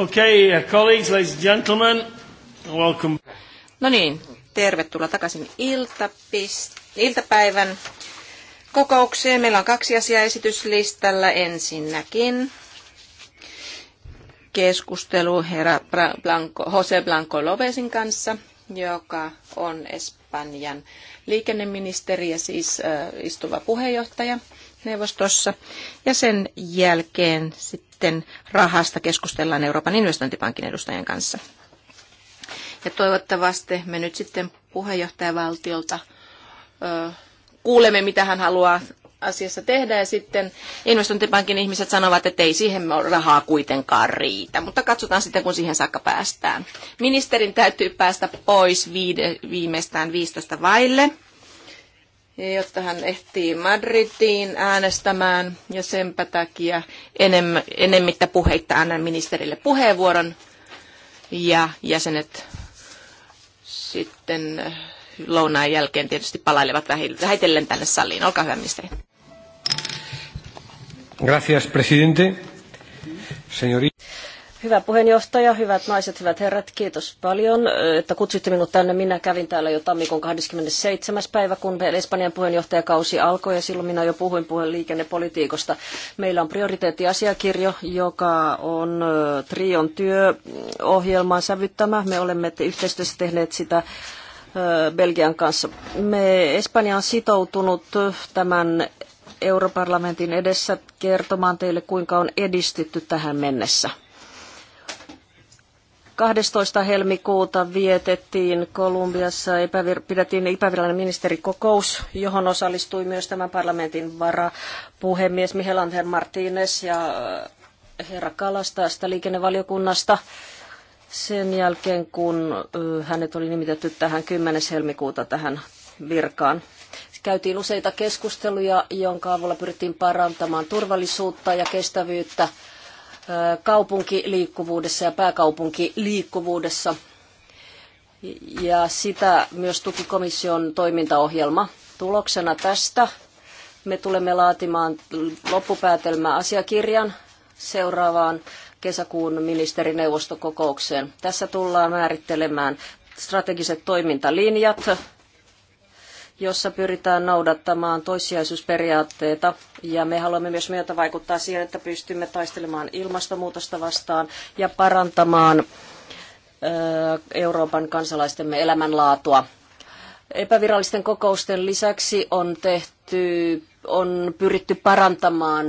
Okay, uh, colleagues, ladies and gentlemen, welcome. No niin, tervetuloa takaisin iltapist- iltapäivän kokoukseen. Meillä on kaksi asiaa esityslistalla. Ensinnäkin keskustelu herra Blanco, Jose Blanco Lovesin kanssa, joka on Espanjan liikenneministeri ja siis äh, istuva puheenjohtaja neuvostossa. Ja sen jälkeen sitten sitten rahasta keskustellaan Euroopan investointipankin edustajien kanssa. Ja toivottavasti me nyt sitten puheenjohtajavaltiolta ö, kuulemme, mitä hän haluaa asiassa tehdä ja sitten investointipankin ihmiset sanovat, että ei siihen rahaa kuitenkaan riitä, mutta katsotaan sitten, kun siihen saakka päästään. Ministerin täytyy päästä pois viide, viimeistään 15 vaille jotta hän ehtii Madridiin äänestämään ja senpä takia enem, enemmittä puheitta annan ministerille puheenvuoron ja jäsenet sitten äh, lounaan jälkeen tietysti palailevat vähitellen tänne saliin. Olkaa hyvä, ministeri. Gracias, presidente. Hyvä puheenjohtaja, hyvät naiset, hyvät herrat, kiitos paljon, että kutsuitte minut tänne. Minä kävin täällä jo tammikuun 27. päivä, kun Espanjan puheenjohtajakausi alkoi ja silloin minä jo puhuin puheen liikennepolitiikasta. Meillä on prioriteettiasiakirjo, joka on Trion työohjelmaan sävyttämä. Me olemme yhteistyössä tehneet sitä Belgian kanssa. Me Espanja on sitoutunut tämän europarlamentin edessä kertomaan teille, kuinka on edistytty tähän mennessä. 12. helmikuuta vietettiin Kolumbiassa, epävir- pidettiin epävirallinen ministerikokous, johon osallistui myös tämän parlamentin varapuhemies Miguel Angel Martínez ja äh, herra Kalas tästä liikennevaliokunnasta sen jälkeen, kun äh, hänet oli nimitetty tähän 10. helmikuuta tähän virkaan. Käytiin useita keskusteluja, jonka avulla pyrittiin parantamaan turvallisuutta ja kestävyyttä kaupunkiliikkuvuudessa ja pääkaupunkiliikkuvuudessa. Ja sitä myös tuki komission toimintaohjelma. Tuloksena tästä me tulemme laatimaan loppupäätelmä asiakirjan seuraavaan kesäkuun ministerineuvostokokoukseen. Tässä tullaan määrittelemään strategiset toimintalinjat, jossa pyritään noudattamaan toissijaisuusperiaatteita. Ja me haluamme myös myötä vaikuttaa siihen, että pystymme taistelemaan ilmastonmuutosta vastaan ja parantamaan Euroopan kansalaistemme elämänlaatua. Epävirallisten kokousten lisäksi on tehty, on pyritty parantamaan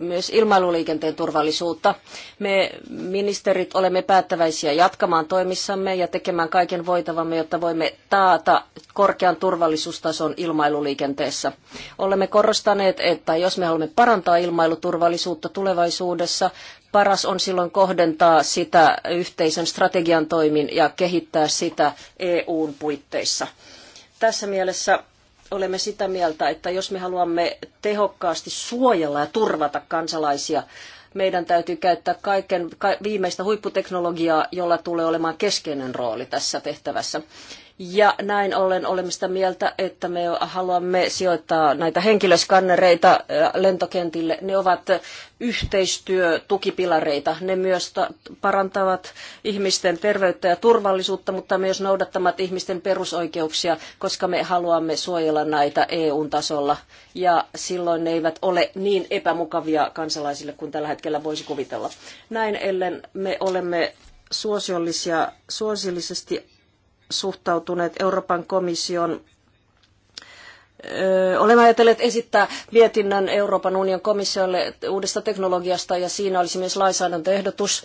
myös ilmailuliikenteen turvallisuutta. Me ministerit olemme päättäväisiä jatkamaan toimissamme ja tekemään kaiken voitavamme, jotta voimme taata korkean turvallisuustason ilmailuliikenteessä. Olemme korostaneet, että jos me haluamme parantaa ilmailuturvallisuutta tulevaisuudessa, paras on silloin kohdentaa sitä yhteisen strategian toimin ja kehittää sitä EUn puitteissa. Tässä mielessä olemme sitä mieltä, että jos me haluamme tehokkaasti suojella ja turvata kansalaisia, meidän täytyy käyttää kaiken viimeistä huipputeknologiaa, jolla tulee olemaan keskeinen rooli tässä tehtävässä. Ja näin ollen olemme sitä mieltä, että me haluamme sijoittaa näitä henkilöskannereita lentokentille. Ne ovat yhteistyötukipilareita. Ne myös parantavat ihmisten terveyttä ja turvallisuutta, mutta myös noudattamat ihmisten perusoikeuksia, koska me haluamme suojella näitä EU-tasolla. Ja silloin ne eivät ole niin epämukavia kansalaisille kuin tällä hetkellä voisi kuvitella. Näin ellen me olemme suosiollisia, suosillisesti suhtautuneet Euroopan komission olemme ajatelleet esittää mietinnön Euroopan unionin komissiolle uudesta teknologiasta ja siinä olisi myös lainsäädäntöehdotus,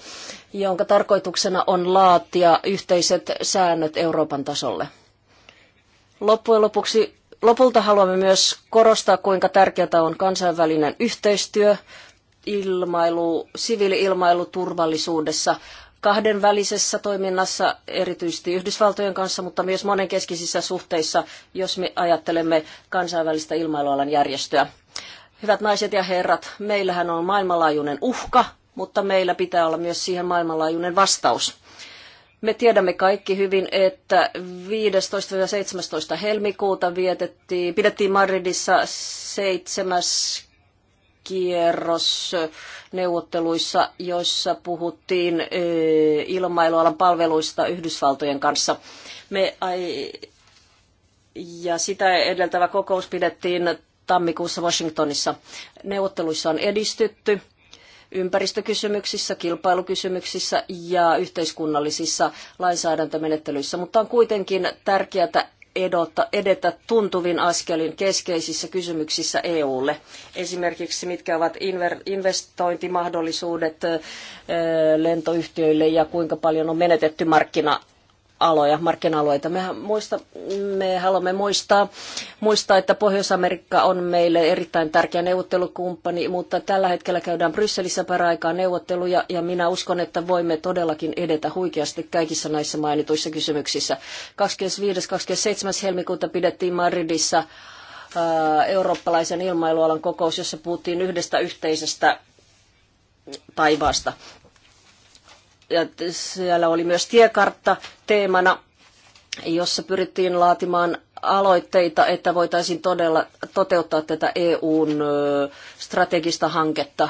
jonka tarkoituksena on laatia yhteiset säännöt Euroopan tasolle. Loppujen lopuksi lopulta haluamme myös korostaa, kuinka tärkeää on kansainvälinen yhteistyö ilmailu, siviili-ilmailuturvallisuudessa kahdenvälisessä toiminnassa, erityisesti Yhdysvaltojen kanssa, mutta myös monenkeskisissä suhteissa, jos me ajattelemme kansainvälistä ilmailualan järjestöä. Hyvät naiset ja herrat, meillähän on maailmanlaajuinen uhka, mutta meillä pitää olla myös siihen maailmanlaajuinen vastaus. Me tiedämme kaikki hyvin, että 15. ja 17. helmikuuta vietettiin, pidettiin Madridissa 7 kierros neuvotteluissa, joissa puhuttiin ilmailualan palveluista Yhdysvaltojen kanssa. Me, ai, ja sitä edeltävä kokous pidettiin tammikuussa Washingtonissa. Neuvotteluissa on edistytty ympäristökysymyksissä, kilpailukysymyksissä ja yhteiskunnallisissa lainsäädäntömenettelyissä, mutta on kuitenkin tärkeää edota, edetä tuntuvin askelin keskeisissä kysymyksissä EUlle. Esimerkiksi mitkä ovat investointimahdollisuudet lentoyhtiöille ja kuinka paljon on menetetty markkina aloja, markkina-alueita. Me, muista, me haluamme muistaa, muistaa, että Pohjois-Amerikka on meille erittäin tärkeä neuvottelukumppani, mutta tällä hetkellä käydään Brysselissä paraikaa neuvotteluja ja minä uskon, että voimme todellakin edetä huikeasti kaikissa näissä mainituissa kysymyksissä. 25.-27. helmikuuta pidettiin Madridissa eurooppalaisen ilmailualan kokous, jossa puhuttiin yhdestä yhteisestä taivaasta ja siellä oli myös tiekartta teemana, jossa pyrittiin laatimaan aloitteita, että voitaisiin todella toteuttaa tätä EUn strategista hanketta.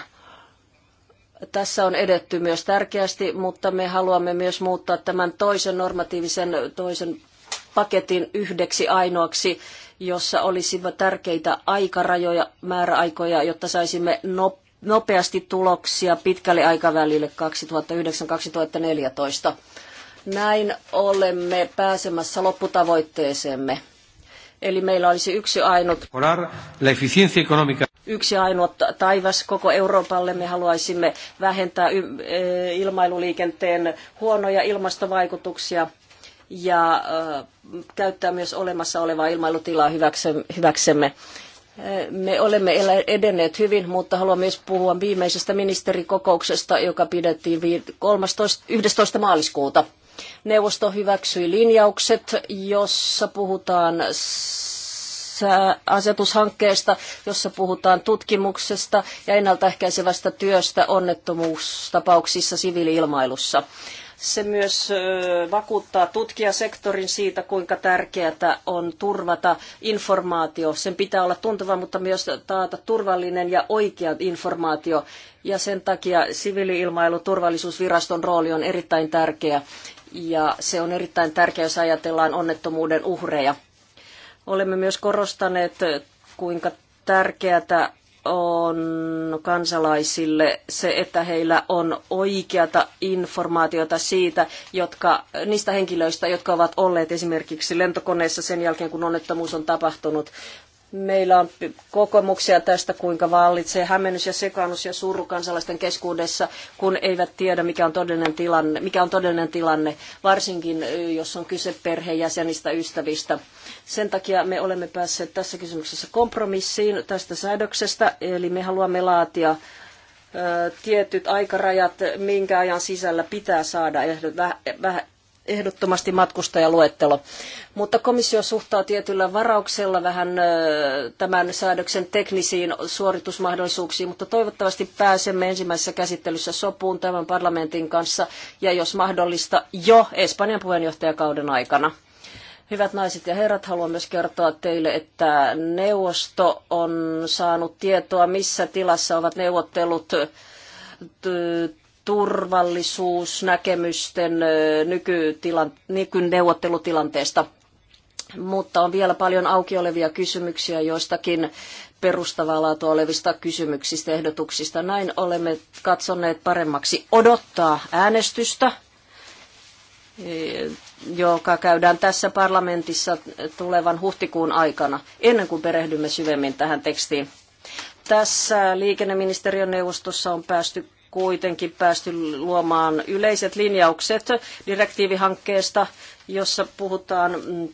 Tässä on edetty myös tärkeästi, mutta me haluamme myös muuttaa tämän toisen normatiivisen toisen paketin yhdeksi ainoaksi, jossa olisi tärkeitä aikarajoja, määräaikoja, jotta saisimme nopeasti tuloksia pitkälle aikavälille 2009-2014. Näin olemme pääsemässä lopputavoitteeseemme. Eli meillä olisi yksi ainut, yksi ainut taivas koko Euroopalle. Me haluaisimme vähentää e, ilmailuliikenteen huonoja ilmastovaikutuksia ja käyttää myös olemassa olevaa ilmailutilaa hyväksemme. Me olemme edenneet hyvin, mutta haluan myös puhua viimeisestä ministerikokouksesta, joka pidettiin 13, 11. maaliskuuta. Neuvosto hyväksyi linjaukset, jossa puhutaan asetushankkeesta, jossa puhutaan tutkimuksesta ja ennaltaehkäisevästä työstä onnettomuustapauksissa siviiliilmailussa. ilmailussa se myös vakuuttaa tutkijasektorin siitä, kuinka tärkeää on turvata informaatio. Sen pitää olla tuntuva, mutta myös taata turvallinen ja oikea informaatio. Ja sen takia turvallisuusviraston rooli on erittäin tärkeä. Ja se on erittäin tärkeä, jos ajatellaan onnettomuuden uhreja. Olemme myös korostaneet, kuinka tärkeää on kansalaisille se, että heillä on oikeata informaatiota siitä, jotka, niistä henkilöistä, jotka ovat olleet esimerkiksi lentokoneessa sen jälkeen, kun onnettomuus on tapahtunut. Meillä on kokemuksia tästä, kuinka vallitsee hämmennys ja sekaannus ja surru kansalaisten keskuudessa, kun eivät tiedä, mikä on todellinen tilanne, mikä on todellinen tilanne varsinkin jos on kyse perheenjäsenistä, ystävistä. Sen takia me olemme päässeet tässä kysymyksessä kompromissiin tästä säädöksestä, eli me haluamme laatia tietyt aikarajat, minkä ajan sisällä pitää saada ehdottomasti matkustajaluettelo. Mutta komissio suhtaa tietyllä varauksella vähän tämän säädöksen teknisiin suoritusmahdollisuuksiin, mutta toivottavasti pääsemme ensimmäisessä käsittelyssä sopuun tämän parlamentin kanssa ja jos mahdollista jo Espanjan puheenjohtajakauden aikana. Hyvät naiset ja herrat, haluan myös kertoa teille, että neuvosto on saanut tietoa, missä tilassa ovat neuvottelut turvallisuusnäkemysten nykytilan, nykyneuvottelutilanteesta. Mutta on vielä paljon auki olevia kysymyksiä joistakin perustavaa laatua olevista kysymyksistä ehdotuksista. Näin olemme katsoneet paremmaksi odottaa äänestystä, e, joka käydään tässä parlamentissa tulevan huhtikuun aikana, ennen kuin perehdymme syvemmin tähän tekstiin. Tässä liikenneministeriön neuvostossa on päästy kuitenkin päästy luomaan yleiset linjaukset direktiivihankkeesta, jossa puhutaan mm,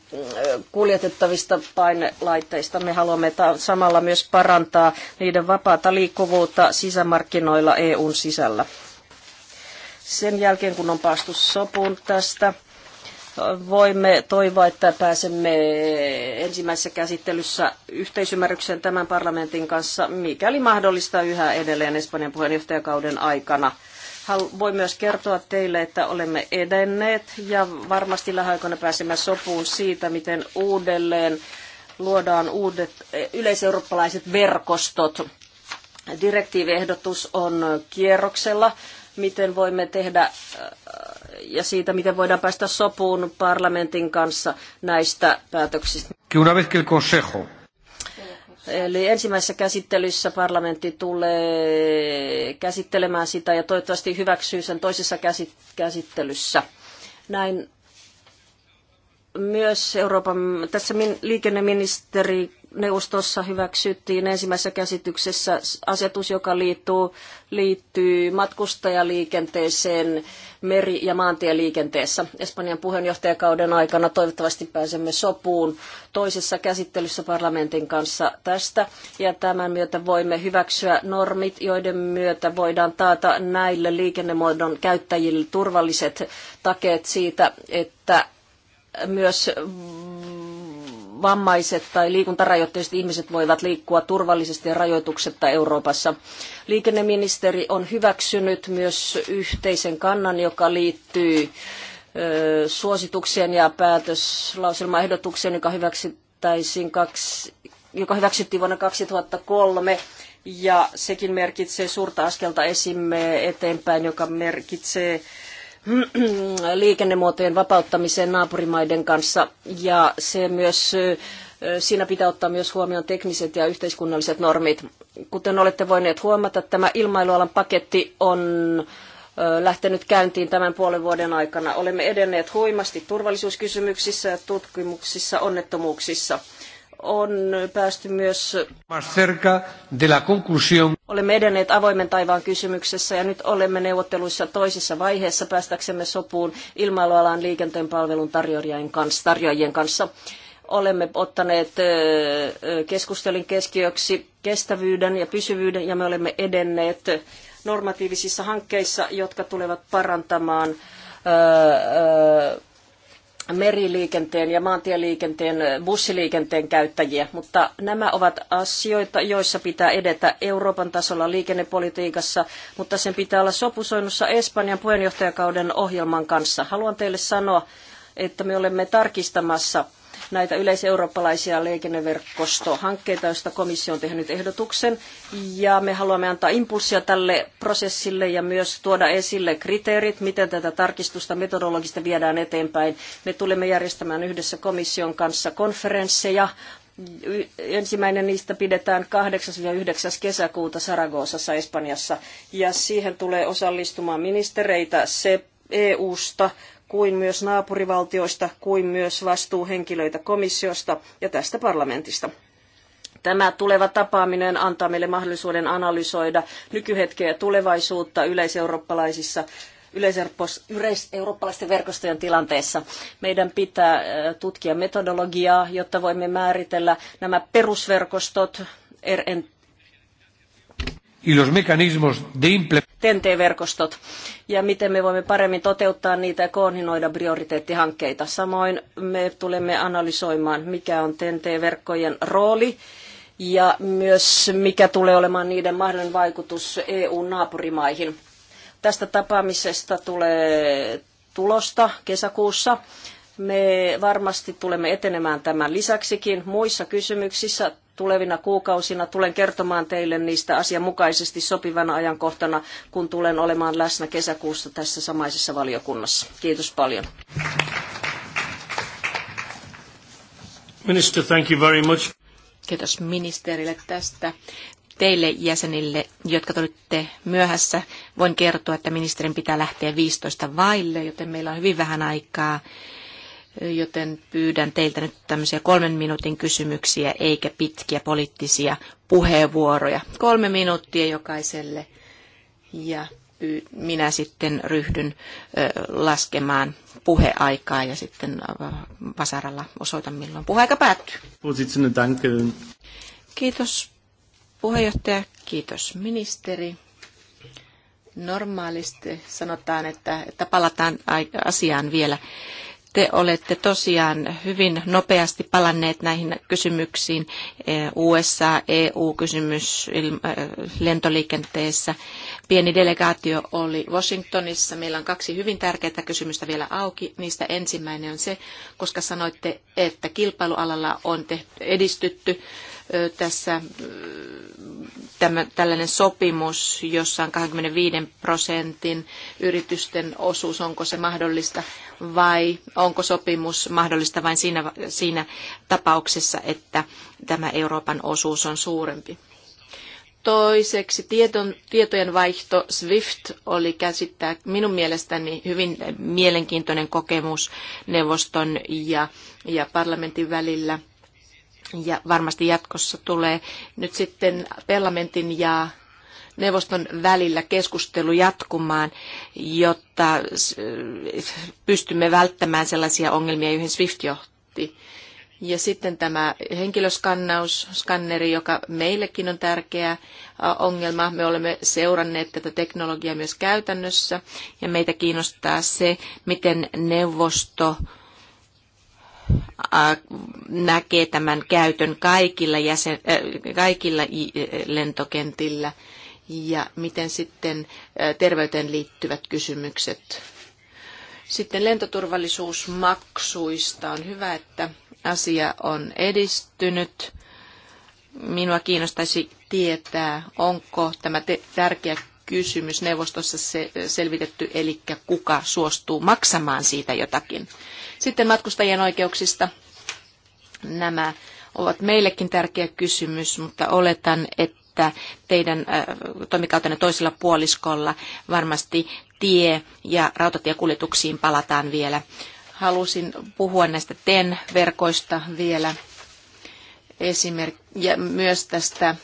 kuljetettavista painelaitteista. Me haluamme samalla myös parantaa niiden vapaata liikkuvuutta sisämarkkinoilla EUn sisällä. Sen jälkeen, kun on päästy sopuun tästä voimme toivoa, että pääsemme ensimmäisessä käsittelyssä yhteisymmärrykseen tämän parlamentin kanssa, mikäli mahdollista yhä edelleen Espanjan puheenjohtajakauden aikana. Voin myös kertoa teille, että olemme edenneet ja varmasti lähiaikoina pääsemme sopuun siitä, miten uudelleen luodaan uudet yleiseurooppalaiset verkostot. Direktiiviehdotus on kierroksella, miten voimme tehdä ja siitä, miten voidaan päästä sopuun parlamentin kanssa näistä päätöksistä. Eli ensimmäisessä käsittelyssä parlamentti tulee käsittelemään sitä ja toivottavasti hyväksyy sen toisessa käsittelyssä. Näin myös Euroopan, tässä liikenneministeri neuvostossa hyväksyttiin ensimmäisessä käsityksessä asetus, joka liittyy, liittyy matkustajaliikenteeseen meri- ja maantieliikenteessä. Espanjan puheenjohtajakauden aikana toivottavasti pääsemme sopuun toisessa käsittelyssä parlamentin kanssa tästä. Ja tämän myötä voimme hyväksyä normit, joiden myötä voidaan taata näille liikennemuodon käyttäjille turvalliset takeet siitä, että myös vammaiset tai liikuntarajoitteiset ihmiset voivat liikkua turvallisesti ja rajoituksetta Euroopassa. Liikenneministeri on hyväksynyt myös yhteisen kannan, joka liittyy suositukseen ja päätöslauselmaehdotukseen, joka hyväksyttäisiin kaksi, joka hyväksyttiin vuonna 2003. Ja sekin merkitsee suurta askelta esimme eteenpäin, joka merkitsee liikennemuotojen vapauttamiseen naapurimaiden kanssa ja se myös Siinä pitää ottaa myös huomioon tekniset ja yhteiskunnalliset normit. Kuten olette voineet huomata, tämä ilmailualan paketti on lähtenyt käyntiin tämän puolen vuoden aikana. Olemme edenneet huimasti turvallisuuskysymyksissä ja tutkimuksissa onnettomuuksissa on päästy myös... Olemme edenneet avoimen taivaan kysymyksessä ja nyt olemme neuvotteluissa toisessa vaiheessa päästäksemme sopuun ilmailualan liikenteen palvelun tarjoajien kanssa. Tarjoajien kanssa. Olemme ottaneet keskustelun keskiöksi kestävyyden ja pysyvyyden ja me olemme edenneet normatiivisissa hankkeissa, jotka tulevat parantamaan meriliikenteen ja maantieliikenteen, bussiliikenteen käyttäjiä, mutta nämä ovat asioita, joissa pitää edetä Euroopan tasolla liikennepolitiikassa, mutta sen pitää olla sopusoinnussa Espanjan puheenjohtajakauden ohjelman kanssa. Haluan teille sanoa, että me olemme tarkistamassa – näitä yleiseurooppalaisia liikenneverkostohankkeita, joista komissio on tehnyt ehdotuksen. Ja me haluamme antaa impulssia tälle prosessille ja myös tuoda esille kriteerit, miten tätä tarkistusta metodologista viedään eteenpäin. Me tulemme järjestämään yhdessä komission kanssa konferensseja, Ensimmäinen niistä pidetään 8. ja 9. kesäkuuta Saragosassa Espanjassa ja siihen tulee osallistumaan ministereitä se EU-sta, kuin myös naapurivaltioista, kuin myös vastuuhenkilöitä komissiosta ja tästä parlamentista. Tämä tuleva tapaaminen antaa meille mahdollisuuden analysoida nykyhetkeä ja tulevaisuutta yleiseurooppalaisissa yleiseurooppalaisten verkostojen tilanteessa. Meidän pitää tutkia metodologiaa, jotta voimme määritellä nämä perusverkostot y los mecanismos de TNT-verkostot ja miten me voimme paremmin toteuttaa niitä ja koordinoida prioriteettihankkeita. Samoin me tulemme analysoimaan, mikä on TNT-verkkojen rooli ja myös mikä tulee olemaan niiden mahdollinen vaikutus EU-naapurimaihin. Tästä tapaamisesta tulee tulosta kesäkuussa. Me varmasti tulemme etenemään tämän lisäksikin muissa kysymyksissä tulevina kuukausina. Tulen kertomaan teille niistä asianmukaisesti sopivana ajankohtana, kun tulen olemaan läsnä kesäkuussa tässä samaisessa valiokunnassa. Kiitos paljon. Minister, thank you very much. Kiitos ministerille tästä. Teille jäsenille, jotka tulitte myöhässä, voin kertoa, että ministerin pitää lähteä 15 vaille, joten meillä on hyvin vähän aikaa joten pyydän teiltä nyt tämmöisiä kolmen minuutin kysymyksiä eikä pitkiä poliittisia puheenvuoroja. Kolme minuuttia jokaiselle ja minä sitten ryhdyn laskemaan puheaikaa ja sitten vasaralla osoitan milloin puheaika päättyy. Kiitos puheenjohtaja, kiitos ministeri normaalisti sanotaan, että, että palataan asiaan vielä te olette tosiaan hyvin nopeasti palanneet näihin kysymyksiin e, USA, EU-kysymys lentoliikenteessä. Pieni delegaatio oli Washingtonissa. Meillä on kaksi hyvin tärkeää kysymystä vielä auki. Niistä ensimmäinen on se, koska sanoitte, että kilpailualalla on tehty, edistytty tässä tämä, tällainen sopimus, jossa on 25 prosentin yritysten osuus, onko se mahdollista vai onko sopimus mahdollista vain siinä, siinä tapauksessa, että tämä Euroopan osuus on suurempi. Toiseksi tieton, tietojen vaihto SWIFT oli käsittää minun mielestäni hyvin mielenkiintoinen kokemus neuvoston ja, ja parlamentin välillä – ja varmasti jatkossa tulee nyt sitten parlamentin ja neuvoston välillä keskustelu jatkumaan, jotta pystymme välttämään sellaisia ongelmia, joihin SWIFT johti. Ja sitten tämä henkilöskannaus, skanneri, joka meillekin on tärkeä ongelma. Me olemme seuranneet tätä teknologiaa myös käytännössä ja meitä kiinnostaa se, miten neuvosto näkee tämän käytön kaikilla, jäsen, kaikilla lentokentillä ja miten sitten terveyteen liittyvät kysymykset. Sitten lentoturvallisuusmaksuista on hyvä, että asia on edistynyt. Minua kiinnostaisi tietää, onko tämä tärkeä kysymys neuvostossa se- selvitetty, eli kuka suostuu maksamaan siitä jotakin. Sitten matkustajien oikeuksista. Nämä ovat meillekin tärkeä kysymys, mutta oletan, että teidän toimikautenne toisella puoliskolla varmasti tie- ja rautatiekuljetuksiin palataan vielä. Halusin puhua näistä TEN-verkoista vielä esimerk- ja myös tästä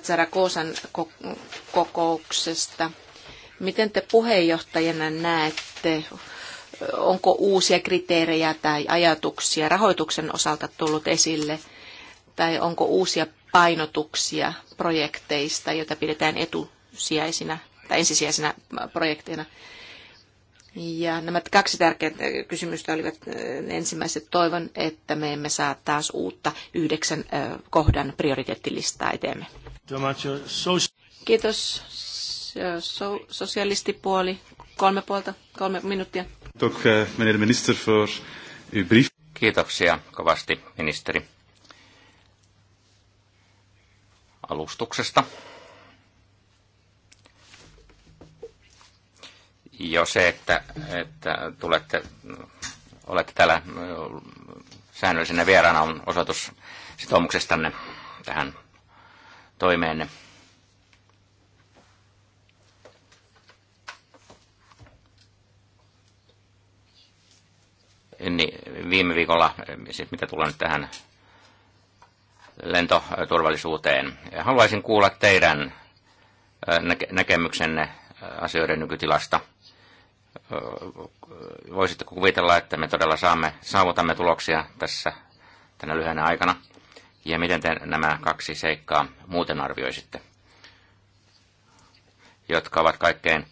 Zaragosan kokouksesta. Miten te puheenjohtajana näette onko uusia kriteerejä tai ajatuksia rahoituksen osalta tullut esille, tai onko uusia painotuksia projekteista, joita pidetään etusijaisina tai ensisijaisina projekteina. Ja nämä kaksi tärkeintä kysymystä olivat äh, ensimmäiset. Toivon, että me emme saa taas uutta yhdeksän äh, kohdan prioriteettilistaa eteemme. Kiitos. sosialistipuoli. Kolme puolta, kolme minuuttia. Eh, Kiitoksia kovasti, ministeri, alustuksesta. Jo se, että, että tulette, olette täällä mm, säännöllisenä vieraana, on osoitus sitoumuksestanne tähän toimeenne. niin viime viikolla, siis mitä tulee nyt tähän lentoturvallisuuteen. Haluaisin kuulla teidän näkemyksenne asioiden nykytilasta. Voisitteko kuvitella, että me todella saamme, saavutamme tuloksia tässä tänä lyhyenä aikana? Ja miten te nämä kaksi seikkaa muuten arvioisitte, jotka ovat kaikkein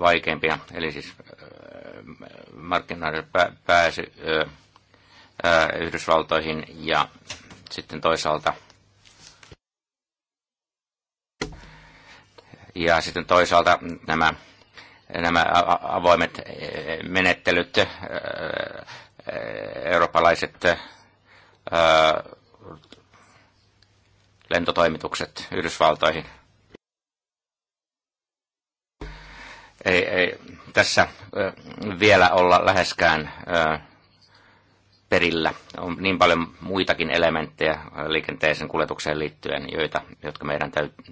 vaikeimpia, eli siis markkinoiden pääsy Yhdysvaltoihin ja sitten toisaalta ja sitten toisaalta nämä, nämä avoimet e, menettelyt, eurooppalaiset lentotoimitukset Yhdysvaltoihin. Ei, ei, tässä vielä olla läheskään perillä. On niin paljon muitakin elementtejä liikenteeseen kuljetukseen liittyen, joita, jotka meidän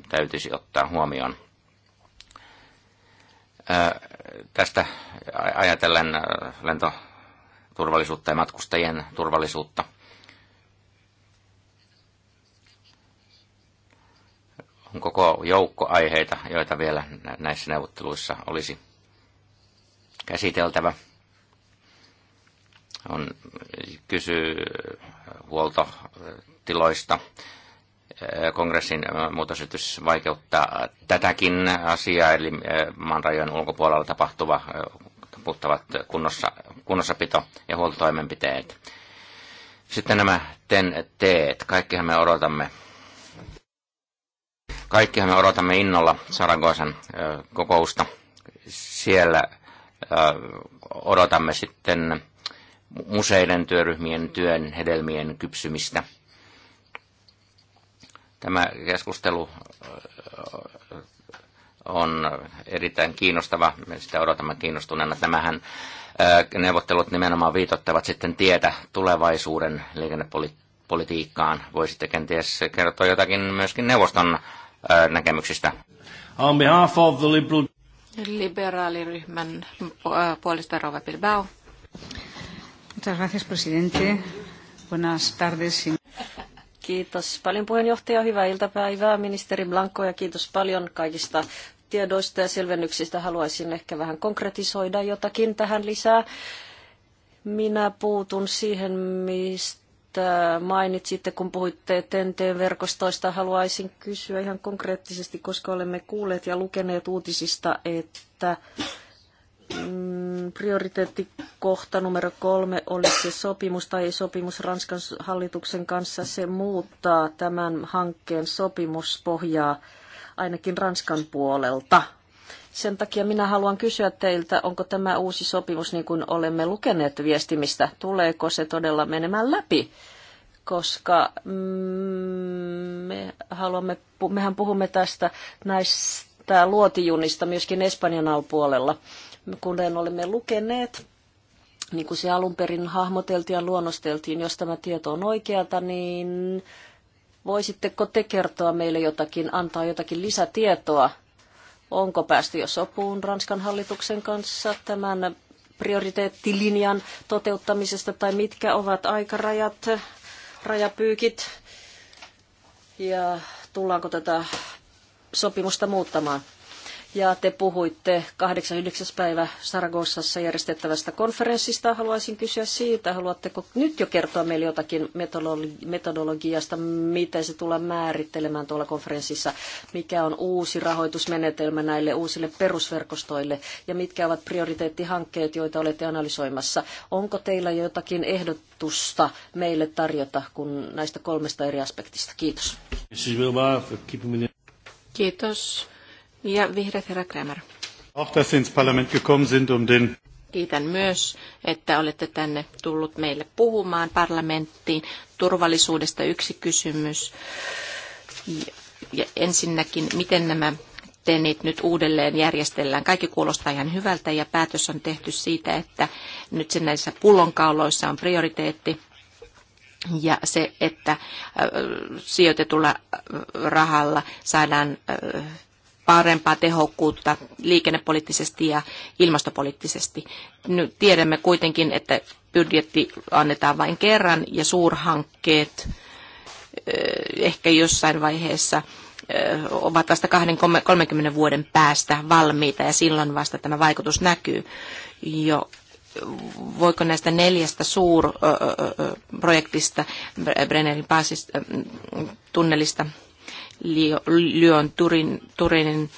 täytyisi ottaa huomioon. Tästä ajatellen lentoturvallisuutta ja matkustajien turvallisuutta. On koko joukko aiheita, joita vielä näissä neuvotteluissa olisi käsiteltävä. On kysy huoltotiloista. Kongressin muutosytys vaikeuttaa tätäkin asiaa, eli e, maanrajojen ulkopuolella tapahtuva e, puhtavat kunnossa, kunnossapito ja huoltotoimenpiteet. Sitten nämä ten teet. Kaikkihan me odotamme Kaikkihan me odotamme innolla Saragoisan e, kokousta. Siellä odotamme sitten museiden työryhmien työn hedelmien kypsymistä. Tämä keskustelu on erittäin kiinnostava. Me sitä odotamme kiinnostuneena. Tämähän neuvottelut nimenomaan viitottavat sitten tietä tulevaisuuden liikennepolitiikkaan. Voisitte kenties kertoa jotakin myöskin neuvoston näkemyksistä. On behalf of the Liberal... Liberaaliryhmän puolesta Rova Bilbao. Muchas gracias, presidente. Buenas tardes. Kiitos paljon puheenjohtaja. Hyvää iltapäivää ministeri Blanco ja kiitos paljon kaikista tiedoista ja selvennyksistä. Haluaisin ehkä vähän konkretisoida jotakin tähän lisää. Minä puutun siihen, mistä Äh, mainitsitte, kun puhuitte TNT-verkostoista. Haluaisin kysyä ihan konkreettisesti, koska olemme kuulleet ja lukeneet uutisista, että mm, prioriteettikohta numero kolme oli se sopimus tai ei sopimus Ranskan hallituksen kanssa. Se muuttaa tämän hankkeen sopimuspohjaa ainakin Ranskan puolelta sen takia minä haluan kysyä teiltä, onko tämä uusi sopimus, niin kuin olemme lukeneet viestimistä, tuleeko se todella menemään läpi? Koska mm, me haluamme, mehän puhumme tästä näistä luotijunista myöskin Espanjan alpuolella, kuten olemme lukeneet niin kuin se alun perin hahmoteltiin ja luonnosteltiin, jos tämä tieto on oikeata, niin voisitteko te kertoa meille jotakin, antaa jotakin lisätietoa Onko päästy jo sopuun Ranskan hallituksen kanssa tämän prioriteettilinjan toteuttamisesta tai mitkä ovat aikarajat, rajapyykit ja tullaanko tätä sopimusta muuttamaan? ja te puhuitte 8.9. päivä Saragossassa järjestettävästä konferenssista. Haluaisin kysyä siitä, haluatteko nyt jo kertoa meille jotakin metodologiasta, miten se tulee määrittelemään tuolla konferenssissa, mikä on uusi rahoitusmenetelmä näille uusille perusverkostoille ja mitkä ovat prioriteettihankkeet, joita olette analysoimassa. Onko teillä jo jotakin ehdotusta meille tarjota kun näistä kolmesta eri aspektista? Kiitos. Kiitos. Ja vihreät herra Kramer. Um Kiitän myös, että olette tänne tullut meille puhumaan parlamenttiin. Turvallisuudesta yksi kysymys. Ja ensinnäkin, miten nämä tenit nyt uudelleen järjestellään. Kaikki kuulostaa ihan hyvältä ja päätös on tehty siitä, että nyt sen näissä pullonkauloissa on prioriteetti. Ja se, että äh, sijoitetulla äh, rahalla saadaan äh, parempaa tehokkuutta liikennepoliittisesti ja ilmastopoliittisesti. Nyt tiedämme kuitenkin, että budjetti annetaan vain kerran ja suurhankkeet ehkä jossain vaiheessa ovat vasta 30 vuoden päästä valmiita ja silloin vasta tämä vaikutus näkyy. Jo voiko näistä neljästä suurprojektista, Brennerin mm, tunnelista Lyon Turin, Turinin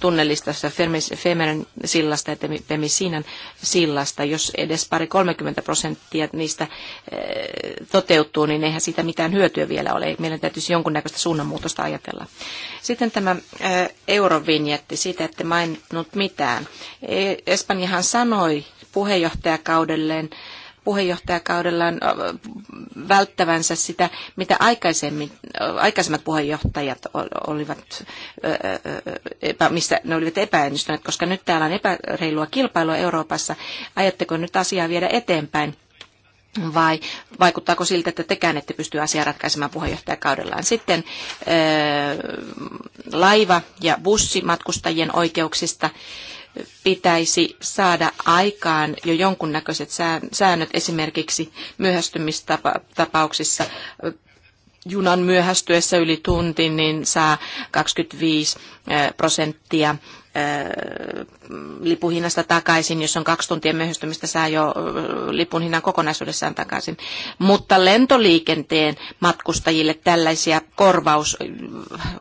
tunnelista Femeren sillasta ja Pemisinan sillasta, jos edes pari 30 prosenttia niistä toteutuu, niin eihän siitä mitään hyötyä vielä ole. Meidän täytyisi jonkunnäköistä suunnanmuutosta ajatella. Sitten tämä eurovinjetti, siitä ette maininnut mitään. E- Espanjahan sanoi puheenjohtajakaudelleen, puheenjohtajakaudellaan välttävänsä sitä, mitä aikaisemmin, aikaisemmat puheenjohtajat olivat, missä ne olivat epäonnistuneet, koska nyt täällä on epäreilua kilpailua Euroopassa. Ajatteko nyt asiaa viedä eteenpäin? Vai vaikuttaako siltä, että tekään ette pysty asiaa ratkaisemaan puheenjohtajakaudellaan? Sitten laiva- ja bussimatkustajien oikeuksista. Ää, pitäisi saada aikaan jo jonkunnäköiset säännöt esimerkiksi myöhästymistapauksissa. Junan myöhästyessä yli tunti, niin saa 25 eh, prosenttia lipuhinnasta takaisin, jos on kaksi tuntia myöhästymistä, saa jo lipun hinnan kokonaisuudessaan takaisin. Mutta lentoliikenteen matkustajille tällaisia korvaus,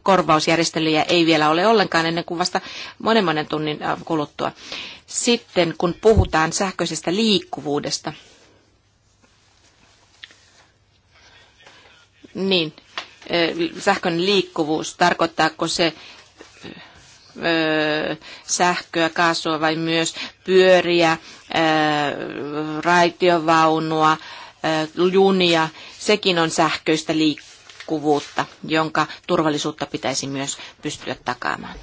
korvausjärjestelyjä ei vielä ole ollenkaan ennen kuin vasta monen monen tunnin kuluttua. Sitten kun puhutaan sähköisestä liikkuvuudesta, niin sähkön liikkuvuus, tarkoittaako se sähköä, kaasua vai myös pyöriä, raitiovaunua, junia. Sekin on sähköistä liikkuvuutta, jonka turvallisuutta pitäisi myös pystyä takaamaan.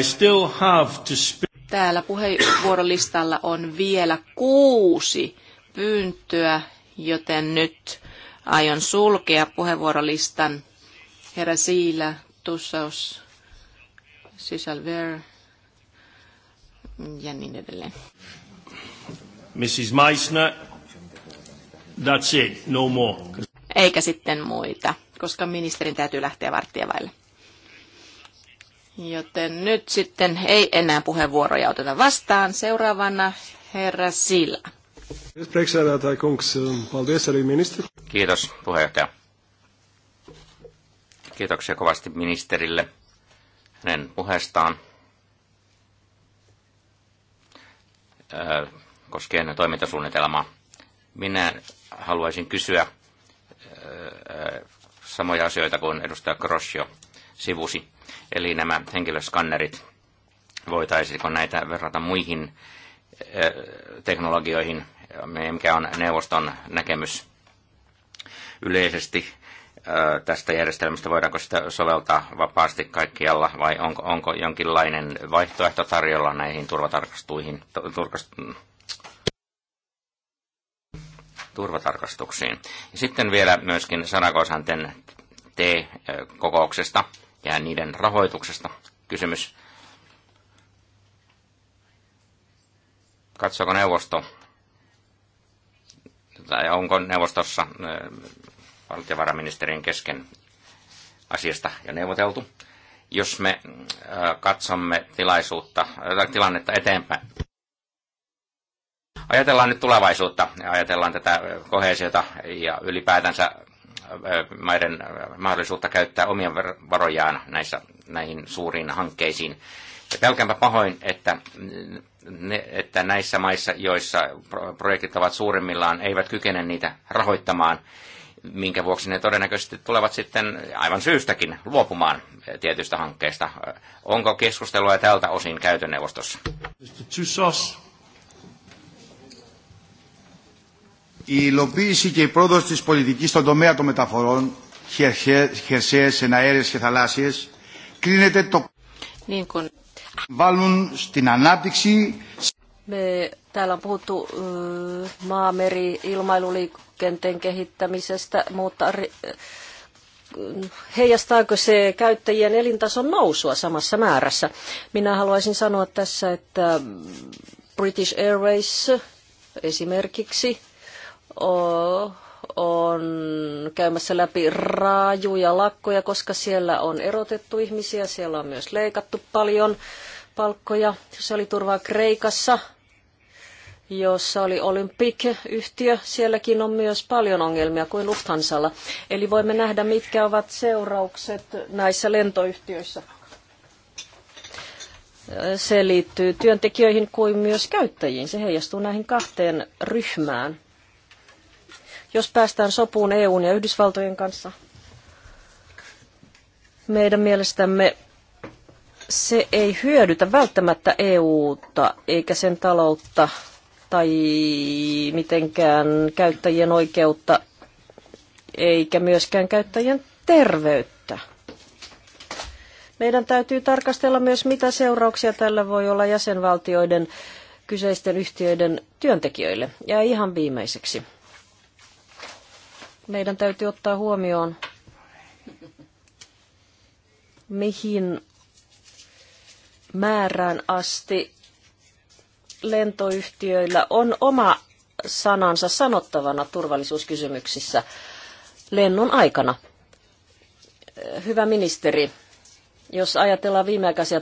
I still have to speak. Täällä puheenvuorolistalla on vielä kuusi pyyntöä, joten nyt aion sulkea puheenvuorolistan. Herra Siila, Tussaus, Sysalver ja niin edelleen. Mrs. Meissner, that's it, no more. Eikä sitten muita, koska ministerin täytyy lähteä varttiavaille. Joten nyt sitten ei enää puheenvuoroja oteta vastaan. Seuraavana herra Sila. Kiitos puheenjohtaja. Kiitoksia kovasti ministerille hänen puheestaan koskien toimintasuunnitelmaa. Minä haluaisin kysyä samoja asioita kuin edustaja Grosjo sivusi, eli nämä henkilöskannerit. Voitaisiinko näitä verrata muihin teknologioihin, mikä on neuvoston näkemys yleisesti tästä järjestelmästä, voidaanko sitä soveltaa vapaasti kaikkialla vai onko, onko jonkinlainen vaihtoehto tarjolla näihin turvatarkastuihin, turkast, turvatarkastuksiin. Ja sitten vielä myöskin Sarakosanten T-kokouksesta ja niiden rahoituksesta kysymys. Katsoako neuvosto, tai onko neuvostossa valtiovarainministerin kesken asiasta ja neuvoteltu. Jos me äh, katsomme tilaisuutta, äh, tilannetta eteenpäin, ajatellaan nyt tulevaisuutta ja ajatellaan tätä äh, kohesiota ja ylipäätänsä maiden mahdollisuutta käyttää omia varojaan näissä, näihin suuriin hankkeisiin. Ja pelkäänpä pahoin, että, ne, että näissä maissa, joissa projektit ovat suurimmillaan, eivät kykene niitä rahoittamaan, minkä vuoksi ne todennäköisesti tulevat sitten aivan syystäkin luopumaan tietystä hankkeesta. Onko keskustelua tältä osin käyty neuvostossa? Η υλοποίηση και η πρόοδος της πολιτικής στον τομέα των μεταφορών, χερσαίες, εναέρειες και θαλάσσιες, κρίνεται το niin kun... βάλουν στην ανάπτυξη... Me, täällä on puhuttu mm, maameri, ilmailuliikku, liikenteen kehittämisestä, mutta heijastaako se käyttäjien elintason nousua samassa määrässä? Minä haluaisin sanoa tässä, että British Airways esimerkiksi on käymässä läpi raajuja lakkoja, koska siellä on erotettu ihmisiä, siellä on myös leikattu paljon palkkoja. Se oli turvaa Kreikassa, jossa oli Olympic-yhtiö. Sielläkin on myös paljon ongelmia kuin Lufthansalla. Eli voimme nähdä, mitkä ovat seuraukset näissä lentoyhtiöissä. Se liittyy työntekijöihin kuin myös käyttäjiin. Se heijastuu näihin kahteen ryhmään. Jos päästään sopuun EUn ja Yhdysvaltojen kanssa, meidän mielestämme se ei hyödytä välttämättä EUta eikä sen taloutta tai mitenkään käyttäjien oikeutta eikä myöskään käyttäjien terveyttä. Meidän täytyy tarkastella myös, mitä seurauksia tällä voi olla jäsenvaltioiden kyseisten yhtiöiden työntekijöille. Ja ihan viimeiseksi. Meidän täytyy ottaa huomioon, mihin määrään asti lentoyhtiöillä on oma sanansa sanottavana turvallisuuskysymyksissä lennon aikana. Hyvä ministeri, jos ajatellaan viimeaikaisia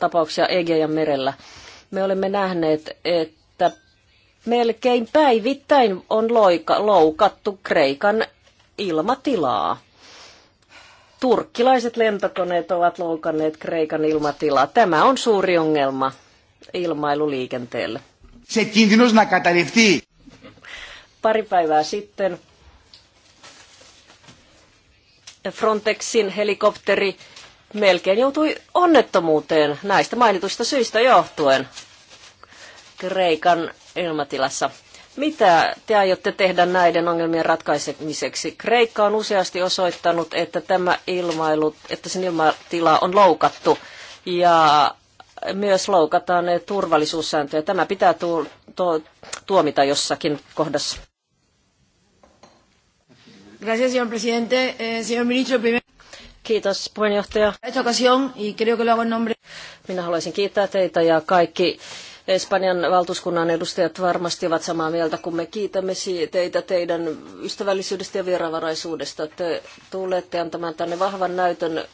tapauksia Egean merellä, me olemme nähneet, että melkein päivittäin on loika, loukattu Kreikan ilmatilaa. Turkkilaiset lentokoneet ovat loukanneet Kreikan ilmatilaa. Tämä on suuri ongelma ilmailuliikenteelle. Se kiintinos na katalifti. Pari päivää sitten Frontexin helikopteri melkein joutui onnettomuuteen näistä mainituista syistä johtuen Kreikan ilmatilassa. Mitä te aiotte tehdä näiden ongelmien ratkaisemiseksi? Kreikka on useasti osoittanut, että tämä ilmailu, että sen ilmatila on loukattu ja myös loukataan turvallisuussääntöjä. Tämä pitää tu- tu- tuomita jossakin kohdassa. Gracias, señor presidente. Eh, señor ministro, primero... Kiitos puheenjohtaja. Minä haluaisin kiittää teitä ja kaikki Espanjan valtuuskunnan edustajat varmasti ovat samaa mieltä, kun me kiitämme teitä teidän ystävällisyydestä ja vieraanvaraisuudesta. Te tulette antamaan tänne vahvan näytön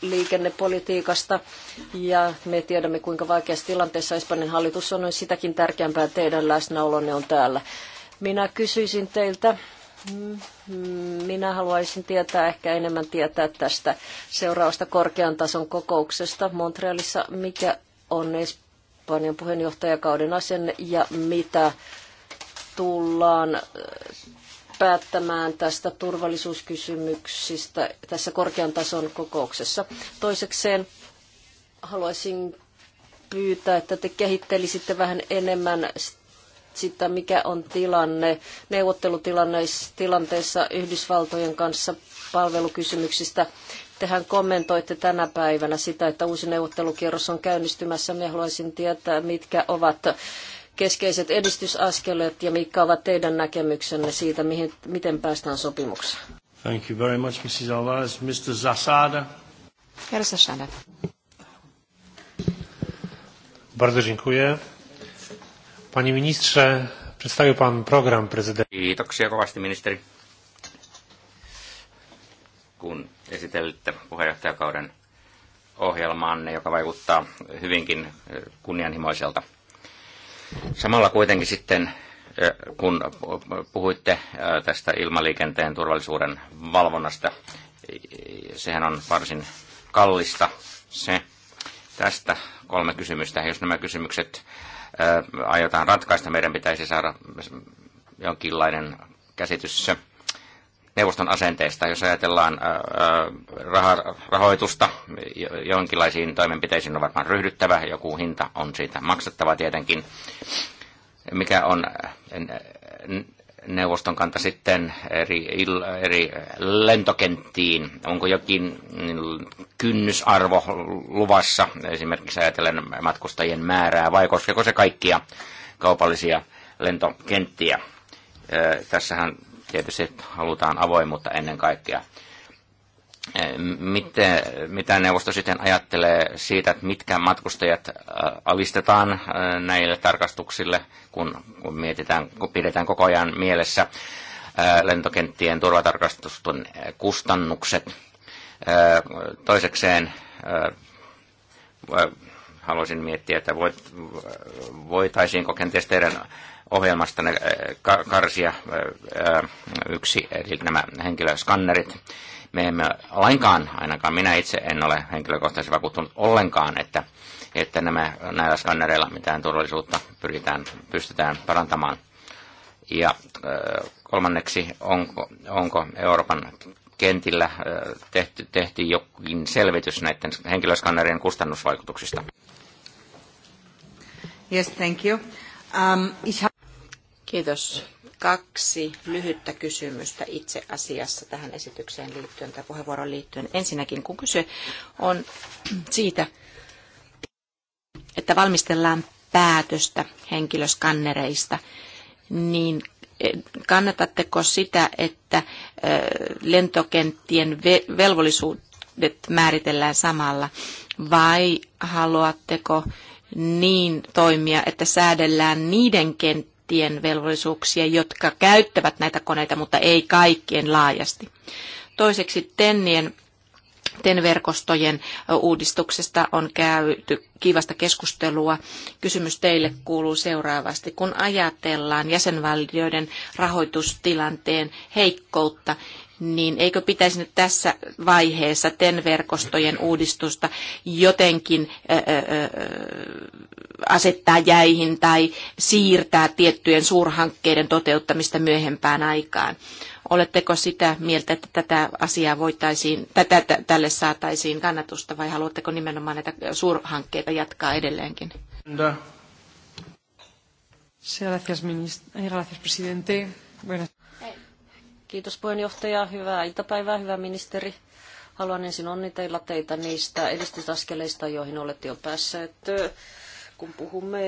liikennepolitiikasta ja me tiedämme, kuinka vaikeassa tilanteessa Espanjan hallitus on, sitäkin tärkeämpää teidän läsnäolonne on täällä. Minä kysyisin teiltä, mm, minä haluaisin tietää ehkä enemmän tietää tästä seuraavasta korkean tason kokouksesta Montrealissa. Mikä on Espanjan puheenjohtajakauden asenne ja mitä tullaan äh, päättämään tästä turvallisuuskysymyksistä tässä korkean tason kokouksessa. Toisekseen haluaisin pyytää, että te kehittelisitte vähän enemmän sitä, mikä on tilanne neuvottelutilanteessa Yhdysvaltojen kanssa palvelukysymyksistä. Tehän kommentoitte tänä päivänä sitä, että uusi neuvottelukierros on käynnistymässä. Minä haluaisin tietää, mitkä ovat keskeiset edistysaskeleet ja mitkä ovat teidän näkemyksenne siitä, mihin, miten päästään sopimukseen. Thank you very much, Mrs. Alvarez. Mr. Zasada. Herra Zasada. Bardzo dziękuję. Panie ministrze, przedstawił pan program prezydenta. Kiitoksia kovasti, ministeri. Kun esitellitte puheenjohtajakauden ohjelmaanne, joka vaikuttaa hyvinkin kunnianhimoiselta. Samalla kuitenkin sitten, kun puhuitte tästä ilmaliikenteen turvallisuuden valvonnasta, sehän on varsin kallista se. Tästä kolme kysymystä. Jos nämä kysymykset aiotaan ratkaista, meidän pitäisi saada jonkinlainen käsitys neuvoston asenteesta, jos ajatellaan raha, rahoitusta, jonkinlaisiin toimenpiteisiin on varmaan ryhdyttävä, joku hinta on siitä maksettava tietenkin. Mikä on neuvoston kanta sitten eri, eri lentokenttiin? Onko jokin mm, kynnysarvo luvassa, esimerkiksi ajatellen matkustajien määrää, vai koskeeko se kaikkia kaupallisia lentokenttiä? Tässähän Tietysti halutaan avoimuutta ennen kaikkea. Eh, miten, mitä neuvosto sitten ajattelee siitä, että mitkä matkustajat eh, alistetaan eh, näille tarkastuksille, kun, kun, mietitään, kun pidetään koko ajan mielessä lentokenttien turvatarkastusten kustannukset. Toisekseen haluaisin miettiä, että voit, voitaisiinko kenties teidän ohjelmasta eh, karsia eh, eh, yksi, eli nämä henkilöskannerit. Me emme lainkaan, ainakaan minä itse en ole henkilökohtaisesti vakuuttunut ollenkaan, että, että nämä, näillä skannereilla mitään turvallisuutta pyritään, pystytään parantamaan. Ja kolmanneksi, onko, onko Euroopan kentillä tehty, tehty jokin selvitys näiden henkilöskannerien kustannusvaikutuksista? Yes, thank you. Um, ich Kiitos. Kaksi lyhyttä kysymystä itse asiassa tähän esitykseen liittyen tai puheenvuoroon liittyen. Ensinnäkin, kun kyse on siitä, että valmistellaan päätöstä henkilöskannereista, niin e, kannatatteko sitä, että e, lentokenttien velvollisuudet määritellään samalla, vai haluatteko niin toimia, että säädellään niiden kuntien velvollisuuksia, jotka käyttävät näitä koneita, mutta ei kaikkien laajasti. Toiseksi tennien TEN-verkostojen uudistuksesta on käyty kiivasta keskustelua. Kysymys teille kuuluu seuraavasti. Kun ajatellaan jäsenvaltioiden rahoitustilanteen heikkoutta, niin eikö pitäisi nyt tässä vaiheessa TEN-verkostojen uudistusta jotenkin asettaa jäihin tai siirtää tiettyjen suurhankkeiden toteuttamista myöhempään aikaan? Oletteko sitä mieltä, että tätä asiaa voitaisiin, tätä, tälle saataisiin kannatusta vai haluatteko nimenomaan näitä suurhankkeita jatkaa edelleenkin? Gracias, presidente. Buenas. Kiitos puheenjohtaja. Hyvää iltapäivää, hyvä ministeri. Haluan ensin onnitella teitä niistä edistysaskeleista, joihin olette jo päässeet. Kun puhumme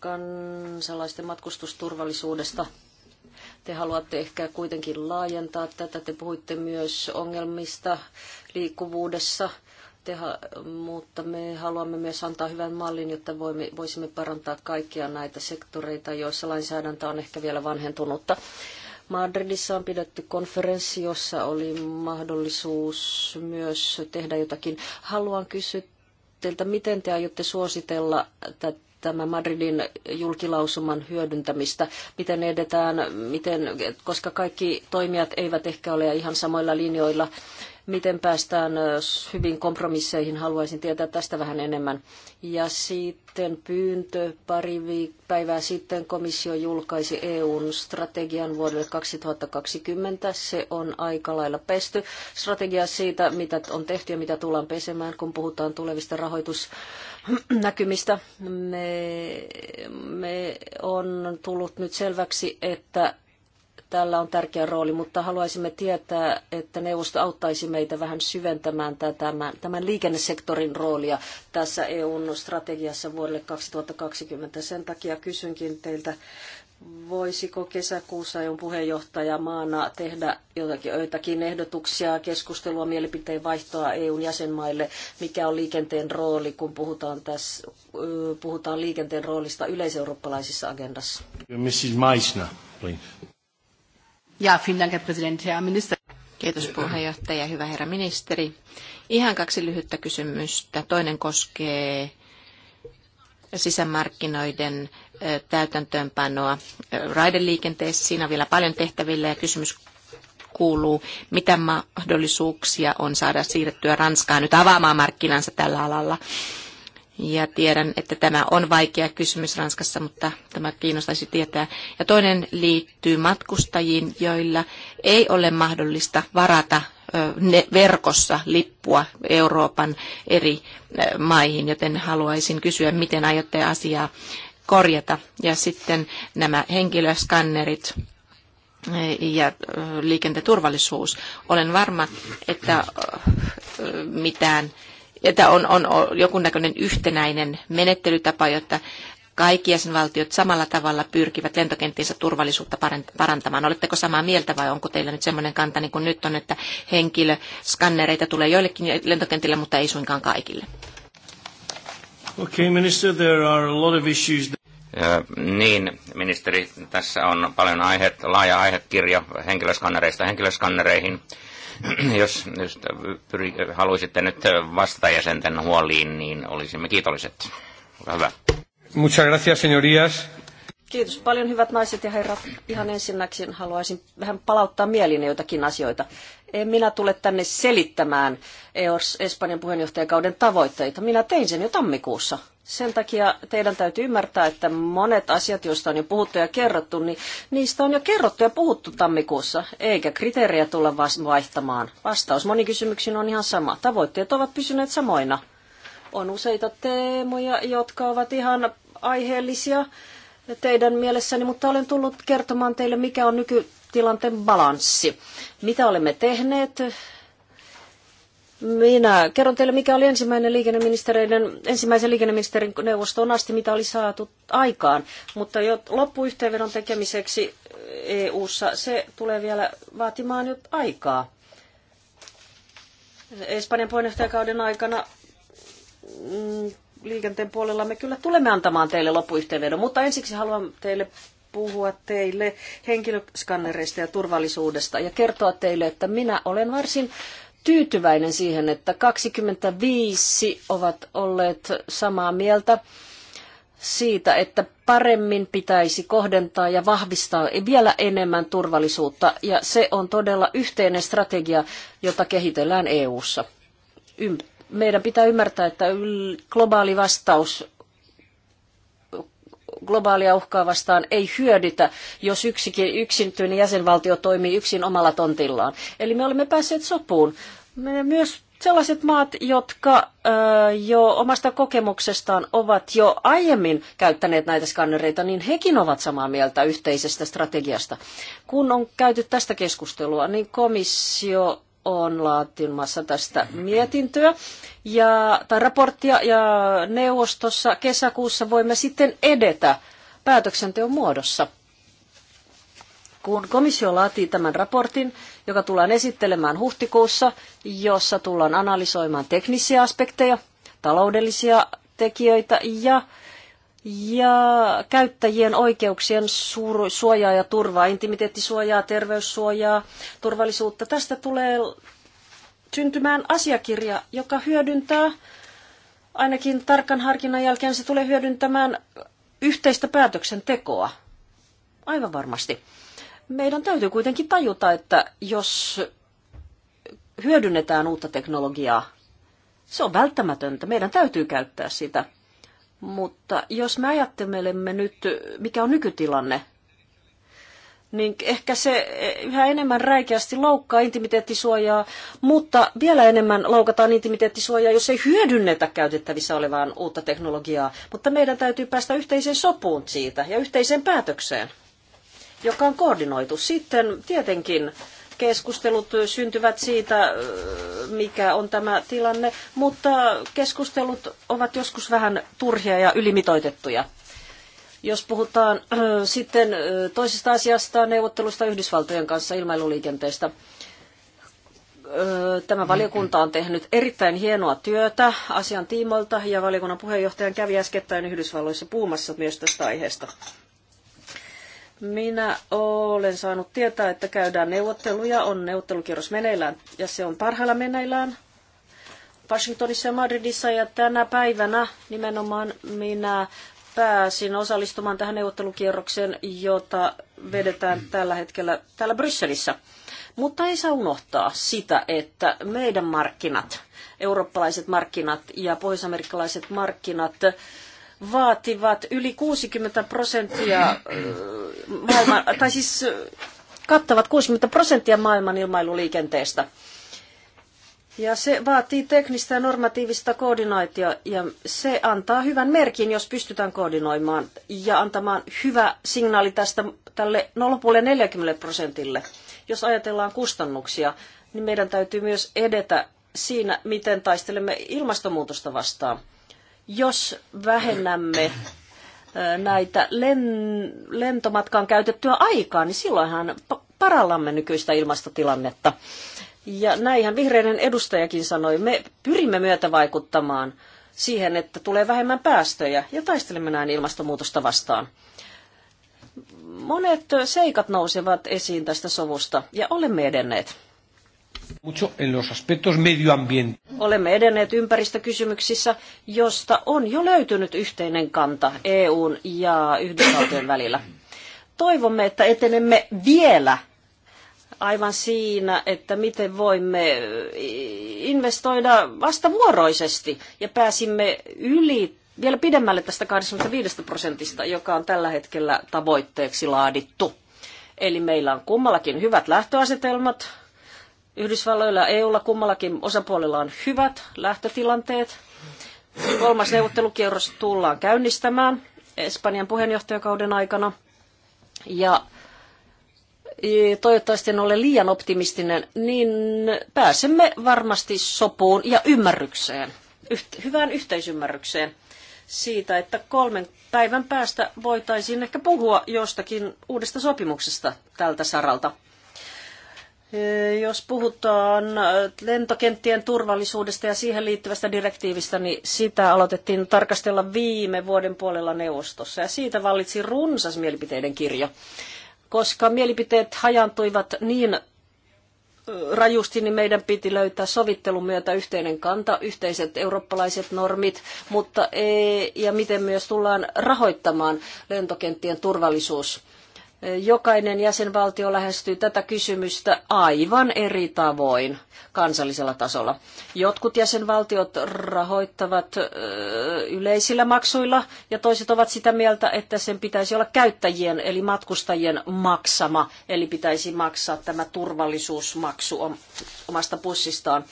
kansalaisten matkustusturvallisuudesta, te haluatte ehkä kuitenkin laajentaa tätä. Te puhuitte myös ongelmista liikkuvuudessa, mutta me haluamme myös antaa hyvän mallin, jotta voimme, voisimme parantaa kaikkia näitä sektoreita, joissa lainsäädäntö on ehkä vielä vanhentunutta. Madridissa on pidetty konferenssi, jossa oli mahdollisuus myös tehdä jotakin. Haluan kysyä teiltä, miten te aiotte suositella tätä tämä Madridin julkilausuman hyödyntämistä, miten edetään, miten, koska kaikki toimijat eivät ehkä ole ihan samoilla linjoilla miten päästään hyvin kompromisseihin. Haluaisin tietää tästä vähän enemmän. Ja sitten pyyntö pari päivää sitten komissio julkaisi EUn strategian vuodelle 2020. Se on aika lailla pesty. Strategia siitä, mitä on tehty ja mitä tullaan pesemään, kun puhutaan tulevista rahoitusnäkymistä. Me, me on tullut nyt selväksi, että tällä on tärkeä rooli, mutta haluaisimme tietää, että neuvosto auttaisi meitä vähän syventämään tämän, tämän liikennesektorin roolia tässä EUn strategiassa vuodelle 2020. Sen takia kysynkin teiltä, voisiko kesäkuussa EUn puheenjohtaja maana tehdä jotakin, joitakin ehdotuksia, keskustelua, mielipiteen vaihtoa EUn jäsenmaille, mikä on liikenteen rooli, kun puhutaan, tässä, puhutaan liikenteen roolista yleiseurooppalaisessa agendassa. Mrs. Meissner, please. Ja, vielen Dank, Herr Präsident, Herr Minister. Kiitos puheenjohtaja, hyvä herra ministeri. Ihan kaksi lyhyttä kysymystä. Toinen koskee sisämarkkinoiden täytäntöönpanoa raideliikenteessä. Siinä on vielä paljon tehtävillä ja kysymys kuuluu, mitä mahdollisuuksia on saada siirrettyä Ranskaan nyt avaamaan markkinansa tällä alalla. Ja tiedän, että tämä on vaikea kysymys Ranskassa, mutta tämä kiinnostaisi tietää. Ja toinen liittyy matkustajiin, joilla ei ole mahdollista varata verkossa lippua Euroopan eri maihin, joten haluaisin kysyä, miten aiotte asiaa korjata. Ja sitten nämä henkilöskannerit ja liikenteturvallisuus. Olen varma, että mitään että on, on, on jokunnäköinen yhtenäinen menettelytapa, jotta kaikki jäsenvaltiot samalla tavalla pyrkivät lentokenttiensä turvallisuutta parantamaan. Oletteko samaa mieltä vai onko teillä nyt sellainen kanta niin kuin nyt on, että henkilöskannereita tulee joillekin lentokentille, mutta ei suinkaan kaikille? Okay, minister, there are a lot of issues. That... Niin, ministeri, tässä on paljon aihet, laaja aihekirja henkilöskannereista henkilöskannereihin Jos äh, pyri, äh, haluaisitte nyt äh, vastata jäsenten huoliin, niin olisimme kiitolliset. Olkaa hyvä. Muchas gracias, señorías. Kiitos paljon hyvät naiset ja herrat. Ihan ensinnäkin haluaisin vähän palauttaa mieliin joitakin asioita. En minä tule tänne selittämään EOS Espanjan puheenjohtajakauden tavoitteita. Minä tein sen jo tammikuussa. Sen takia teidän täytyy ymmärtää, että monet asiat, joista on jo puhuttu ja kerrottu, niin niistä on jo kerrottu ja puhuttu tammikuussa, eikä kriteerejä tulla vaihtamaan. Vastaus moni kysymyksiin on ihan sama. Tavoitteet ovat pysyneet samoina. On useita teemoja, jotka ovat ihan aiheellisia teidän mielessäni, mutta olen tullut kertomaan teille, mikä on nyky, tilanteen balanssi. Mitä olemme tehneet? Minä kerron teille, mikä oli ensimmäinen liikenneministeriön ensimmäisen liikenneministerin neuvostoon asti, mitä oli saatu aikaan. Mutta jo loppuyhteenvedon tekemiseksi EU-ssa se tulee vielä vaatimaan nyt aikaa. Espanjan puheenjohtajakauden aikana mm, liikenteen puolella me kyllä tulemme antamaan teille loppuyhteenvedon, mutta ensiksi haluan teille puhua teille henkilöskannereista ja turvallisuudesta ja kertoa teille, että minä olen varsin tyytyväinen siihen, että 25 ovat olleet samaa mieltä siitä, että paremmin pitäisi kohdentaa ja vahvistaa vielä enemmän turvallisuutta, ja se on todella yhteinen strategia, jota kehitellään EU:ssa. Meidän pitää ymmärtää, että globaali vastaus globaalia uhkaa vastaan ei hyödytä, jos yksikin yksityinen jäsenvaltio toimii yksin omalla tontillaan. Eli me olemme päässeet sopuun. Me myös sellaiset maat, jotka jo omasta kokemuksestaan ovat jo aiemmin käyttäneet näitä skannereita, niin hekin ovat samaa mieltä yhteisestä strategiasta. Kun on käyty tästä keskustelua, niin komissio on laatimassa tästä mietintöä ja, tai raporttia ja neuvostossa kesäkuussa voimme sitten edetä päätöksenteon muodossa. Kun komissio laatii tämän raportin, joka tullaan esittelemään huhtikuussa, jossa tullaan analysoimaan teknisiä aspekteja, taloudellisia tekijöitä ja ja käyttäjien oikeuksien suojaa ja turvaa, intimiteettisuojaa, terveyssuojaa, turvallisuutta. Tästä tulee syntymään asiakirja, joka hyödyntää, ainakin tarkan harkinnan jälkeen se tulee hyödyntämään yhteistä päätöksentekoa. Aivan varmasti. Meidän täytyy kuitenkin tajuta, että jos hyödynnetään uutta teknologiaa, se on välttämätöntä. Meidän täytyy käyttää sitä. Mutta jos me ajattelemme nyt, mikä on nykytilanne, niin ehkä se yhä enemmän räikeästi loukkaa intimiteettisuojaa, mutta vielä enemmän loukataan intimiteettisuojaa, jos ei hyödynnetä käytettävissä olevaan uutta teknologiaa. Mutta meidän täytyy päästä yhteiseen sopuun siitä ja yhteiseen päätökseen, joka on koordinoitu. Sitten tietenkin keskustelut syntyvät siitä, mikä on tämä tilanne, mutta keskustelut ovat joskus vähän turhia ja ylimitoitettuja. Jos puhutaan sitten toisesta asiasta, neuvottelusta Yhdysvaltojen kanssa ilmailuliikenteestä, tämä valiokunta on tehnyt erittäin hienoa työtä asian tiimoilta ja valiokunnan puheenjohtajan kävi äskettäin Yhdysvalloissa puhumassa myös tästä aiheesta. Minä olen saanut tietää, että käydään neuvotteluja, on neuvottelukierros meneillään ja se on parhailla meneillään Washingtonissa ja Madridissa ja tänä päivänä nimenomaan minä pääsin osallistumaan tähän neuvottelukierrokseen, jota vedetään tällä hetkellä täällä Brysselissä. Mutta ei saa unohtaa sitä, että meidän markkinat, eurooppalaiset markkinat ja pohjoisamerikkalaiset markkinat, vaativat yli 60 prosenttia äh, maailman, tai siis äh, kattavat 60 prosenttia maailman ilmailuliikenteestä. Ja se vaatii teknistä ja normatiivista koordinaatiota ja se antaa hyvän merkin, jos pystytään koordinoimaan ja antamaan hyvä signaali tästä tälle 0,40 prosentille. Jos ajatellaan kustannuksia, niin meidän täytyy myös edetä siinä, miten taistelemme ilmastonmuutosta vastaan. Jos vähennämme näitä len, lentomatkaan käytettyä aikaa, niin silloinhan parallamme nykyistä ilmastotilannetta. Ja näinhän vihreiden edustajakin sanoi, me pyrimme myötävaikuttamaan siihen, että tulee vähemmän päästöjä ja taistelemme näin ilmastonmuutosta vastaan. Monet seikat nousevat esiin tästä sovusta ja olemme edenneet. Mucho en los aspectos medioambientales. Olemme edenneet ympäristökysymyksissä, josta on jo löytynyt yhteinen kanta EUn ja Yhdysvaltojen välillä. Toivomme, että etenemme vielä aivan siinä, että miten voimme eh, investoida vastavuoroisesti ja pääsimme yli vielä pidemmälle tästä 25 prosentista, joka on tällä hetkellä tavoitteeksi laadittu. Eli meillä on kummallakin hyvät lähtöasetelmat, Yhdysvalloilla ja EUlla kummallakin osapuolella on hyvät lähtötilanteet. Kolmas neuvottelukierros tullaan käynnistämään Espanjan puheenjohtajakauden aikana. Ja e, toivottavasti en ole liian optimistinen, niin pääsemme varmasti sopuun ja ymmärrykseen, hyvään yhteisymmärrykseen siitä, että kolmen päivän päästä voitaisiin ehkä puhua jostakin uudesta sopimuksesta tältä saralta. Eh, jos puhutaan eh, lentokenttien turvallisuudesta ja siihen liittyvästä direktiivistä, niin sitä aloitettiin tarkastella viime vuoden puolella neuvostossa. Ja siitä vallitsi runsas mielipiteiden kirjo, koska mielipiteet hajantuivat niin eh, rajusti, niin meidän piti löytää sovittelun myötä yhteinen kanta, yhteiset eurooppalaiset normit, mutta ei, ja miten myös tullaan rahoittamaan lentokenttien turvallisuus Jokainen jäsenvaltio lähestyy tätä kysymystä aivan eri tavoin kansallisella tasolla. Jotkut jäsenvaltiot rahoittavat yleisillä maksuilla ja toiset ovat sitä mieltä, että sen pitäisi olla käyttäjien eli matkustajien maksama, eli pitäisi maksaa tämä turvallisuusmaksu omasta pussistaan.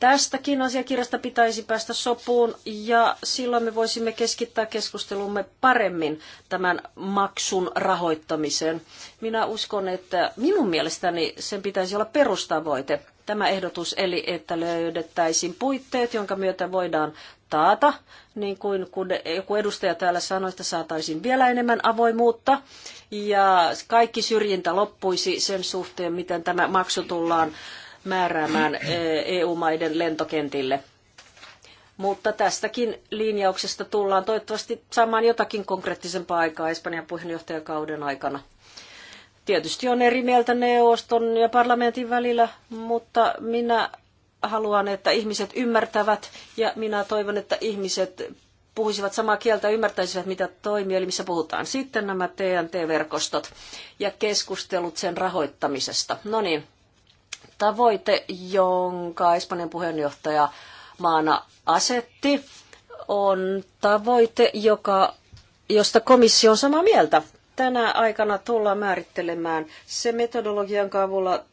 Tästäkin asiakirjasta pitäisi päästä sopuun ja silloin me voisimme keskittää keskustelumme paremmin tämän maksun rahoittamiseen. Minä uskon, että minun mielestäni sen pitäisi olla perustavoite, tämä ehdotus, eli että löydettäisiin puitteet, jonka myötä voidaan taata, niin kuin kun joku edustaja täällä sanoi, että saataisiin vielä enemmän avoimuutta ja kaikki syrjintä loppuisi sen suhteen, miten tämä maksu tullaan määräämään EU-maiden eh, e lentokentille. Mutta tästäkin linjauksesta tullaan toivottavasti saamaan jotakin konkreettisempaa aikaa Espanjan puheenjohtajakauden aikana. Tietysti on eri mieltä neuvoston ja parlamentin välillä, mutta minä haluan, että ihmiset ymmärtävät ja minä toivon, että ihmiset puhuisivat samaa kieltä ja ymmärtäisivät, mitä toimielimissä puhutaan. Sitten nämä TNT-verkostot ja keskustelut sen rahoittamisesta. No niin, tavoite, jonka Espanjan puheenjohtaja maana asetti, on tavoite, joka, josta komissio on samaa mieltä. Tänä aikana tullaan määrittelemään se metodologian, jonka avulla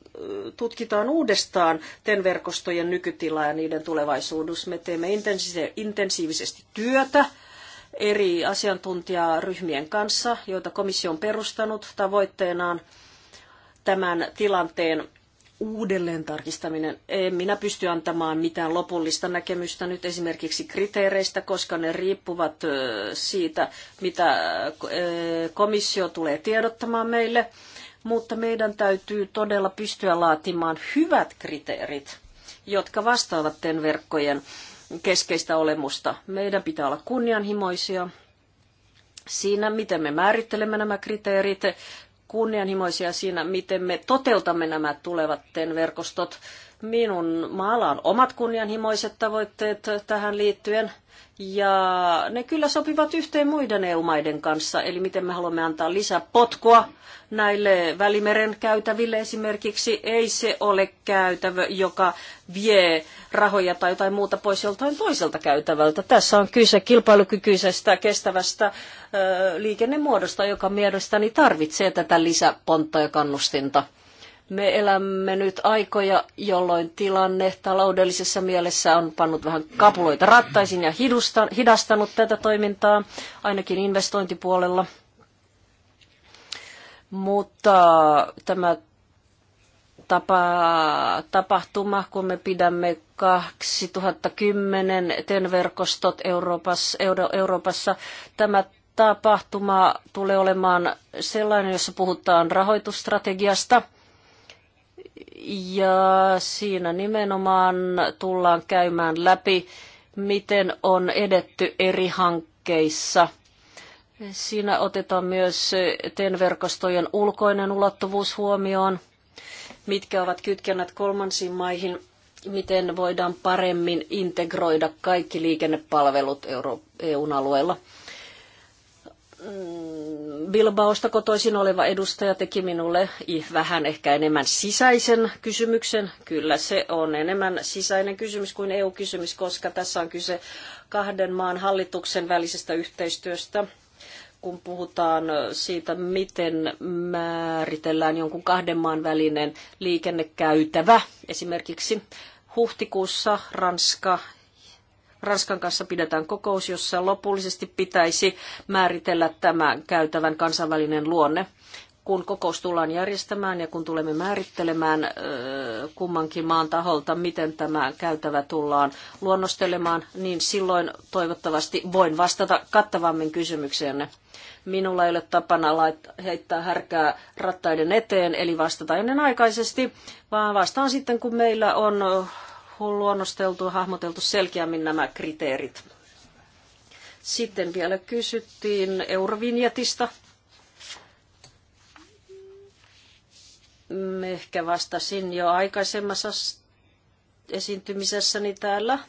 tutkitaan uudestaan TEN-verkostojen nykytilaa ja niiden tulevaisuudessa. Me teemme intensiivisesti työtä eri asiantuntijaryhmien kanssa, joita komissio on perustanut tavoitteenaan tämän tilanteen uudelleen tarkistaminen. En minä pysty antamaan mitään lopullista näkemystä nyt esimerkiksi kriteereistä, koska ne riippuvat siitä, mitä komissio tulee tiedottamaan meille. Mutta meidän täytyy todella pystyä laatimaan hyvät kriteerit, jotka vastaavat ten verkkojen keskeistä olemusta. Meidän pitää olla kunnianhimoisia siinä, miten me määrittelemme nämä kriteerit, kunnianhimoisia siinä, miten me toteutamme nämä tulevat TEN-verkostot Minun maalla on omat kunnianhimoiset tavoitteet tähän liittyen, ja ne kyllä sopivat yhteen muiden EU-maiden kanssa, eli miten me haluamme antaa lisää potkua näille Välimeren käytäville esimerkiksi. Ei se ole käytävä, joka vie rahoja tai jotain muuta pois joltain toiselta käytävältä. Tässä on kyse kilpailukykyisestä, kestävästä ö, liikennemuodosta, joka mielestäni tarvitsee tätä lisäpontta ja kannustinta. Me elämme nyt aikoja, jolloin tilanne taloudellisessa mielessä on pannut vähän kapuloita rattaisin ja hidastanut tätä toimintaa, ainakin investointipuolella. Mutta tämä tapa, tapahtuma, kun me pidämme 2010 TEN-verkostot Euroopassa, Euroopassa. Tämä tapahtuma tulee olemaan sellainen, jossa puhutaan rahoitusstrategiasta – ja siinä nimenomaan tullaan käymään läpi, miten on edetty eri hankkeissa. Siinä otetaan myös TEN-verkostojen ulkoinen ulottuvuus huomioon, mitkä ovat kytkennät kolmansiin maihin, miten voidaan paremmin integroida kaikki liikennepalvelut EUn alueella. Mm, Bilbaosta kotoisin oleva edustaja teki minulle vähän ehkä enemmän sisäisen kysymyksen. Kyllä se on enemmän sisäinen kysymys kuin EU-kysymys, koska tässä on kyse kahden maan hallituksen välisestä yhteistyöstä kun puhutaan siitä, miten määritellään jonkun kahden maan välinen liikennekäytävä. Esimerkiksi huhtikuussa Ranska Ranskan kanssa pidetään kokous, jossa lopullisesti pitäisi määritellä tämä käytävän kansainvälinen luonne. Kun kokous tullaan järjestämään ja kun tulemme määrittelemään kummankin maan taholta, miten tämä käytävä tullaan luonnostelemaan, niin silloin toivottavasti voin vastata kattavammin kysymykseenne. Minulla ei ole tapana heittää härkää rattaiden eteen, eli vastata ennenaikaisesti, vaan vastaan sitten, kun meillä on luonnosteltu, hahmoteltu selkeämmin nämä kriteerit. Sitten vielä kysyttiin Eurovinjetistä. Ehkä vastasin jo aikaisemmassa esiintymisessäni täällä.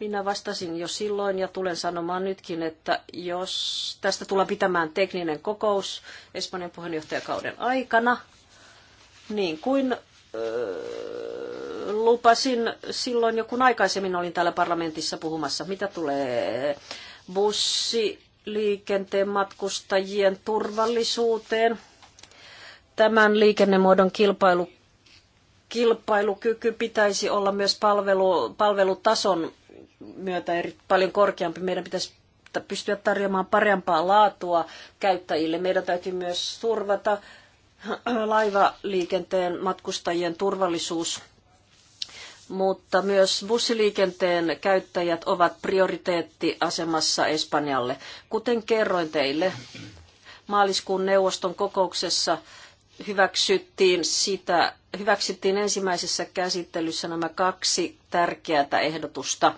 Minä vastasin jo silloin ja tulen sanomaan nytkin, että jos tästä tulee pitämään tekninen kokous Espanjan puheenjohtajakauden aikana, niin kuin öö, lupasin silloin joku aikaisemmin olin täällä parlamentissa puhumassa, mitä tulee bussiliikenteen matkustajien turvallisuuteen. Tämän liikennemuodon kilpailu, kilpailukyky pitäisi olla myös palvelu, palvelutason myötä eri, paljon korkeampi. Meidän pitäisi pystyä tarjoamaan parempaa laatua käyttäjille. Meidän täytyy myös turvata laivaliikenteen matkustajien turvallisuus mutta myös bussiliikenteen käyttäjät ovat prioriteettiasemassa Espanjalle. Kuten kerroin teille, maaliskuun neuvoston kokouksessa hyväksyttiin, sitä, hyväksyttiin ensimmäisessä käsittelyssä nämä kaksi tärkeää ehdotusta.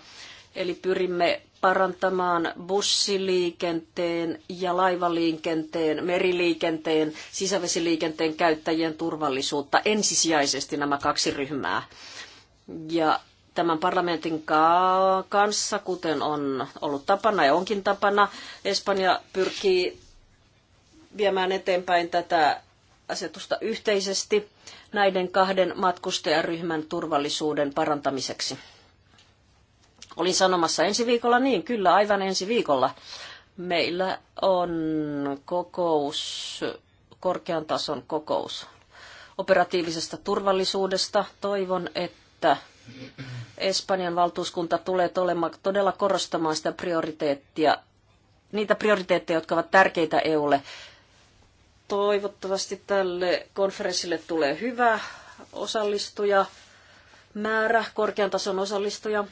Eli pyrimme parantamaan bussiliikenteen ja laivaliikenteen, meriliikenteen, sisävesiliikenteen käyttäjien turvallisuutta ensisijaisesti nämä kaksi ryhmää. Ja tämän parlamentin kanssa, kuten on ollut tapana ja onkin tapana, Espanja pyrkii viemään eteenpäin tätä asetusta yhteisesti näiden kahden matkustajaryhmän turvallisuuden parantamiseksi. Olin sanomassa ensi viikolla, niin kyllä aivan ensi viikolla. Meillä on kokous, korkean tason kokous operatiivisesta turvallisuudesta. Toivon, että että Espanjan valtuuskunta tulee olemaan, todella korostamaan sitä prioriteettia, niitä prioriteetteja, jotka ovat tärkeitä EUlle. Toivottavasti tälle konferenssille tulee hyvä osallistuja määrä, korkean tason osallistuja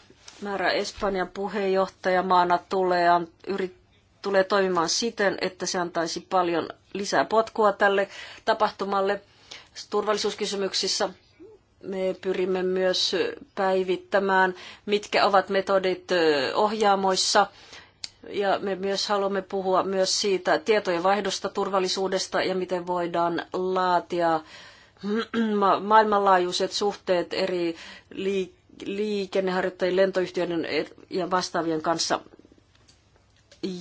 määrä Espanjan puheenjohtajamaana tulee, yrit, tulee toimimaan siten, että se antaisi paljon lisää potkua tälle tapahtumalle turvallisuuskysymyksissä – me pyrimme myös päivittämään, mitkä ovat metodit ohjaamoissa. Ja me myös haluamme puhua myös siitä tietojen vaihdosta, turvallisuudesta ja miten voidaan laatia maailmanlaajuiset suhteet eri liikenneharjoittajien, lentoyhtiöiden ja vastaavien kanssa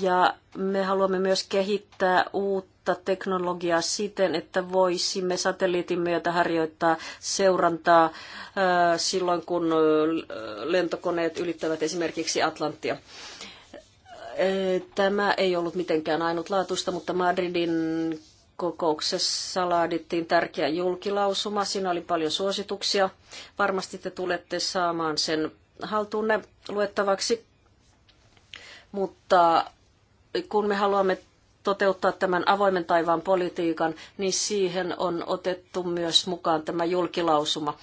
ja me haluamme myös kehittää uutta teknologiaa siten, että voisimme satelliitin myötä harjoittaa seurantaa silloin, kun lentokoneet ylittävät esimerkiksi Atlanttia. Tämä ei ollut mitenkään ainutlaatuista, mutta Madridin kokouksessa laadittiin tärkeä julkilausuma. Siinä oli paljon suosituksia. Varmasti te tulette saamaan sen haltuunne luettavaksi mutta kun me haluamme toteuttaa tämän avoimen taivaan politiikan, niin siihen on otettu myös mukaan tämä julkilausuma.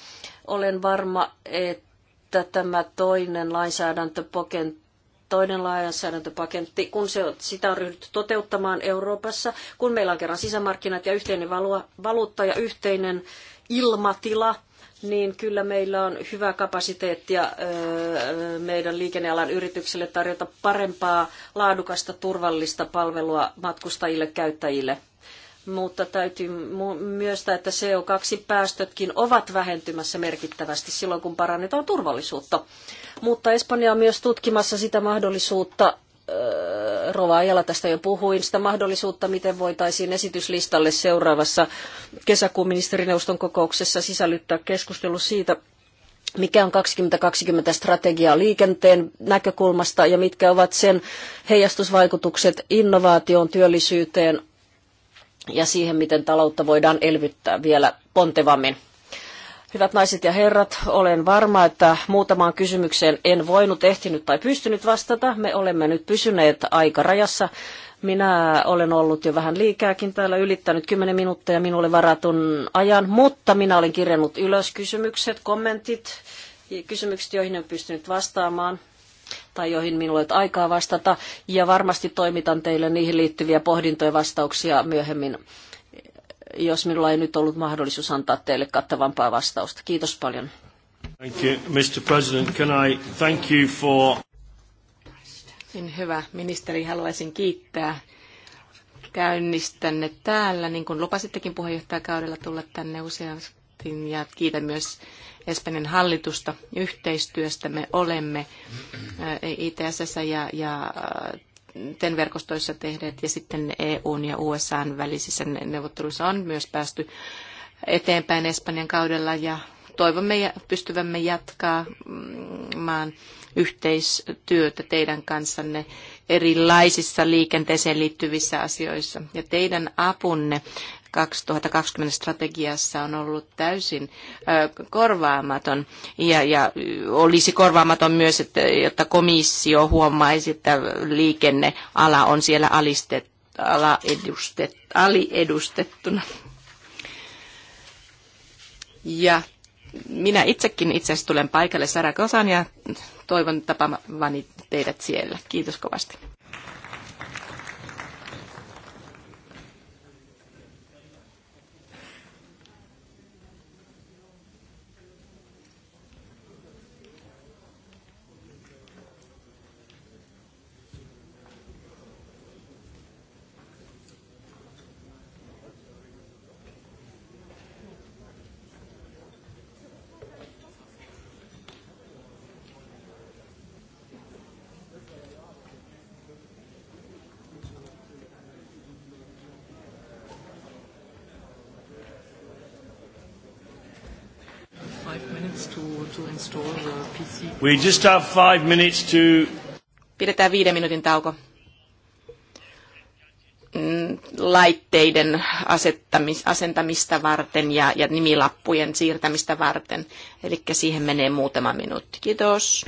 Olen varma, että tämä toinen lainsäädäntöpokentti toinen lainsäädäntöpaketti, kun se, sitä on ryhdytty toteuttamaan Euroopassa, kun meillä on kerran sisämarkkinat ja yhteinen valuutta ja yhteinen ilmatila, niin kyllä meillä on hyvä kapasiteetti ja meidän liikennealan yrityksille tarjota parempaa, laadukasta, turvallista palvelua matkustajille, käyttäjille. Mutta täytyy myöstää, että CO2-päästötkin ovat vähentymässä merkittävästi silloin, kun parannetaan turvallisuutta. Mutta Espanja on myös tutkimassa sitä mahdollisuutta Rova Ajala tästä jo puhuin, sitä mahdollisuutta, miten voitaisiin esityslistalle seuraavassa kesäkuun ministerineuvoston kokouksessa sisällyttää keskustelu siitä, mikä on 2020 strategia liikenteen näkökulmasta ja mitkä ovat sen heijastusvaikutukset innovaatioon, työllisyyteen ja siihen, miten taloutta voidaan elvyttää vielä pontevammin. Hyvät naiset ja herrat, olen varma, että muutamaan kysymykseen en voinut, ehtinyt tai pystynyt vastata. Me olemme nyt pysyneet aikarajassa. Minä olen ollut jo vähän liikaakin täällä, ylittänyt 10 minuuttia minulle varatun ajan, mutta minä olen kirjannut ylös kysymykset, kommentit, kysymykset, joihin en pystynyt vastaamaan tai joihin minulla ei ole aikaa vastata, ja varmasti toimitan teille niihin liittyviä pohdintoja ja vastauksia myöhemmin jos minulla ei nyt ollut mahdollisuus antaa teille kattavampaa vastausta. Kiitos paljon. Thank you, Mr. President. Can I thank you for... Niin hyvä ministeri, haluaisin kiittää käynnistänne täällä, niin kuin lupasittekin puheenjohtajakaudella tulla tänne useasti. Ja kiitän myös Espanjan hallitusta yhteistyöstä. Me olemme ITSS ja, ja ten verkostoissa tehneet ja sitten EUn ja USAn välisissä neuvotteluissa on myös päästy eteenpäin Espanjan kaudella ja toivomme ja pystyvämme jatkamaan mm, yhteistyötä teidän kanssanne erilaisissa liikenteeseen liittyvissä asioissa. Ja teidän apunne 2020 strategiassa on ollut täysin korvaamaton ja, ja olisi korvaamaton myös, että, jotta komissio huomaisi, että liikenneala on siellä aliedustettuna. Ja minä itsekin itse asiassa tulen paikalle Sarakosaan ja toivon tapaavani teidät siellä. Kiitos kovasti. We just have five minutes to... Pidetään viiden minuutin tauko mm, laitteiden asettamis, asentamista varten ja, ja nimilappujen siirtämistä varten. Eli siihen menee muutama minuutti. Kiitos.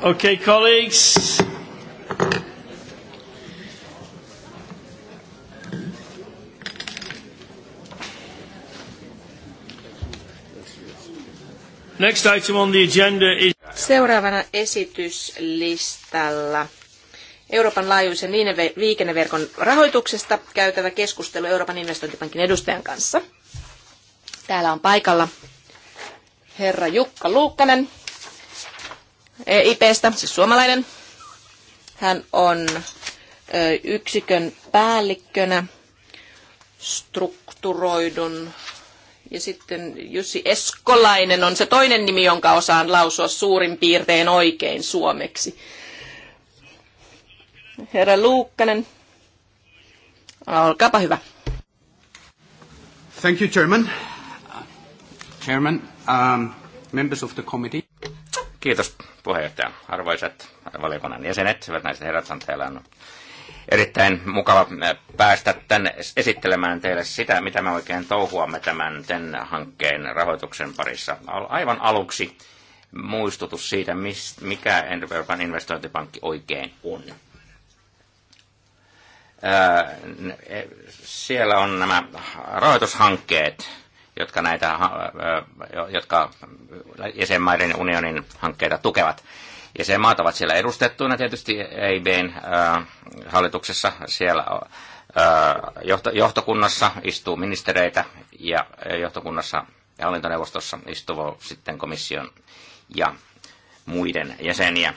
Okay, colleagues. Next item on the agenda is... Seuraavana esityslistalla Euroopan laajuisen liikenneverkon rahoituksesta käytävä keskustelu Euroopan investointipankin edustajan kanssa. Täällä on paikalla herra Jukka Luukkanen, E IPstä, siis suomalainen. Hän on yksikön päällikkönä strukturoidun. Ja sitten Jussi Eskolainen on se toinen nimi, jonka osaan lausua suurin piirtein oikein suomeksi. Herra Luukkanen, olkaapa hyvä. Thank you, Chairman. Chairman, um, members of the committee. Kiitos puheenjohtaja, arvoisat valiokunnan jäsenet, hyvät naiset herrat, teillä on erittäin mukava eh, päästä tänne esittelemään teille sitä, mitä me oikein touhuamme tämän TEN-hankkeen rahoituksen parissa. Aivan aluksi muistutus siitä, mikä Euroopan investointipankki oikein on. Eh, eh, siellä on nämä rahoitushankkeet, jotka, näitä, jotka jäsenmaiden unionin hankkeita tukevat. Jäsenmaat ovat siellä edustettuina tietysti EIBn hallituksessa. Siellä johtokunnassa istuu ministereitä ja johtokunnassa ja hallintoneuvostossa istuvo sitten komission ja muiden jäseniä.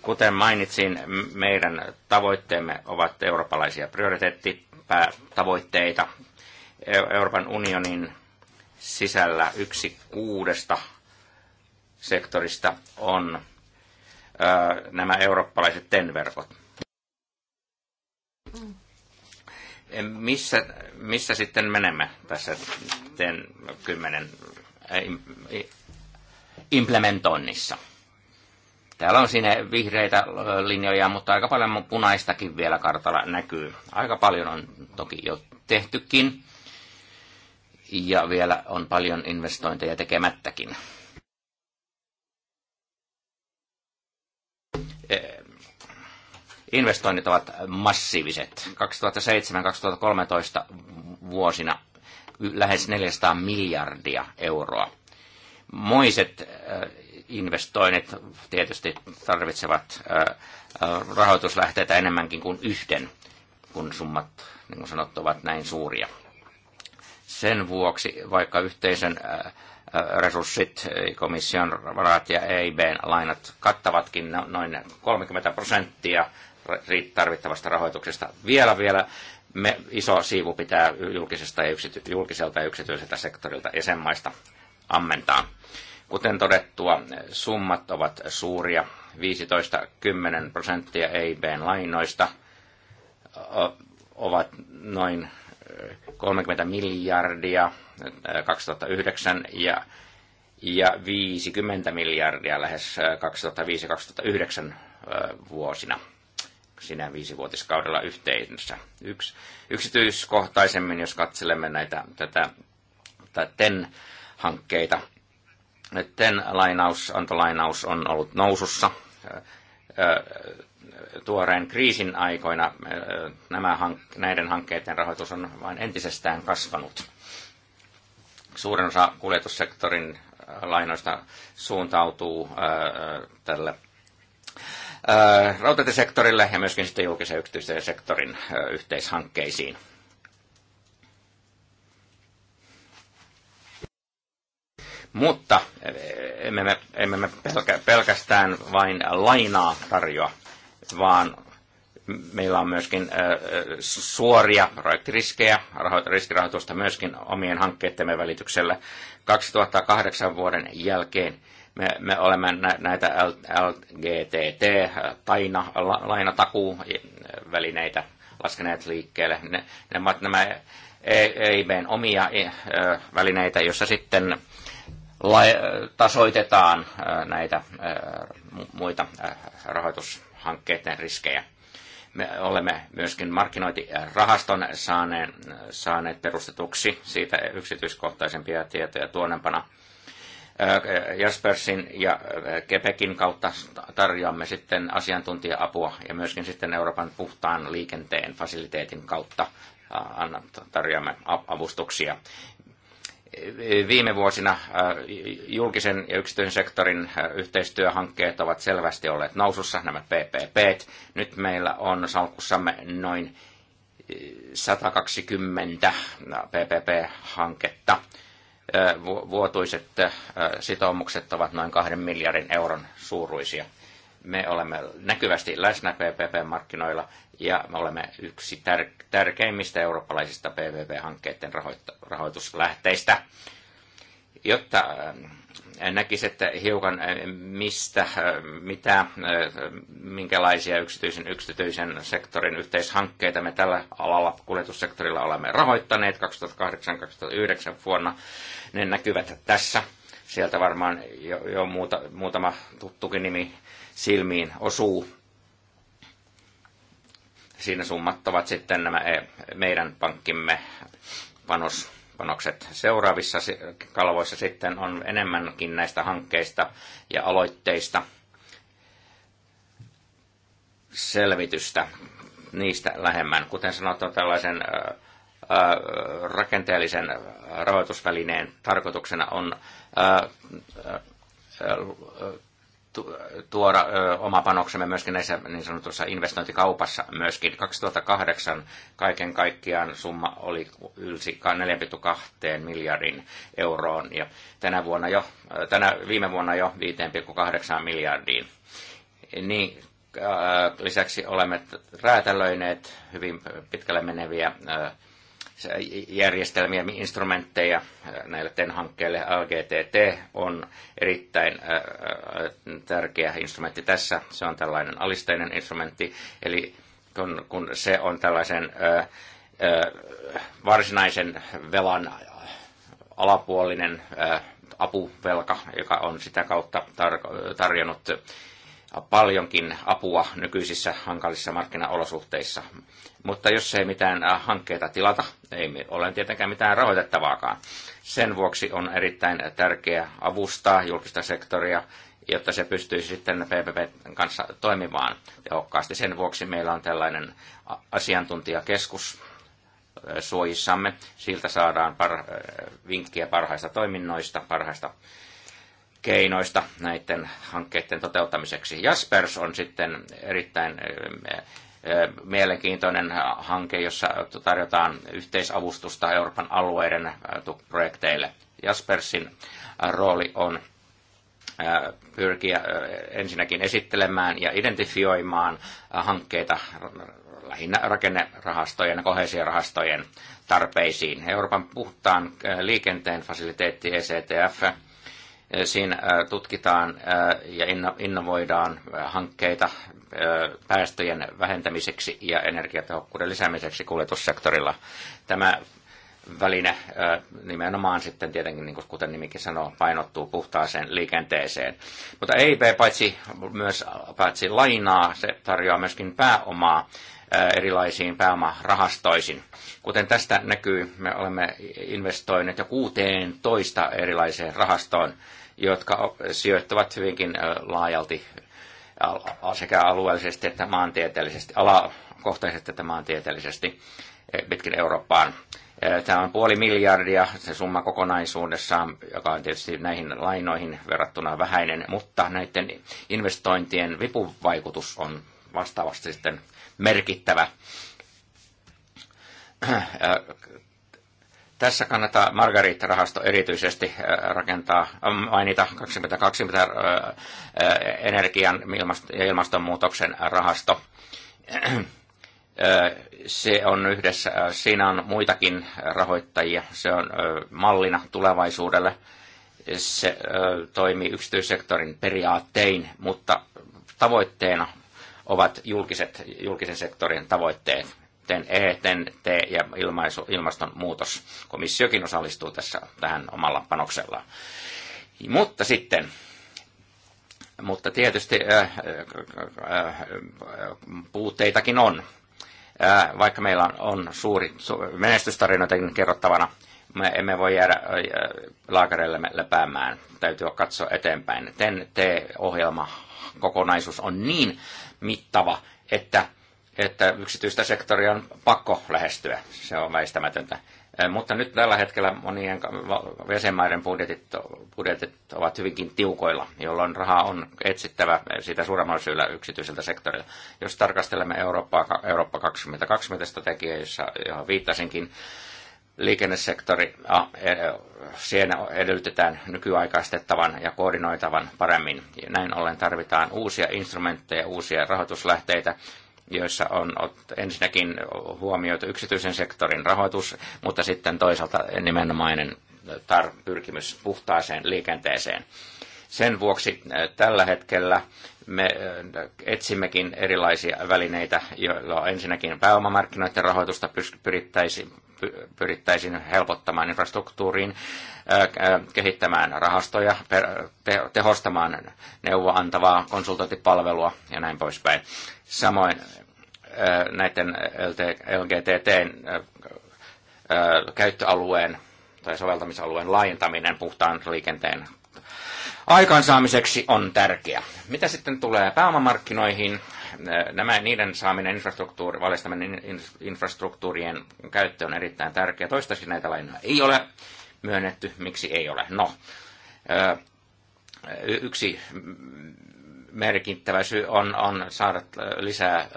Kuten mainitsin, meidän tavoitteemme ovat eurooppalaisia prioriteettitavoitteita, Euroopan unionin sisällä yksi kuudesta sektorista on nämä eurooppalaiset TEN-verkot. Missä, missä sitten menemme tässä TEN 10 implementoinnissa? Täällä on sinne vihreitä linjoja, mutta aika paljon punaistakin vielä kartalla näkyy. Aika paljon on toki jo tehtykin ja vielä on paljon investointeja tekemättäkin. Eh, investoinnit ovat massiiviset. 2007-2013 vuosina lähes 400 miljardia euroa. Moiset eh, investoinnit tietysti tarvitsevat eh, rahoituslähteitä enemmänkin kuin yhden, kun summat, niin kuin sanottu, ovat näin suuria. Sen vuoksi, vaikka yhteisen resurssit, komission varat ja EIBn lainat kattavatkin no, noin 30 prosenttia tarvittavasta rahoituksesta, vielä vielä me, iso siivu pitää julkisesta ja yksity, julkiselta ja yksityiseltä sektorilta jäsenmaista ammentaa. Kuten todettua, summat ovat suuria. 15-10 prosenttia EIBn lainoista ovat noin 30 miljardia 2009 äh, ja, ja 50 miljardia lähes 2005-2009 äh, äh, vuosina sinä viisivuotiskaudella yhteensä. Yks, yksityiskohtaisemmin, jos katselemme näitä tätä, tätä TEN-hankkeita, TEN-lainaus, antolainaus on ollut nousussa tuoreen kriisin aikoina äh, nämä hank- näiden hankkeiden rahoitus on vain entisestään kasvanut. Suurin osa kuljetussektorin äh, lainoista suuntautuu äh, tälle rautatiesektorille ja myöskin sitten julkisen yksityisen sektorin yhteishankkeisiin. Mutta emme me, emme me pelkästään vain lainaa tarjoa vaan meillä on myöskin suoria projektiriskejä, riskirahoitusta myöskin omien hankkeittemme välityksellä. 2008 vuoden jälkeen me, me olemme näitä LGTT, paina, lainatakuvälineitä laskeneet liikkeelle. Ne, ne ovat nämä EIBn e omia e, välineitä, joissa sitten tasoitetaan näitä muita rahoitus hankkeiden riskejä. Me olemme myöskin markkinointirahaston saaneen, saaneet perustetuksi siitä yksityiskohtaisempia tietoja tuonempana. Jaspersin ja Kepekin kautta tarjoamme sitten asiantuntija-apua ja myöskin sitten Euroopan puhtaan liikenteen fasiliteetin kautta tarjoamme avustuksia viime vuosina äh, julkisen ja yksityisen sektorin äh, yhteistyöhankkeet ovat selvästi olleet nousussa, nämä PPP. Nyt meillä on salkussamme noin 120 äh, PPP-hanketta. Vuotuiset sitoumukset ovat noin 2 miljardin euron suuruisia me olemme näkyvästi läsnä PPP-markkinoilla ja me olemme yksi tär- tärkeimmistä eurooppalaisista PPP-hankkeiden rahoit- rahoituslähteistä. Jotta äh, näkisitte hiukan, äh, mistä, äh, mitä, minkälaisia yksityisen, yksityisen sektorin yhteishankkeita me tällä alalla kuljetussektorilla olemme rahoittaneet 2008-2009 vuonna. Ne näkyvät tässä sieltä varmaan jo, jo muuta, muutama tuttukin nimi silmiin osuu. Siinä summattavat sitten nämä eh, meidän pankkimme panos, panokset. Seuraavissa kalvoissa sitten on enemmänkin näistä hankkeista ja aloitteista selvitystä niistä lähemmän. Kuten sanottu, tällaisen rakenteellisen rahoitusvälineen tarkoituksena on tuoda oma panoksemme myöskin näissä niin sanotussa investointikaupassa myöskin. 2008 kaiken kaikkiaan summa oli ylsi 4,2 miljardin euroon ja tänä vuonna jo, tänä, viime vuonna jo 5,8 miljardiin. Niin, lisäksi olemme räätälöineet hyvin pitkälle meneviä järjestelmiä, instrumentteja äh, näille TEN-hankkeille. LGTT on erittäin äh, äh, tärkeä instrumentti tässä. Se on tällainen alisteinen instrumentti, eli kun, kun se on tällaisen varsinaisen velan alapuolinen apuvelka, joka on sitä kautta tarjonnut paljonkin apua nykyisissä hankalissa markkinaolosuhteissa. Mutta jos ei mitään äh, hankkeita tilata, ei ole tietenkään mitään rahoitettavaakaan. Sen vuoksi on erittäin tärkeää avustaa julkista sektoria, jotta se pystyisi sitten PPP kanssa toimimaan tehokkaasti. Sen vuoksi meillä on tällainen asiantuntijakeskus äh, suojissamme. Siltä saadaan par- äh, vinkkiä parhaista toiminnoista, parhaista keinoista näiden hankkeiden toteuttamiseksi. Jaspers on sitten erittäin mielenkiintoinen hanke, jossa tarjotaan yhteisavustusta Euroopan alueiden projekteille. Jaspersin rooli on pyrkiä ensinnäkin esittelemään ja identifioimaan hankkeita lähinnä rakennerahastojen ja kohesiorahastojen tarpeisiin. Euroopan puhtaan liikenteen fasiliteetti ECTF Siinä tutkitaan ja innovoidaan hankkeita päästöjen vähentämiseksi ja energiatehokkuuden lisäämiseksi kuljetussektorilla. Tämä väline nimenomaan sitten tietenkin, niin kuin kuten nimikin sanoo, painottuu puhtaaseen liikenteeseen. Mutta EIP paitsi myös paitsi lainaa, se tarjoaa myöskin pääomaa erilaisiin pääomarahastoisiin. Kuten tästä näkyy, me olemme investoineet jo 16 erilaiseen rahastoon, jotka sijoittavat hyvinkin laajalti sekä alueellisesti että maantieteellisesti, alakohtaisesti että maantieteellisesti pitkin Eurooppaan. Tämä on puoli miljardia, se summa kokonaisuudessaan, joka on tietysti näihin lainoihin verrattuna vähäinen, mutta näiden investointien vipuvaikutus on vastaavasti sitten merkittävä. Tässä kannattaa Margarita rahasto erityisesti äh, rakentaa, ähm, mainita 2020 äh, äh, energian ja ilmastonmuutoksen rahasto. Se on yhdessä, siinä on muitakin rahoittajia, se on mallina tulevaisuudelle. Se toimii yksityissektorin periaattein, mutta tavoitteena ovat julkiset, julkisen sektorin tavoitteet. TEN, E, TEN, T ja ilmaisu, ilmastonmuutos. Komissiokin osallistuu tässä tähän omalla panoksellaan. Mutta sitten mutta tietysti äh, äh, äh, puutteitakin on. Äh, vaikka meillä on, on suuri su, menestystarinoita kerrottavana, me emme voi jäädä äh, laakereillemme lepäämään. Täytyy katsoa eteenpäin. TEN-T-ohjelma kokonaisuus on niin mittava, että, että yksityistä sektoria on pakko lähestyä. Se on väistämätöntä. Mutta nyt tällä hetkellä monien jäsenmaiden budjetit, budjetit ovat hyvinkin tiukoilla, jolloin rahaa on etsittävä sitä suuremmalla syyllä yksityiseltä sektorilta. Jos tarkastelemme Eurooppaa, Eurooppa 2020 strategiaa, jossa, johon viittasinkin, liikennesektori, e, siinä edellytetään nykyaikaistettavan ja koordinoitavan paremmin. Näin ollen tarvitaan uusia instrumentteja, uusia rahoituslähteitä, joissa on ensinnäkin huomioitu yksityisen sektorin rahoitus, mutta sitten toisaalta nimenomainen tar- pyrkimys puhtaaseen liikenteeseen. Sen vuoksi äh, tällä hetkellä me äh, etsimmekin erilaisia välineitä, joilla ensinnäkin pääomamarkkinoiden rahoitusta pyrittäisiin pyrittäisiin helpottamaan infrastruktuuriin, äh, kehittämään rahastoja, tehostamaan neuvoa antavaa konsultointipalvelua ja näin poispäin. Samoin näiden LGTTn käyttöalueen tai soveltamisalueen laajentaminen puhtaan liikenteen aikaansaamiseksi on tärkeä. Mitä sitten tulee pääomamarkkinoihin, äh, nämä, niiden saaminen infrastruktuuri, valistaminen infrastruktuurien käyttö on erittäin tärkeä. Toistaiseksi näitä lainoja ei ole myönnetty. Miksi ei ole? No, äh, yksi merkittävä syy on, on saada äh, lisää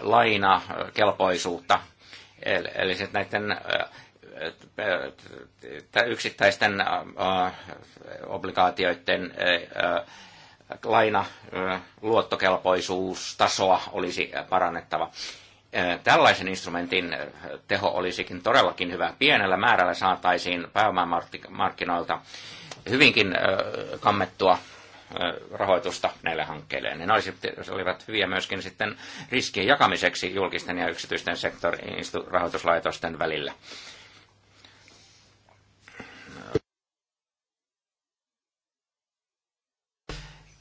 lainakelpoisuutta. Eli, eli näiden yksittäisten obligaatioiden laina luottokelpoisuustasoa olisi parannettava. Tällaisen instrumentin teho olisikin todellakin hyvä. Pienellä määrällä saataisiin pääomamarkkinoilta hyvinkin kammettua rahoitusta näille hankkeille. Ne olivat hyviä myöskin sitten riskien jakamiseksi julkisten ja yksityisten sektorin rahoituslaitosten välillä.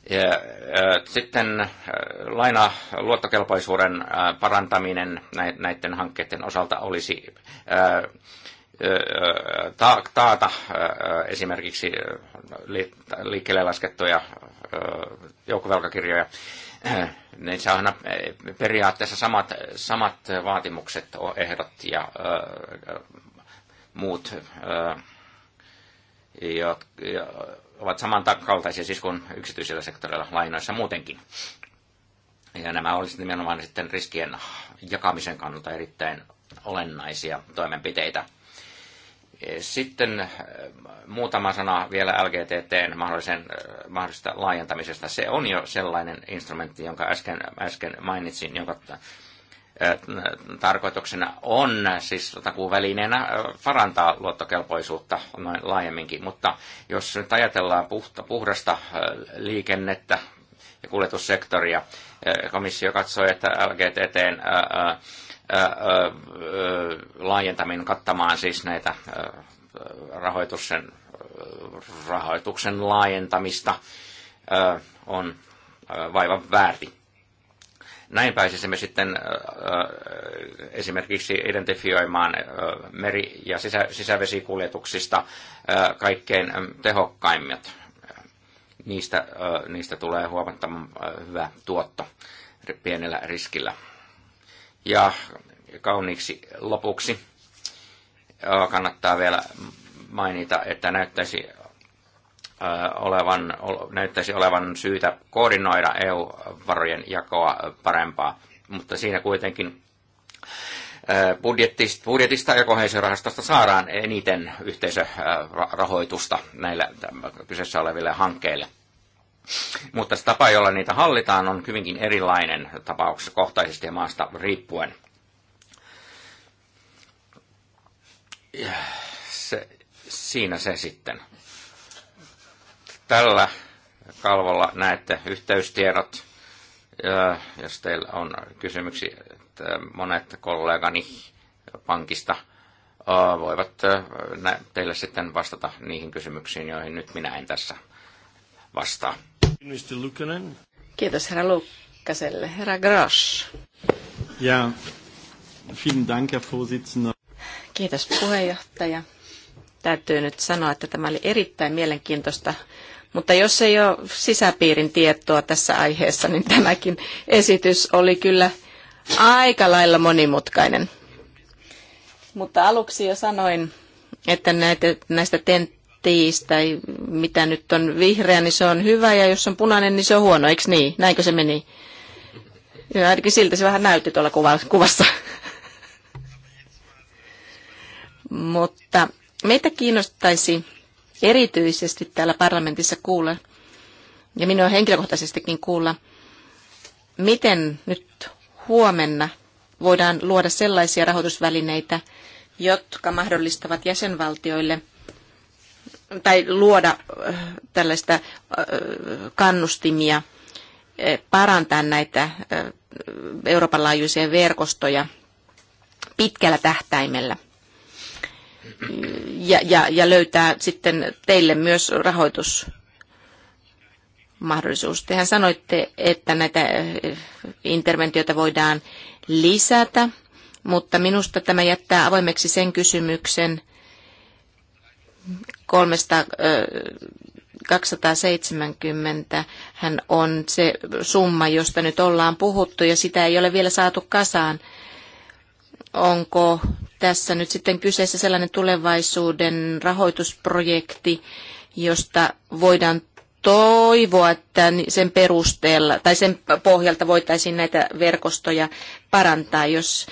Ja, sitten laina luottokelpoisuuden parantaminen näiden hankkeiden osalta olisi taata esimerkiksi liikkeelle laskettuja joukkovelkakirjoja. Niin saa e, periaatteessa samat, samat vaatimukset, ehdot ja muut, jotka ovat takkaltaisia siis kuin yksityisellä sektorilla lainoissa muutenkin. Ja nämä olisivat nimenomaan sitten riskien jakamisen kannalta erittäin olennaisia toimenpiteitä. Sitten äh, muutama sana vielä LGTTn mahdollisen, äh, mahdollisesta laajentamisesta. Se on jo sellainen instrumentti, jonka äsken, äsken mainitsin, jonka tarkoituksena on siis takuvälineenä parantaa luottokelpoisuutta noin laajemminkin, mutta jos nyt ajatellaan puhta, puhdasta liikennettä ja kuljetussektoria, komissio katsoi, että LGTTn laajentaminen kattamaan siis näitä rahoituksen, rahoituksen laajentamista on vaivan väärin. Näin pääsisimme sitten esimerkiksi identifioimaan meri- ja sisä- sisävesikuljetuksista kaikkein tehokkaimmat. Niistä, niistä tulee huomattavan hyvä tuotto pienellä riskillä. Ja kauniiksi lopuksi kannattaa vielä mainita, että näyttäisi olevan, näyttäisi olevan syytä koordinoida EU-varojen jakoa parempaa, mutta siinä kuitenkin budjettista, budjetista ja kohesiorahastosta saadaan eniten yhteisörahoitusta näillä kyseessä oleville hankkeille. Mutta se tapa, jolla niitä hallitaan, on hyvinkin erilainen tapauksessa kohtaisesti ja maasta riippuen. Se, siinä se sitten. Tällä kalvolla näette yhteystiedot, jos teillä on kysymyksiä, että monet kollegani pankista voivat teille sitten vastata niihin kysymyksiin, joihin nyt minä en tässä vastaa. Kiitos herra Lukkaselle. Herra Grosch. Ja, vielen Dank, herr Vorsitzender. Kiitos puheenjohtaja. Täytyy nyt sanoa, että tämä oli erittäin mielenkiintoista mutta jos ei ole sisäpiirin tietoa tässä aiheessa, niin tämäkin esitys oli kyllä aika lailla monimutkainen. Mutta aluksi jo sanoin, että näitä, näistä tenttiistä, mitä nyt on vihreä, niin se on hyvä, ja jos on punainen, niin se on huono, eikö niin? Näinkö se meni? Ja ainakin siltä se vähän näytti tuolla kuvassa. Mutta meitä kiinnostaisi erityisesti täällä parlamentissa kuulla, ja minua henkilökohtaisestikin kuulla, miten nyt huomenna voidaan luoda sellaisia rahoitusvälineitä, jotka mahdollistavat jäsenvaltioille tai luoda äh, tällaista äh, kannustimia äh, parantaa näitä Euroopan laajuisia verkostoja pitkällä tähtäimellä ja, ja, ja löytää sitten teille myös rahoitus mahdollisuus. Tehän sanoitte, että näitä eh, interventioita voidaan lisätä, mutta minusta tämä jättää avoimeksi sen kysymyksen 300, eh, hän on se summa, josta nyt ollaan puhuttu ja sitä ei ole vielä saatu kasaan. Onko tässä nyt sitten kyseessä sellainen tulevaisuuden rahoitusprojekti, josta voidaan toivoa, että sen perusteella tai sen pohjalta voitaisiin näitä verkostoja parantaa, jos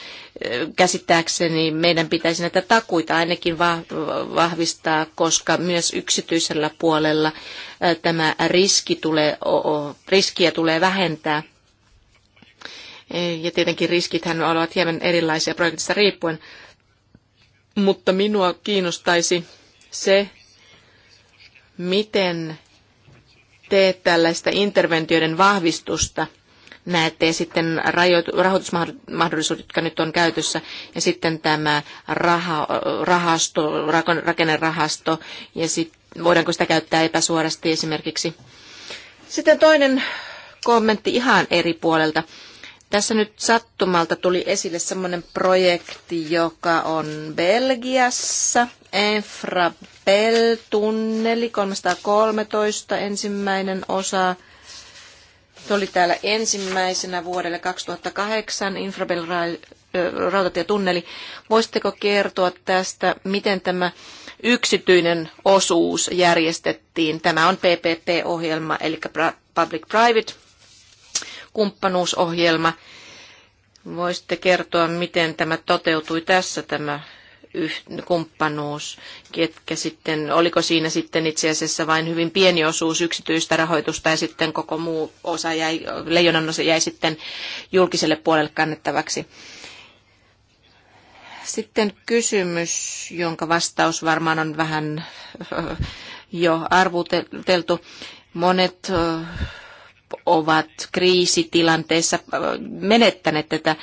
käsittääkseni meidän pitäisi näitä takuita ainakin vahvistaa, koska myös yksityisellä puolella tämä riski tulee, riskiä tulee vähentää. E, ja tietenkin riskithän ovat hieman erilaisia projektista riippuen mutta minua kiinnostaisi se, miten teet tällaista interventioiden vahvistusta näette sitten rahoitusmahdollisuudet, jotka nyt on käytössä, ja sitten tämä raha, rahasto, rakennerahasto, ja sitten voidaanko sitä käyttää epäsuorasti esimerkiksi. Sitten toinen kommentti ihan eri puolelta. Tässä nyt sattumalta tuli esille semmoinen projekti, joka on Belgiassa. Enfrabel-tunneli 313 ensimmäinen osa. Se oli täällä ensimmäisenä vuodelle 2008 Infrabel rautatietunneli. Voisitteko kertoa tästä, miten tämä yksityinen osuus järjestettiin? Tämä on PPP-ohjelma, eli Public Private kumppanuusohjelma. Voisitte kertoa, miten tämä toteutui tässä tämä kumppanuus, ketkä sitten, oliko siinä sitten itse asiassa vain hyvin pieni osuus yksityistä rahoitusta ja sitten koko muu osa jäi, leijonan osa jäi sitten julkiselle puolelle kannettavaksi. Sitten kysymys, jonka vastaus varmaan on vähän jo arvuteltu. Monet ovat kriisitilanteessa menettäneet tätä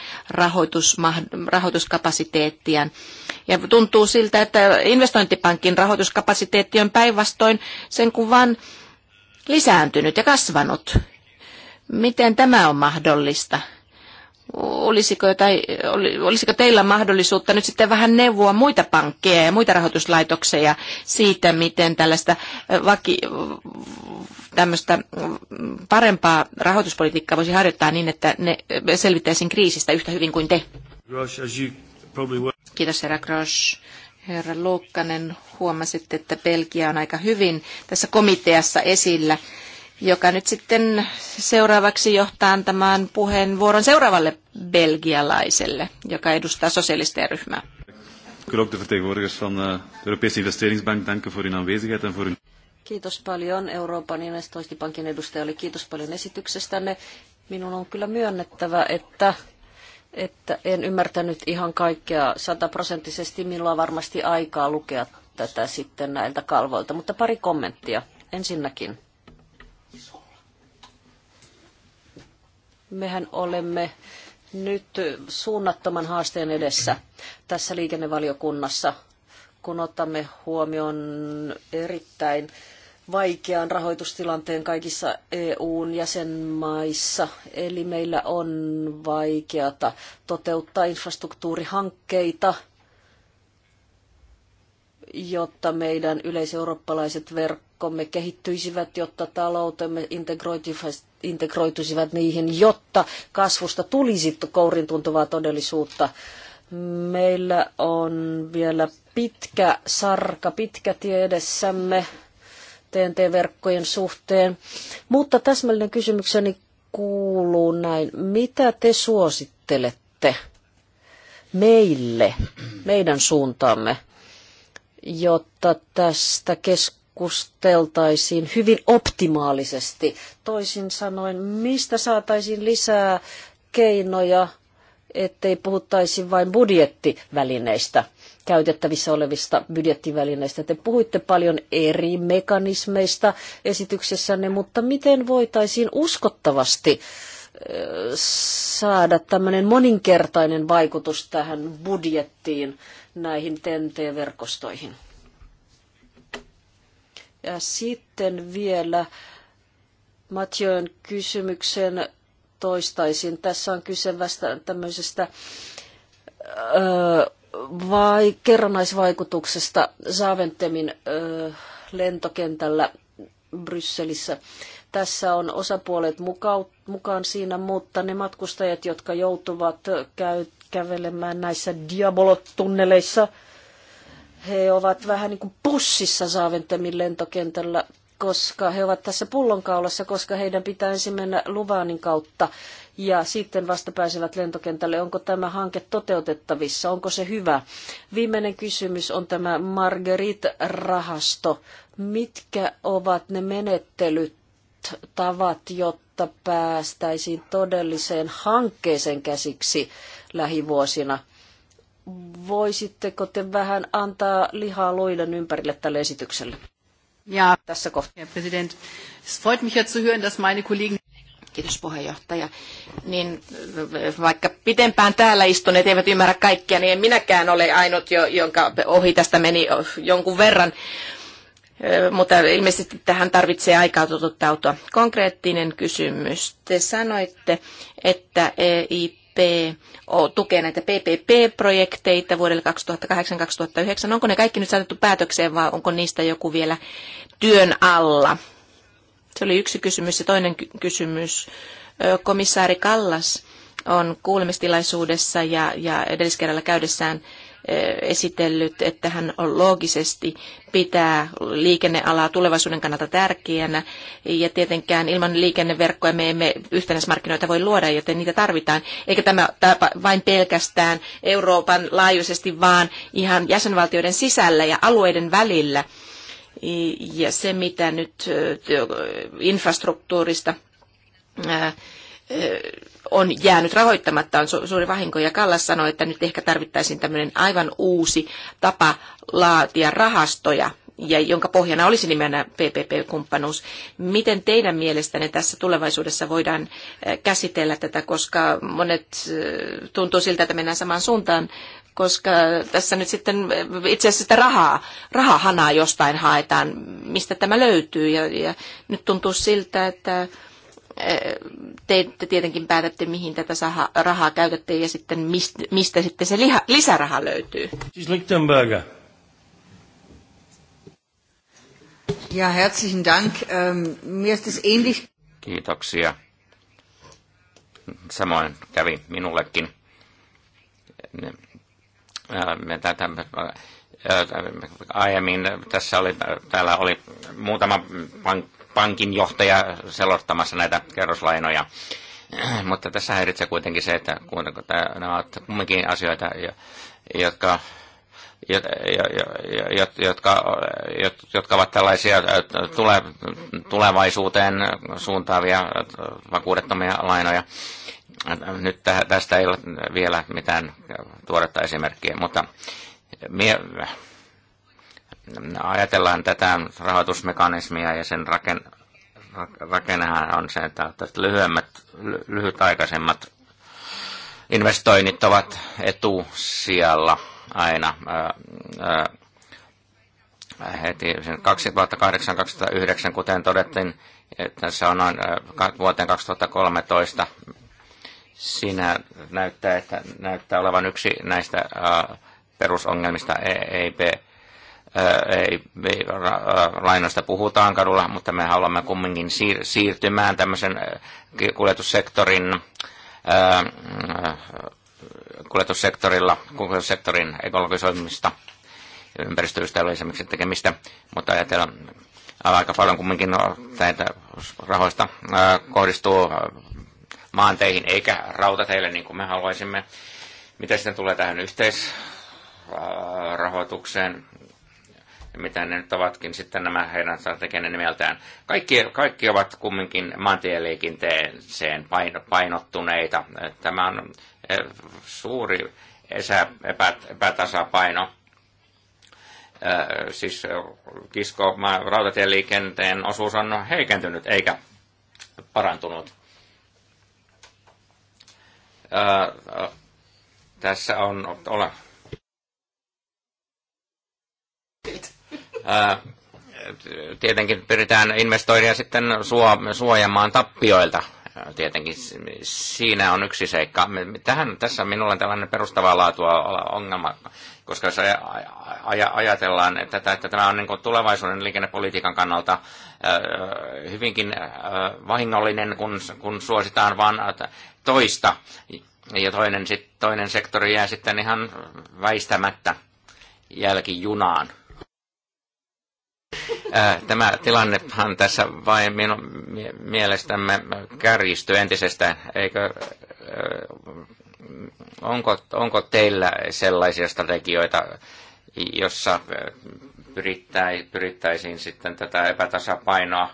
rahoituskapasiteettia. Ja tuntuu siltä, että investointipankin rahoituskapasiteetti on päinvastoin sen kuvan lisääntynyt ja kasvanut. Miten tämä on mahdollista? olisiko, jotain, olisiko teillä mahdollisuutta nyt sitten vähän neuvoa muita pankkeja ja muita rahoituslaitoksia siitä, miten tällaista vaki, tämmöistä parempaa rahoituspolitiikkaa voisi harjoittaa niin, että ne selvittäisiin kriisistä yhtä hyvin kuin te? Kiitos, herra Grosch. Herra Luukkanen, huomasitte, että Belgia on aika hyvin tässä komiteassa esillä joka nyt sitten seuraavaksi johtaa tämän puheenvuoron seuraavalle belgialaiselle, joka edustaa sosiaalisten ryhmää. Kyllä de vertegenwoordigers van eh, de Europese investeringsbank danken voor hun aanwezigheid en voor hun... Kiitos paljon Euroopan investointipankin edustajalle. Kiitos paljon esityksestänne. Minun on kyllä myönnettävä, että että en ymmärtänyt ihan kaikkea sataprosenttisesti. Minulla on varmasti aikaa lukea tätä sitten näiltä kalvoilta, mutta pari kommenttia. Ensinnäkin Mehän olemme nyt suunnattoman haasteen edessä tässä liikennevaliokunnassa, kun otamme huomioon erittäin vaikean rahoitustilanteen kaikissa EUn jäsenmaissa. Eli meillä on vaikeata toteuttaa infrastruktuurihankkeita – jotta meidän yleiseurooppalaiset verkkomme kehittyisivät, jotta taloutemme integroituisivat niihin, jotta kasvusta tulisi kourin tuntuvaa todellisuutta. Meillä on vielä pitkä sarka, pitkä tie edessämme TNT-verkkojen suhteen, mutta täsmällinen kysymykseni kuuluu näin. Mitä te suosittelette meille, meidän suuntaamme? jotta tästä keskusteltaisiin hyvin optimaalisesti. Toisin sanoen, mistä saataisiin lisää keinoja, ettei puhuttaisi vain budjettivälineistä, käytettävissä olevista budjettivälineistä. Te puhuitte paljon eri mekanismeista esityksessänne, mutta miten voitaisiin uskottavasti saada tämmöinen moninkertainen vaikutus tähän budjettiin? näihin TNT-verkostoihin. Ja sitten vielä Matjoen kysymyksen toistaisin. Tässä on kyse vasta tämmöisestä öö, vai kerrannaisvaikutuksesta Saaventemin öö, lentokentällä Brysselissä. Tässä on osapuolet mukaan siinä, mutta ne matkustajat, jotka joutuvat käy, kävelemään näissä diabolotunneleissa, he ovat vähän niin kuin pussissa Saaventemin lentokentällä, koska he ovat tässä pullonkaulassa, koska heidän pitää ensin mennä Luvanin kautta ja sitten vasta pääsevät lentokentälle. Onko tämä hanke toteutettavissa? Onko se hyvä? Viimeinen kysymys on tämä Marguerite-rahasto. Mitkä ovat ne menettelyt tavat, jotta päästäisiin todelliseen hankkeeseen käsiksi lähivuosina. Voisitteko te vähän antaa lihaa luiden ympärille tälle esitykselle? Ja tässä kohtaa. Herr Präsident, es freut mich ja zu hören, dass meine Kollegen Kiitos puheenjohtaja. Niin, vaikka pitempään täällä istuneet eivät ymmärrä kaikkia, niin en minäkään ole ainut, jo, jonka ohi tästä meni jonkun verran mutta ilmeisesti tähän tarvitsee aikaa totuttautua. Konkreettinen kysymys. Te sanoitte, että EIP tukee näitä PPP-projekteita vuodelle 2008-2009. Onko ne kaikki nyt saatettu päätökseen vai onko niistä joku vielä työn alla? Se oli yksi kysymys. Ja toinen kysymys. Komissaari Kallas on kuulemistilaisuudessa ja, ja edelliskerralla käydessään Eh, esitellyt, että hän on loogisesti pitää liikennealaa tulevaisuuden kannalta tärkeänä. Ja tietenkään ilman liikenneverkkoja me emme yhtenäismarkkinoita voi luoda, joten niitä tarvitaan. Eikä tämä vain pelkästään Euroopan laajuisesti, vaan ihan jäsenvaltioiden sisällä ja alueiden välillä. Ja se, mitä nyt eh, infrastruktuurista eh, on jäänyt rahoittamatta, on su- suuri vahinko. Ja Kallas sanoi, että nyt ehkä tarvittaisiin tämmöinen aivan uusi tapa laatia rahastoja, ja jonka pohjana olisi nimenä PPP-kumppanuus. Miten teidän mielestänne tässä tulevaisuudessa voidaan käsitellä tätä, koska monet tuntuu siltä, että mennään samaan suuntaan, koska tässä nyt sitten itse asiassa sitä rahaa, rahahanaa jostain haetaan, mistä tämä löytyy. Ja, ja nyt tuntuu siltä, että te, te tietenkin päätätte, mihin tätä saha, rahaa käytätte ja sitten mist, mistä sitten se liha, lisäraha löytyy. Siis Lichtenberger. Ja herzlichen Dank. Ähm, Mir ist es ähnlich. Kiitoksia. Samoin kävi minullekin. Äh, me tätä, äh, äh, aiemmin tässä oli, täällä oli muutama pank, pankin johtaja selottamassa näitä kerroslainoja. Mutta tässä häiritsee kuitenkin se, että nämä ovat kumminkin asioita, jotka jotka, jotka ovat tällaisia tule, tulevaisuuteen suuntaavia vakuudettomia lainoja. Nyt tästä ei ole vielä mitään tuoretta esimerkkiä, mutta mie, ajatellaan tätä rahoitusmekanismia ja sen raken, rakennehan on se, että lyhyemmät, lyhytaikaisemmat investoinnit ovat etusijalla aina. heti 2008-2009, kuten todettiin, että se on noin vuoteen 2013. Siinä näyttää, että näyttää olevan yksi näistä perusongelmista EIP. E-, e ei, ei lainoista puhutaan kadulla, mutta me haluamme kumminkin siir, siirtymään tämmöisen kuljetussektorin kuljetussektorilla, kuljetussektorin ekologisoimista ympäristöystävällisemmiksi tekemistä, mutta ajatellaan aika paljon kumminkin no, näitä rahoista kohdistuu maanteihin eikä rautateille niin kuin me haluaisimme. Mitä sitten tulee tähän yhteisrahoitukseen, mitä ne nyt ovatkin sitten nämä heidän strategian nimeltään. Kaikki, kaikki ovat kumminkin maantieliikenteeseen painottuneita. Tämä on eh, suuri epä, epätasapaino eh, siis kisko, rautatieliikenteen osuus on heikentynyt eikä parantunut. Eh, tässä on ole tietenkin pyritään investoida sitten suojamaan tappioilta. Tietenkin siinä on yksi seikka. Tähän, tässä minulla on tällainen perustavaa laatua ongelma, koska jos ajatellaan, että, että tämä on niin tulevaisuuden liikennepolitiikan kannalta hyvinkin vahingollinen, kun, kun suositaan vain toista, ja toinen, sit, toinen sektori jää sitten ihan väistämättä jälkijunaan Tämä tilannehan tässä vain minun mielestämme kärjistyy entisestään. Eikö, onko, onko teillä sellaisia strategioita, jossa pyrittäisiin sitten tätä epätasapainoa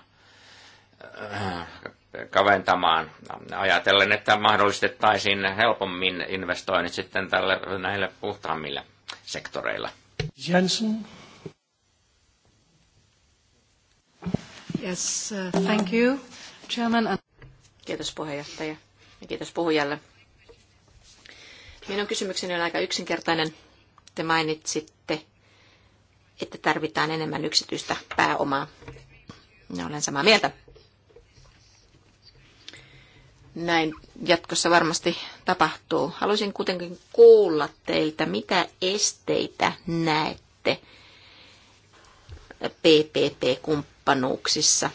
kaventamaan. Ajatellen, että mahdollistettaisiin helpommin investoinnit sitten tälle, näille puhtaammille sektoreilla. Jensen. Yes, uh, thank you, Chairman. Kiitos puheenjohtaja ja kiitos puhujalle. Minun kysymykseni on aika yksinkertainen. Te mainitsitte, että tarvitaan enemmän yksityistä pääomaa. Ja olen samaa mieltä. Näin jatkossa varmasti tapahtuu. Haluaisin kuitenkin kuulla teiltä, mitä esteitä näette PPP-kumppanille kumppanuuksissa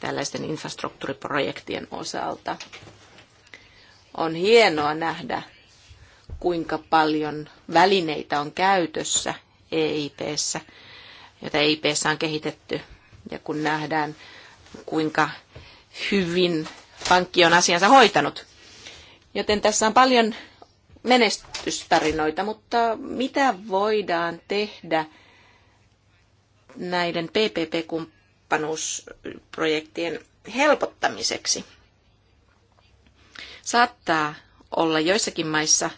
tällaisten infrastruktuuriprojektien osalta. On hienoa nähdä, kuinka paljon välineitä on käytössä EIPssä, joita EIPssä on kehitetty. Ja kun nähdään, kuinka hyvin pankki on asiansa hoitanut. Joten tässä on paljon menestystarinoita, mutta mitä voidaan tehdä – näiden PPP-kumppanuusprojektien helpottamiseksi. Saattaa olla joissakin maissa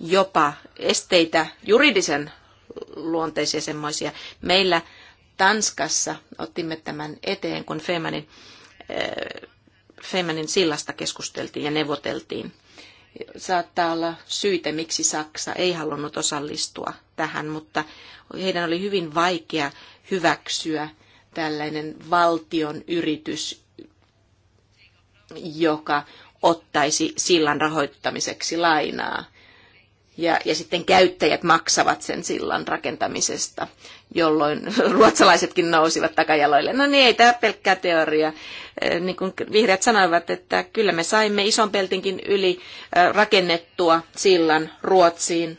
jopa esteitä juridisen luonteisia semmoisia. Meillä Tanskassa otimme tämän eteen, kun Fehmanin, eh, Fehmanin sillasta keskusteltiin ja neuvoteltiin saattaa olla syitä, miksi Saksa ei halunnut osallistua tähän, mutta heidän oli hyvin vaikea hyväksyä tällainen valtion yritys, joka ottaisi sillan rahoittamiseksi lainaa. Ja, ja sitten käyttäjät maksavat sen sillan rakentamisesta jolloin ruotsalaisetkin nousivat takajaloille. No niin, ei tämä pelkkää teoria. Äh, niin kuin vihreät sanoivat, että kyllä me saimme ison peltinkin yli äh, rakennettua sillan Ruotsiin.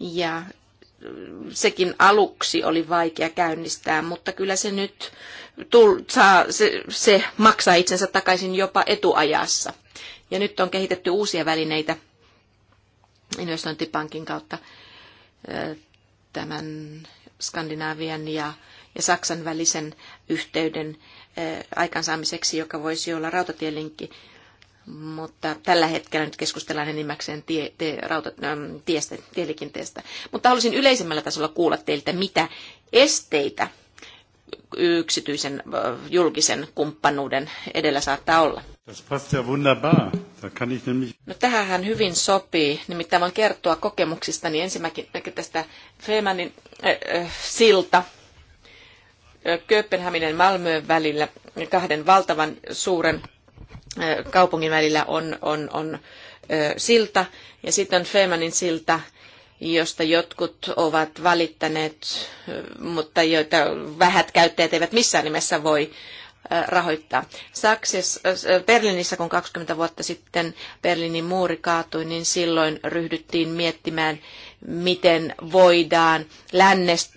Ja äh, sekin aluksi oli vaikea käynnistää, mutta kyllä se nyt tul, saa, se, se maksaa itsensä takaisin jopa etuajassa. Ja nyt on kehitetty uusia välineitä investointipankin kautta tämän Skandinaavian ja, ja Saksan välisen yhteyden aikaansaamiseksi, joka voisi olla rautatielinkki. Mutta tällä hetkellä nyt keskustellaan enimmäkseen tie, tiestä, tieliikenteestä. Mutta haluaisin yleisemmällä tasolla kuulla teiltä, mitä esteitä yksityisen julkisen kumppanuuden edellä saattaa olla. Das passt ja wunderbar. No tähän hyvin sopii, nimittäin voin kertoa kokemuksistani ensimmäkin tästä Fehmarnin äh, äh, silta Kööpenhaminen Malmöön välillä, kahden valtavan suuren äh, kaupungin välillä on, on, on silta ja sitten on Fehmarnin silta, josta jotkut ovat valittaneet, mutta joita vähät käyttäjät eivät missään nimessä voi rahoittaa. Saksassa, Berliinissä, kun 20 vuotta sitten Berliinin muuri kaatui, niin silloin ryhdyttiin miettimään, miten voidaan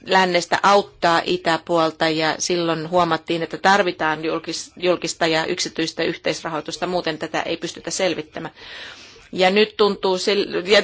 lännestä, auttaa itäpuolta ja silloin huomattiin, että tarvitaan julkista ja yksityistä yhteisrahoitusta, muuten tätä ei pystytä selvittämään. Ja nyt tuntuu,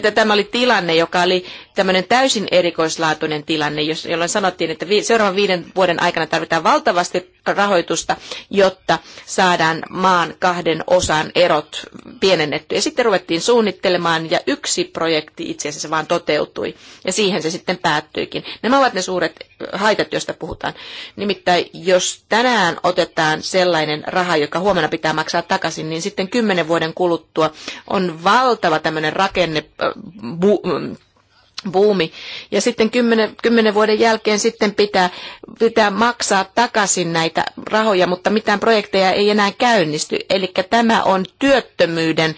ja tämä oli tilanne, joka oli tämmöinen täysin erikoislaatuinen tilanne, jolloin sanottiin, että seuraavan viiden vuoden aikana tarvitaan valtavasti rahoitusta, jotta saadaan maan kahden osan erot pienennetty. Ja sitten ruvettiin suunnittelemaan ja yksi projekti itse asiassa vaan toteutui ja siihen se sitten päättyikin. Nämä ovat ne suuret haitat, joista puhutaan. Nimittäin jos tänään otetaan sellainen raha, joka huomenna pitää maksaa takaisin, niin sitten kymmenen vuoden kuluttua on valtava tämmöinen rakenne äh, buumi. Ja sitten kymmenen, kymmenen vuoden jälkeen sitten pitää, pitää maksaa takaisin näitä rahoja, mutta mitään projekteja ei enää käynnisty. Eli tämä on työttömyyden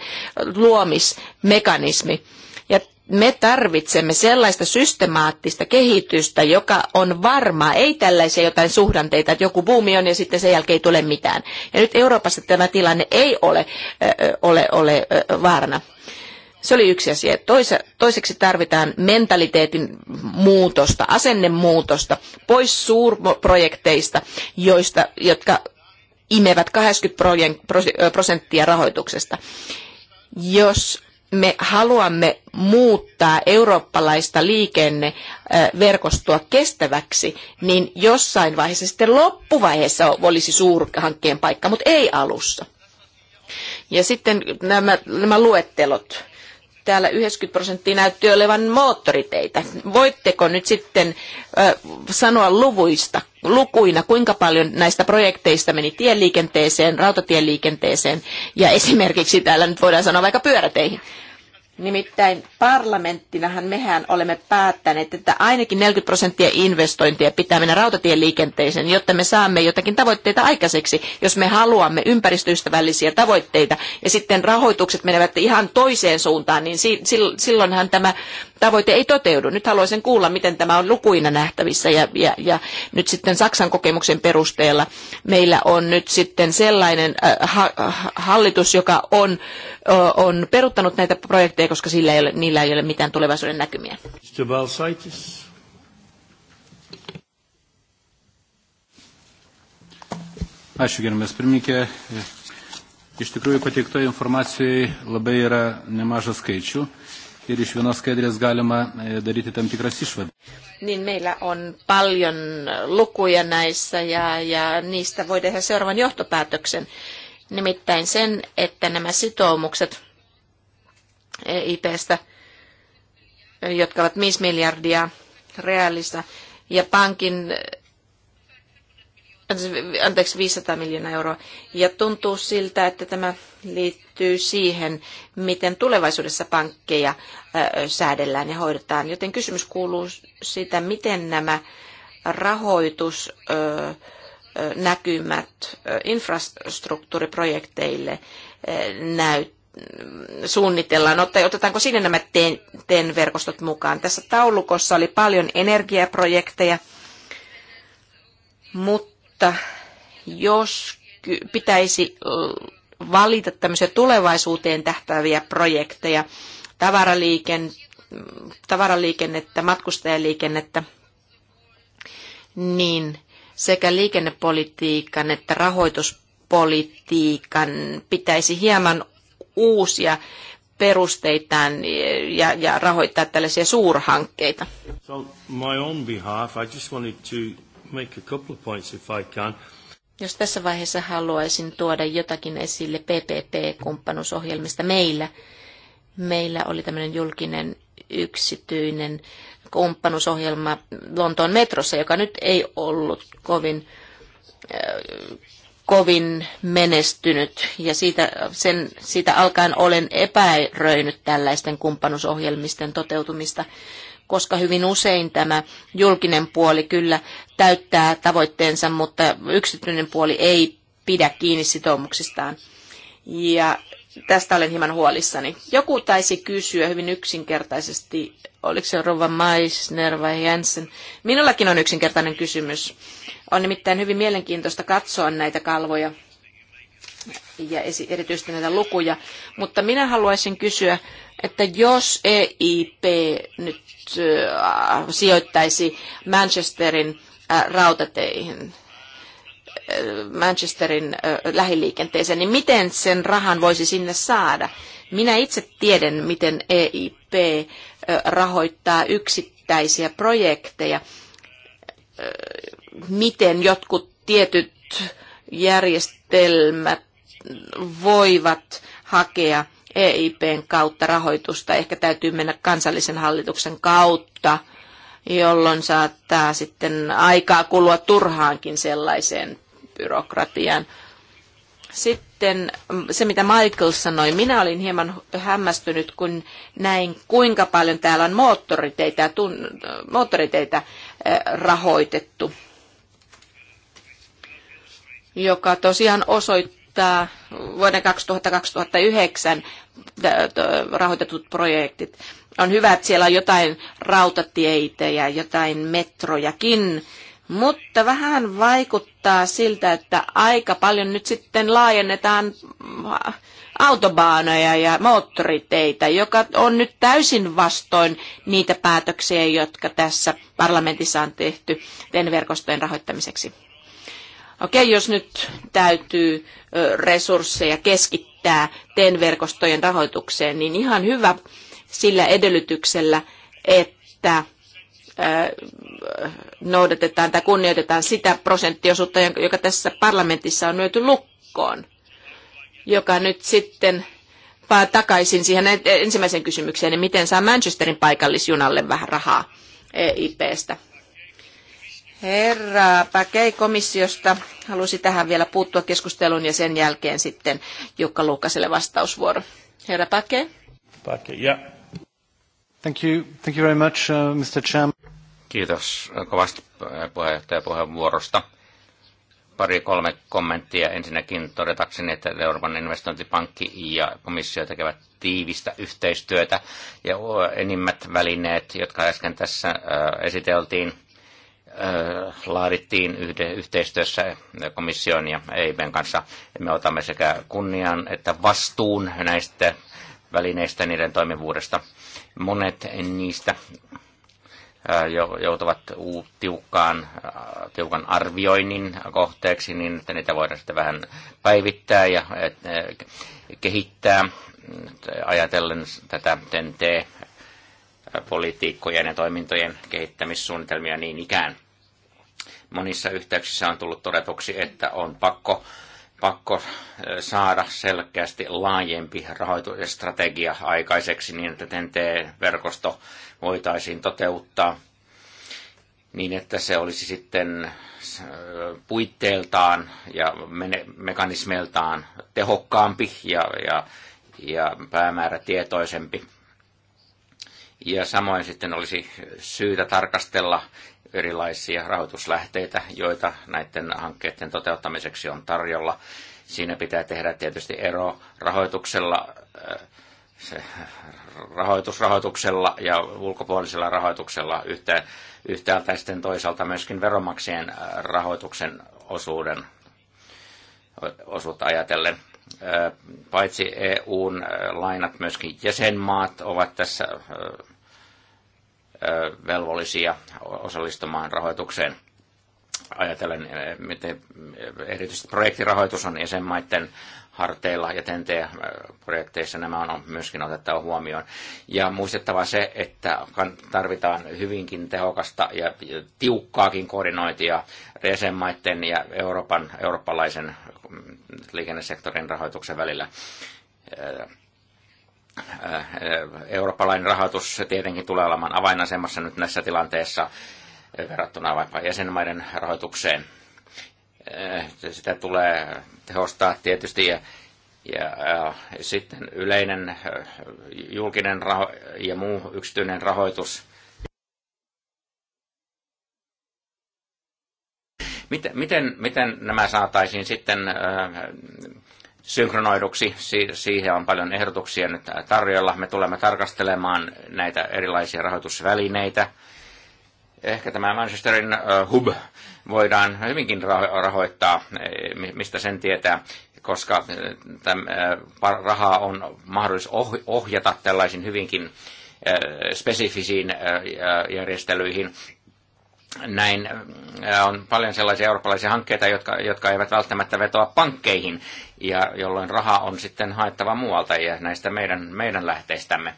luomismekanismi. Ja me tarvitsemme sellaista systemaattista kehitystä, joka on varmaa, ei tällaisia jotain suhdanteita, että joku buumi on ja sitten sen jälkeen ei tule mitään. Ja nyt Euroopassa tämä tilanne ei ole, ö, ole, ole ö, vaarana. Se oli yksi asia. Toisa, toiseksi tarvitaan mentaliteetin muutosta, asennemuutosta, pois suurprojekteista, joista, jotka imevät 80 prosenttia rahoituksesta. Jos me haluamme muuttaa eurooppalaista liikenneverkostoa kestäväksi, niin jossain vaiheessa sitten loppuvaiheessa olisi suurhankkeen paikka, mutta ei alussa. Ja sitten nämä, nämä luettelot täällä 90 prosenttia näytti olevan moottoriteitä. Voitteko nyt sitten äh, sanoa luvuista, lukuina, kuinka paljon näistä projekteista meni tieliikenteeseen, rautatieliikenteeseen ja esimerkiksi täällä nyt voidaan sanoa vaikka pyöräteihin? Nimittäin parlamenttinahan mehän olemme päättäneet, että ainakin 40 prosenttia investointia pitää mennä rautatieliikenteeseen, liikenteeseen, jotta me saamme jotakin tavoitteita aikaiseksi, jos me haluamme ympäristöystävällisiä tavoitteita. Ja sitten rahoitukset menevät ihan toiseen suuntaan, niin silloinhan tämä tavoite ei toteudu. Nyt haluaisin kuulla, miten tämä on lukuina nähtävissä ja, ja, ja nyt sitten Saksan kokemuksen perusteella meillä on nyt sitten sellainen äh, ha, äh, hallitus, joka on, äh, on peruttanut näitä projekteja, koska sillä ei ole, niillä ei ole mitään tulevaisuuden näkymiä. Ačiū gerbiamas pirmininkė. Iš tikrųjų pateiktoje informacijoje labai yra nemažas skaičių ir iš vienos skaidrės galima e, daryti tam tikras išvadas. Niin meillä on paljon lukuja näissä ja, ja niistä voi tehdä seuraavan johtopäätöksen. Nimittäin sen, että nämä sitoumukset e IPstä, jotka ovat 5 miljardia reaalista, ja pankin anteeksi, 500 miljoonaa euroa. Ja tuntuu siltä, että tämä liittyy siihen, miten tulevaisuudessa pankkeja säädellään ja hoidetaan. Joten kysymys kuuluu siitä, miten nämä rahoitusnäkymät infrastruktuuriprojekteille näyttävät suunnitellaan? Otetaanko sinne nämä TEN-verkostot mukaan? Tässä taulukossa oli paljon energiaprojekteja, mutta mutta jos pitäisi valita tämmöisiä tulevaisuuteen tähtäviä projekteja, tavaraliiken, tavaraliikennettä, matkustajaliikennettä, niin sekä liikennepolitiikan että rahoituspolitiikan pitäisi hieman uusia perusteitaan ja, ja rahoittaa tällaisia suurhankkeita. So my own behalf, I just wanted to jos tässä vaiheessa haluaisin tuoda jotakin esille PPP-kumppanuusohjelmista meillä, meillä oli tämmöinen julkinen yksityinen kumppanuusohjelma Lontoon metrossa, joka nyt ei ollut kovin äh, kovin menestynyt ja siitä, sen, siitä alkaen olen epäröinyt tällaisten kumppanuusohjelmisten toteutumista, koska hyvin usein tämä julkinen puoli kyllä täyttää tavoitteensa, mutta yksityinen puoli ei pidä kiinni sitoumuksistaan. Ja tästä olen hieman huolissani. Joku taisi kysyä hyvin yksinkertaisesti, oliko se Rova Meissner vai Jensen. Minullakin on yksinkertainen kysymys. On nimittäin hyvin mielenkiintoista katsoa näitä kalvoja ja erityisesti näitä lukuja. Mutta minä haluaisin kysyä, että jos EIP nyt sijoittaisi Manchesterin rautateihin, Manchesterin lähiliikenteeseen, niin miten sen rahan voisi sinne saada? Minä itse tiedän, miten EIP rahoittaa yksittäisiä projekteja, miten jotkut tietyt järjestelmät voivat hakea EIPn kautta rahoitusta. Ehkä täytyy mennä kansallisen hallituksen kautta, jolloin saattaa sitten aikaa kulua turhaankin sellaiseen byrokratiaan. Sitten se, mitä Michael sanoi, minä olin hieman hämmästynyt, kun näin, kuinka paljon täällä on moottoriteitä, tun, moottoriteitä eh, rahoitettu, joka tosiaan osoittaa, kattaa vuoden 2000-2009 rahoitetut projektit. On hyvä, että siellä on jotain rautatieitä ja jotain metrojakin, mutta vähän vaikuttaa siltä, että aika paljon nyt sitten laajennetaan autobaaneja ja moottoriteitä, joka on nyt täysin vastoin niitä päätöksiä, jotka tässä parlamentissa on tehty TEN-verkostojen rahoittamiseksi. Okei, jos nyt täytyy resursseja keskittää TEN-verkostojen rahoitukseen, niin ihan hyvä sillä edellytyksellä, että noudatetaan tai kunnioitetaan sitä prosenttiosuutta, joka tässä parlamentissa on myöty lukkoon, joka nyt sitten vaan takaisin siihen ensimmäiseen kysymykseen, niin miten saa Manchesterin paikallisjunalle vähän rahaa EIPstä. Herra Päkei komissiosta halusi tähän vielä puuttua keskusteluun ja sen jälkeen sitten Jukka Luukaselle vastausvuoro. Herra Päkei. Päkei, yeah. Thank you, thank you very much, uh, Mr. Cham. Kiitos kovasti puheenvuorosta. Pari-kolme kommenttia. Ensinnäkin todetakseni, että Euroopan investointipankki ja komissio tekevät tiivistä yhteistyötä ja enimmät välineet, jotka äsken tässä esiteltiin, laadittiin yhteistyössä komission ja EIBn kanssa. Me otamme sekä kunnian että vastuun näistä välineistä niiden toimivuudesta. Monet niistä joutuvat tiukkaan, tiukan arvioinnin kohteeksi niin, että niitä voidaan sitten vähän päivittää ja kehittää ajatellen tätä TNT politiikkojen ja toimintojen kehittämissuunnitelmia niin ikään. Monissa yhteyksissä on tullut todetuksi, että on pakko, pakko saada selkeästi laajempi rahoitusstrategia aikaiseksi niin, että TNT-verkosto voitaisiin toteuttaa niin, että se olisi sitten puitteiltaan ja mekanismeiltaan tehokkaampi ja, ja, ja päämäärätietoisempi ja samoin sitten olisi syytä tarkastella erilaisia rahoituslähteitä, joita näiden hankkeiden toteuttamiseksi on tarjolla. Siinä pitää tehdä tietysti ero rahoituksella, äh, se rahoitusrahoituksella ja ulkopuolisella rahoituksella yhtä, yhtäältä ja sitten toisaalta myöskin veromaksien äh, rahoituksen osuuden osuutta ajatellen. Äh, paitsi EUn lainat, myöskin jäsenmaat ovat tässä velvollisia osallistumaan rahoitukseen. Ajatellen, miten erityisesti projektirahoitus on jäsenmaiden harteilla ja TNT-projekteissa nämä on myöskin otettava huomioon. Ja muistettava se, että tarvitaan hyvinkin tehokasta ja tiukkaakin koordinointia jäsenmaiden ja Euroopan, eurooppalaisen mm, liikennesektorin rahoituksen välillä Äh, eurooppalainen rahoitus tietenkin tulee olemaan avainasemassa nyt näissä tilanteissa äh, verrattuna vaikka jäsenmaiden rahoitukseen. Äh, sitä tulee tehostaa tietysti ja, ja, ja sitten yleinen julkinen raho- ja muu yksityinen rahoitus. Miten, miten, miten nämä saataisiin sitten synkronoiduksi. Siihen on paljon ehdotuksia nyt tarjolla. Me tulemme tarkastelemaan näitä erilaisia rahoitusvälineitä. Ehkä tämä Manchesterin hub voidaan hyvinkin rahoittaa, e, mistä sen tietää, koska e, e, rahaa on mahdollisuus ohjata tällaisiin hyvinkin spesifisiin järjestelyihin näin äh, on paljon sellaisia eurooppalaisia hankkeita, jotka, jotka eivät välttämättä vetoa pankkeihin, ja jolloin raha on sitten haettava muualta ja näistä meidän, meidän lähteistämme.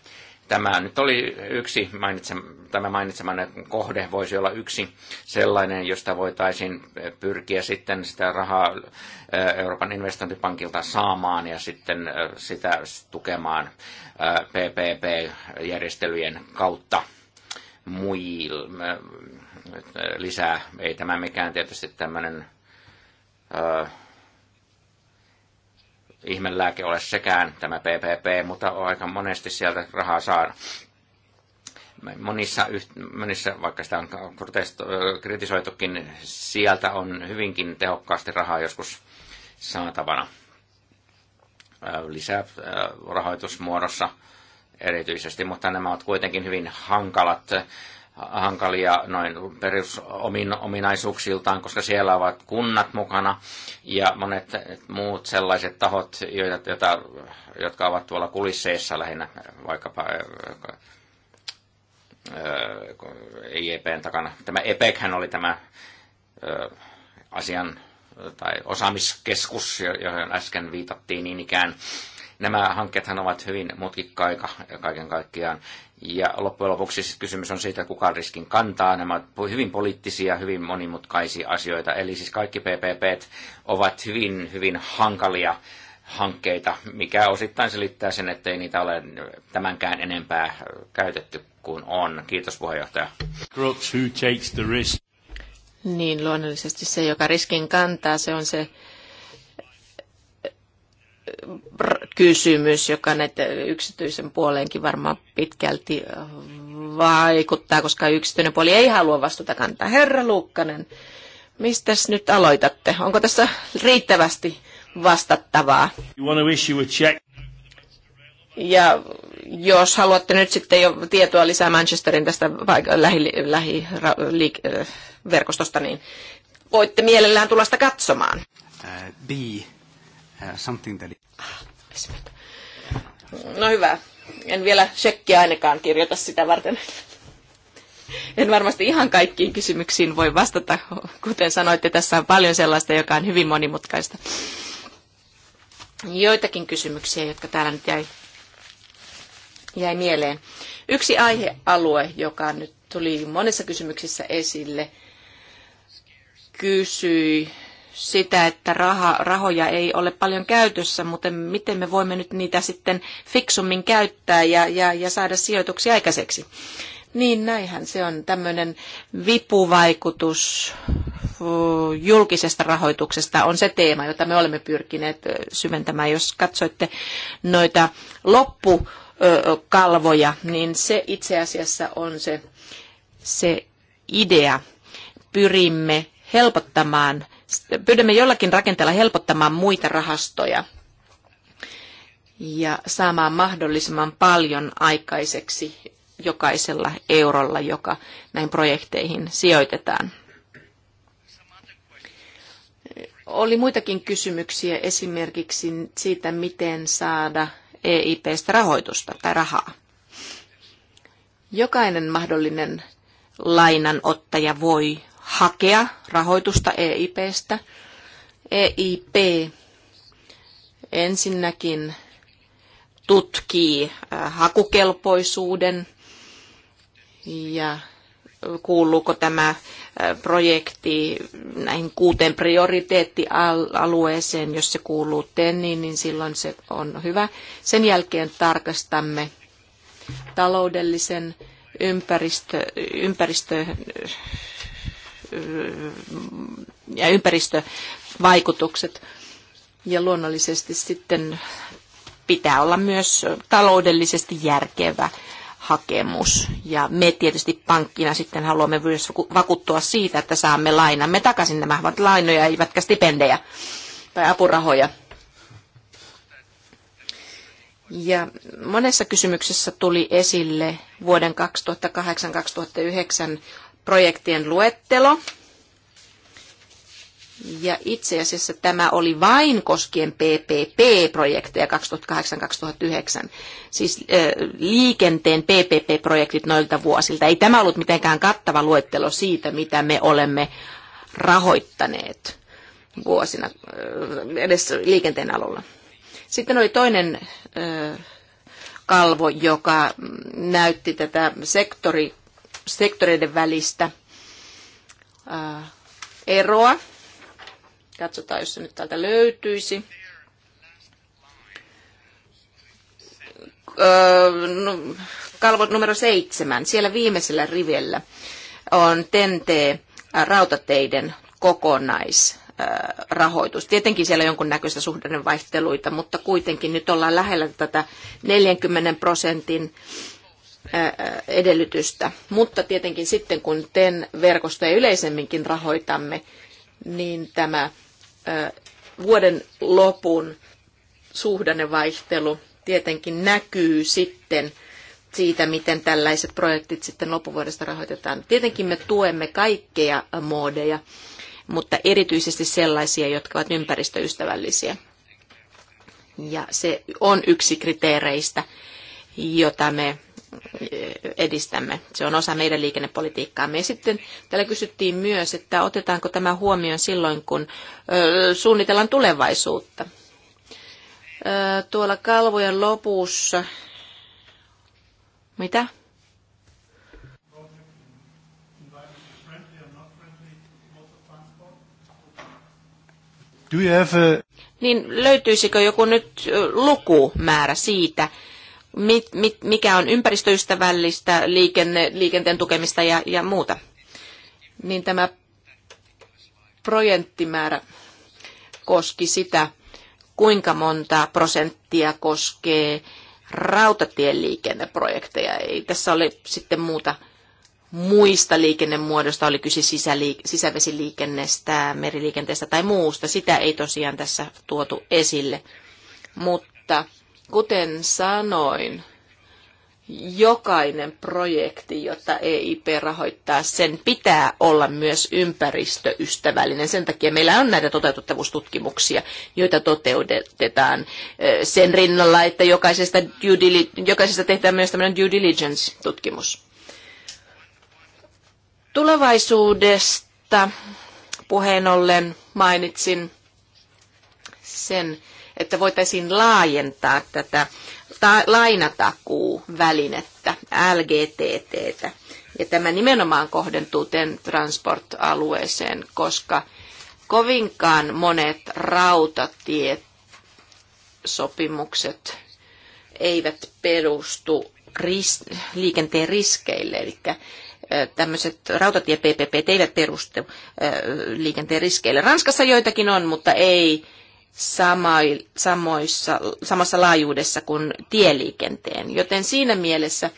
Tämä nyt oli yksi, mainitsem, tämä mainitseman kohde voisi olla yksi sellainen, josta voitaisiin pyrkiä sitten sitä rahaa äh, Euroopan investointipankilta saamaan ja sitten äh, sitä tukemaan PPP-järjestelyjen kautta muille lisää. Ei tämä mikään tietysti tämmöinen äh, ihmelääke ole sekään tämä PPP, mutta on aika monesti sieltä rahaa saada. Monissa, monissa vaikka sitä on kritisoitukin, sieltä on hyvinkin tehokkaasti rahaa joskus saatavana lisää rahoitusmuodossa erityisesti, mutta nämä ovat kuitenkin hyvin hankalat hankalia noin perusominaisuuksiltaan, koska siellä ovat kunnat mukana ja monet muut sellaiset tahot, joita, joita, jotka ovat tuolla kulisseissa lähinnä vaikkapa IEPn takana. Tämä EPEChän oli tämä asian tai osaamiskeskus, johon äsken viitattiin niin ikään. Nämä hankkeethan ovat hyvin mutkikkaika kaiken kaikkiaan. Ja loppujen lopuksi siis kysymys on siitä, kuka riskin kantaa. Nämä ovat hyvin poliittisia, hyvin monimutkaisia asioita. Eli siis kaikki PPP ovat hyvin, hyvin hankalia hankkeita, mikä osittain selittää sen, ettei niitä ole tämänkään enempää käytetty kuin on. Kiitos puheenjohtaja. Crooks, who takes the risk? Niin, luonnollisesti se, joka riskin kantaa, se on se, kysymys, joka näitä yksityisen puoleenkin varmaan pitkälti vaikuttaa, koska yksityinen puoli ei halua vastuuta kantaa. Herra Luukkanen, mistä nyt aloitatte? Onko tässä riittävästi vastattavaa? Ja jos haluatte nyt sitten jo tietoa lisää Manchesterin tästä lähiverkostosta, lähi, lähi, niin voitte mielellään tulla sitä katsomaan. Uh, B. Uh, something that... No hyvä. En vielä shekkiä ainakaan kirjoita sitä varten. En varmasti ihan kaikkiin kysymyksiin voi vastata. Kuten sanoitte, tässä on paljon sellaista, joka on hyvin monimutkaista. Joitakin kysymyksiä, jotka täällä nyt jäi, jäi mieleen. Yksi aihealue, joka nyt tuli monessa kysymyksissä esille, kysyi sitä, että raha, rahoja ei ole paljon käytössä, mutta miten me voimme nyt niitä sitten fiksummin käyttää ja, ja, ja saada sijoituksia aikaiseksi. Niin näinhän se on tämmöinen vipuvaikutus julkisesta rahoituksesta on se teema, jota me olemme pyrkineet syventämään. Jos katsoitte noita loppukalvoja, niin se itse asiassa on se, se idea. Pyrimme helpottamaan pyydämme jollakin rakenteella helpottamaan muita rahastoja ja saamaan mahdollisimman paljon aikaiseksi jokaisella eurolla, joka näin projekteihin sijoitetaan. Oli muitakin kysymyksiä esimerkiksi siitä, miten saada EIPstä rahoitusta tai rahaa. Jokainen mahdollinen lainanottaja voi hakea rahoitusta EIPstä. EIP ensinnäkin tutkii hakukelpoisuuden ja kuuluuko tämä projekti näihin kuuteen prioriteettialueeseen, jos se kuuluu TENniin, niin silloin se on hyvä. Sen jälkeen tarkastamme taloudellisen ympäristö, ympäristö ja ympäristövaikutukset. Ja luonnollisesti sitten pitää olla myös taloudellisesti järkevä hakemus. Ja me tietysti pankkina sitten haluamme myös vakuuttua siitä, että saamme lainamme takaisin. Nämä ovat lainoja, eivätkä stipendejä tai apurahoja. Ja monessa kysymyksessä tuli esille vuoden 2008-2009 projektien luettelo. Ja itse asiassa tämä oli vain koskien PPP-projekteja 2008-2009, siis äh, liikenteen PPP-projektit noilta vuosilta. Ei tämä ollut mitenkään kattava luettelo siitä, mitä me olemme rahoittaneet vuosina äh, edes liikenteen alulla. Sitten oli toinen äh, kalvo, joka näytti tätä sektori sektoreiden välistä eroa. Katsotaan, jos se nyt täältä löytyisi. Kalvo numero seitsemän, siellä viimeisellä rivellä on TENTE rautateiden kokonaisrahoitus. Tietenkin siellä on jonkunnäköistä suhdannevaihteluita, mutta kuitenkin nyt ollaan lähellä tätä 40 prosentin edellytystä. Mutta tietenkin sitten, kun TEN-verkostoja yleisemminkin rahoitamme, niin tämä vuoden lopun suhdannevaihtelu tietenkin näkyy sitten siitä, miten tällaiset projektit sitten loppuvuodesta rahoitetaan. Tietenkin me tuemme kaikkea moodeja, mutta erityisesti sellaisia, jotka ovat ympäristöystävällisiä. Ja se on yksi kriteereistä, jota me edistämme. Se on osa meidän liikennepolitiikkaa me sitten täällä kysyttiin myös, että otetaanko tämä huomioon silloin, kun suunnitellaan tulevaisuutta. Tuolla kalvojen lopussa... Mitä? Niin löytyisikö joku nyt lukumäärä siitä, mit, mit, mikä on ympäristöystävällistä liikenne, liikenteen tukemista ja, ja muuta. Niin tämä projektimäärä koski sitä, kuinka monta prosenttia koskee rautatieliikenneprojekteja. Ei tässä oli sitten muuta muista liikennemuodosta, oli kyse sisäliik- sisävesiliikennestä, meriliikenteestä tai muusta. Sitä ei tosiaan tässä tuotu esille. Mutta Kuten sanoin, jokainen projekti, jota EIP rahoittaa, sen pitää olla myös ympäristöystävällinen. Sen takia meillä on näitä toteutettavuustutkimuksia, joita toteutetaan sen rinnalla, että jokaisesta, due dili- jokaisesta tehdään myös tämmöinen due diligence-tutkimus. Tulevaisuudesta puheen ollen mainitsin sen, että voitaisiin laajentaa tätä ta- lainatakuuvälinettä, LGTTtä. Ja tämä nimenomaan kohdentuu transport-alueeseen, koska kovinkaan monet rautatiesopimukset eivät perustu ris- liikenteen riskeille, eli tämmöiset rautatie PPP eivät perustu liikenteen riskeille. Ranskassa joitakin on, mutta ei samoissa, samassa laajuudessa kuin tieliikenteen. Joten siinä mielessä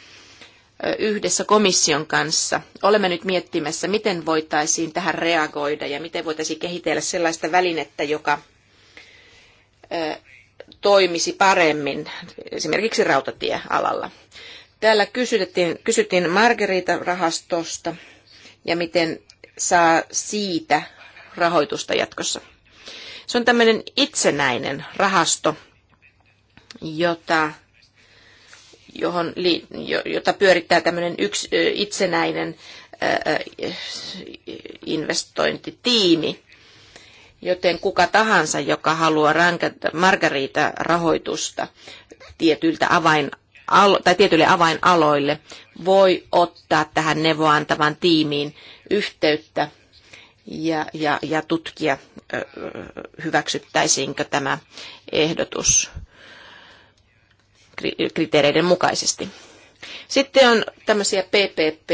yhdessä komission kanssa olemme nyt miettimässä, miten voitaisiin tähän reagoida ja miten voitaisiin kehitellä sellaista välinettä, joka toimisi paremmin esimerkiksi rautatiealalla. Täällä kysyttiin, kysyttiin Margarita-rahastosta ja miten saa siitä rahoitusta jatkossa. Se on tämmöinen itsenäinen rahasto, jota, johon, jota pyörittää tämmöinen yks, itsenäinen investointitiimi. Joten kuka tahansa, joka haluaa rankata margariita-rahoitusta tietyiltä avain, tai tietyille avainaloille, voi ottaa tähän neuvoantavan tiimiin yhteyttä ja, ja, ja tutkia, hyväksyttäisiinkö tämä ehdotus kriteereiden mukaisesti. Sitten on tämmöisiä PPP,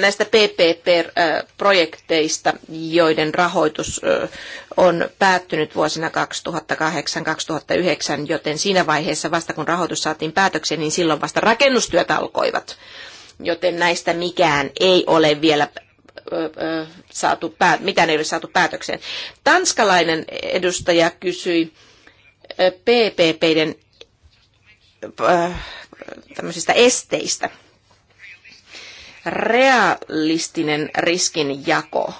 näistä PPP-projekteista, joiden rahoitus on päättynyt vuosina 2008-2009, joten siinä vaiheessa vasta kun rahoitus saatiin päätökseen, niin silloin vasta rakennustyöt alkoivat. Joten näistä mikään ei ole vielä saatu, mitään ei ole saatu päätökseen. Tanskalainen edustaja kysyi PPPiden tämmöisistä esteistä. Realistinen riskinjako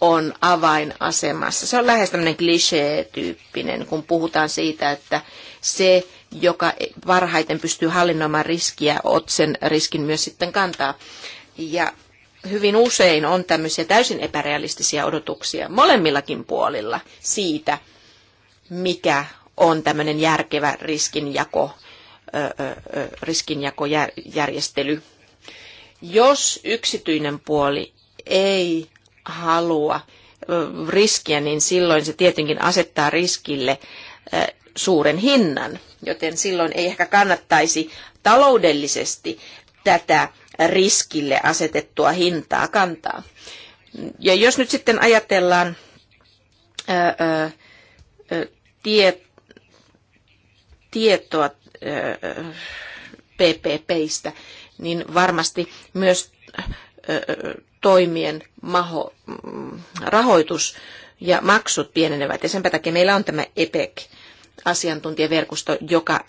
on avainasemassa. Se on lähes tämmöinen klisee-tyyppinen, kun puhutaan siitä, että se, joka parhaiten pystyy hallinnoimaan riskiä, ot sen riskin myös sitten kantaa. Ja hyvin usein on tämmöisiä täysin epärealistisia odotuksia molemmillakin puolilla siitä, mikä on tämmöinen järkevä riskinjako, riskinjakojärjestely. Jos yksityinen puoli ei halua riskiä, niin silloin se tietenkin asettaa riskille suuren hinnan, joten silloin ei ehkä kannattaisi taloudellisesti tätä riskille asetettua hintaa kantaa. Ja jos nyt sitten ajatellaan ää, ää, tie, tietoa ää, PPPistä, niin varmasti myös toimien maho, mm, rahoitus ja maksut pienenevät. Ja sen takia meillä on tämä EPEC asiantuntijaverkosto, joka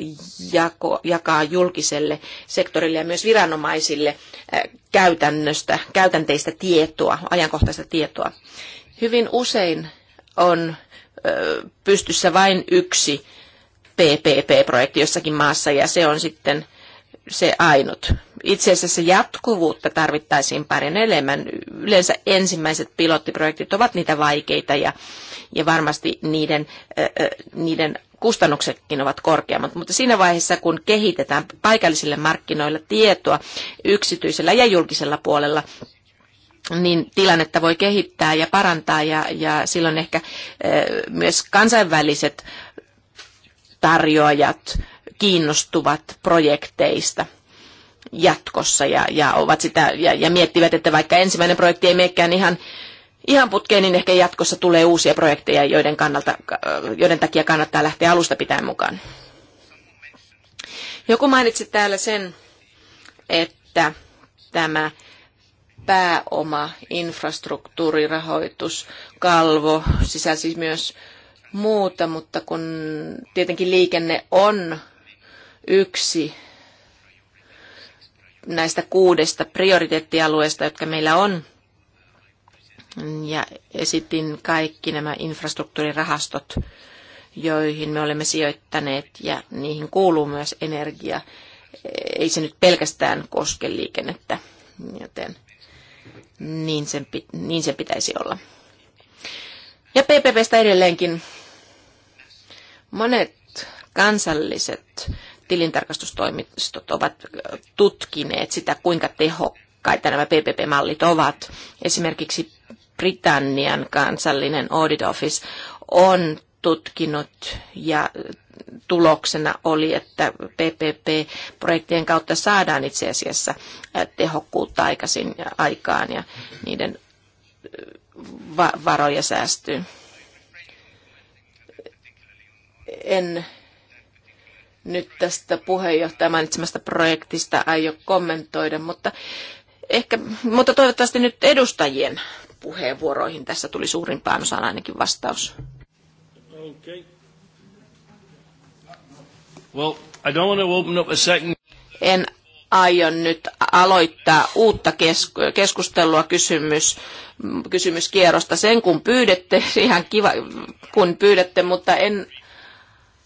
jako, jakaa julkiselle sektorille ja myös viranomaisille eh, käytännöstä, käytänteistä tietoa, ajankohtaista tietoa. Hyvin usein on eh, pystyssä vain yksi PPP-projekti jossakin maassa ja se on sitten se ainut. Itse asiassa jatkuvuutta tarvittaisiin paljon enemmän. Yleensä ensimmäiset pilottiprojektit ovat niitä vaikeita ja, ja varmasti niiden, eh, niiden kustannuksetkin ovat korkeammat, mutta siinä vaiheessa, kun kehitetään paikallisille markkinoilla tietoa yksityisellä ja julkisella puolella, niin tilannetta voi kehittää ja parantaa ja, ja silloin ehkä eh, myös kansainväliset tarjoajat kiinnostuvat projekteista jatkossa ja, ja, ovat sitä, ja, ja miettivät, että vaikka ensimmäinen projekti ei menekään ihan ihan putkeen, niin ehkä jatkossa tulee uusia projekteja, joiden, kannalta, joiden takia kannattaa lähteä alusta pitäen mukaan. Joku mainitsi täällä sen, että tämä pääoma, infrastruktuurirahoitus, kalvo sisälsi myös muuta, mutta kun tietenkin liikenne on yksi näistä kuudesta prioriteettialueesta, jotka meillä on, ja esitin kaikki nämä infrastruktuurirahastot, joihin me olemme sijoittaneet ja niihin kuuluu myös energia. Ei se nyt pelkästään koske liikennettä, joten niin sen, niin sen pitäisi olla. Ja PPPstä edelleenkin monet kansalliset tilintarkastustoimistot ovat tutkineet sitä, kuinka tehokkaita nämä PPP-mallit ovat. Esimerkiksi Britannian kansallinen audit office on tutkinut ja tuloksena oli, että PPP-projektien kautta saadaan itse asiassa äh, tehokkuutta aikaisin, aikaan ja niiden äh, varoja säästyy. En nyt tästä puheenjohtajan mainitsemasta projektista aio kommentoida, mutta, ehkä, mutta toivottavasti nyt edustajien puheenvuoroihin. Tässä tuli suurimpaan osaan ainakin vastaus. Okay. Well, I don't want to open up a second... En aion nyt aloittaa uutta keskustelua kysymys, kysymyskierrosta sen, kun pyydätte, ihan kiva, kun pyydätte, mutta en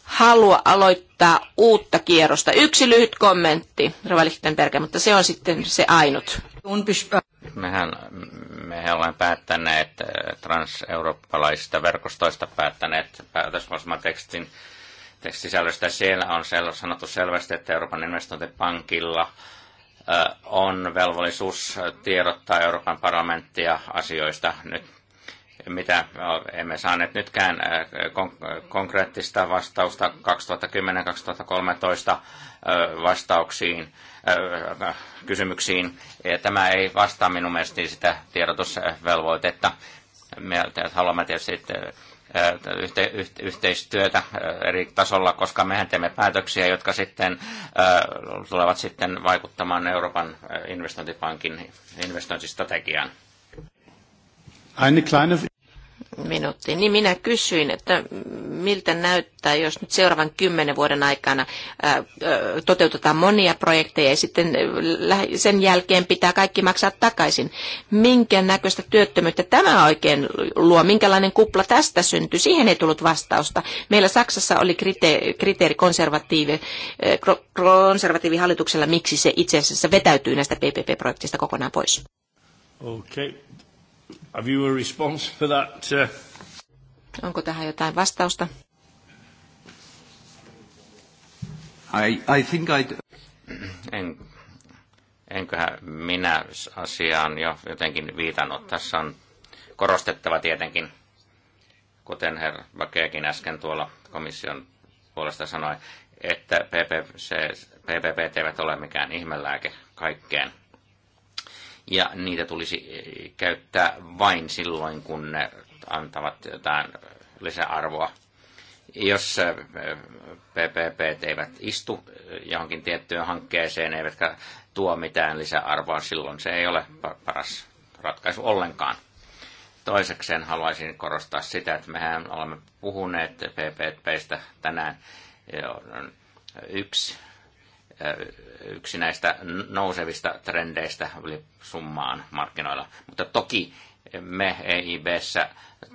halua aloittaa uutta kierrosta. Yksi lyhyt kommentti, Rova mutta se on sitten se ainut. Mehän me olemme päättäneet eh, transeurooppalaisista verkostoista päättäneet tekstin sisällöstä. Siellä on sanottu selvästi, että Euroopan investointipankilla eh, on velvollisuus tiedottaa Euroopan parlamenttia asioista. Nyt mitä no, emme saaneet nytkään äh, konkreettista vastausta 2010-2013 äh, vastauksiin, äh, kysymyksiin. Tämä ei vastaa minun mielestäni sitä tiedotusvelvoitetta. Me haluamme tietysti yhteistyötä eri tasolla, koska mehän teemme päätöksiä, jotka sitten tulevat sitten vaikuttamaan Euroopan investointipankin investointistrategiaan. Eine kleine... Minuutti. Niin minä kysyin, että miltä näyttää, jos nyt seuraavan kymmenen vuoden aikana toteutetaan monia projekteja ja sitten sen jälkeen pitää kaikki maksaa takaisin. Minkä näköistä työttömyyttä tämä oikein luo? Minkälainen kupla tästä syntyy? Siihen ei tullut vastausta. Meillä Saksassa oli kriteeri, kriteeri konservatiivi, hallituksella, miksi se itse asiassa vetäytyy näistä PPP-projekteista kokonaan pois. Okay. Have you a response for that? Uh, Onko tähän jotain vastausta? I, I think I'd... En, enköhän minä asiaan jo jotenkin viitannut. Tässä on korostettava tietenkin, kuten herra Bakeekin äsken tuolla komission puolesta sanoi, että PPC, PPP eivät ole mikään ihmelääke kaikkeen ja niitä tulisi eh, käyttää vain silloin, kun ne antavat jotain lisäarvoa. Jos PPP eh, eivät istu eh, johonkin tiettyyn hankkeeseen, eivätkä tuo mitään lisäarvoa, silloin se ei ole paras ratkaisu ollenkaan. Toisekseen haluaisin korostaa sitä, että mehän olemme puhuneet PPPistä tänään yksi yksi näistä nousevista trendeistä oli summaan markkinoilla. Mutta toki me EIBssä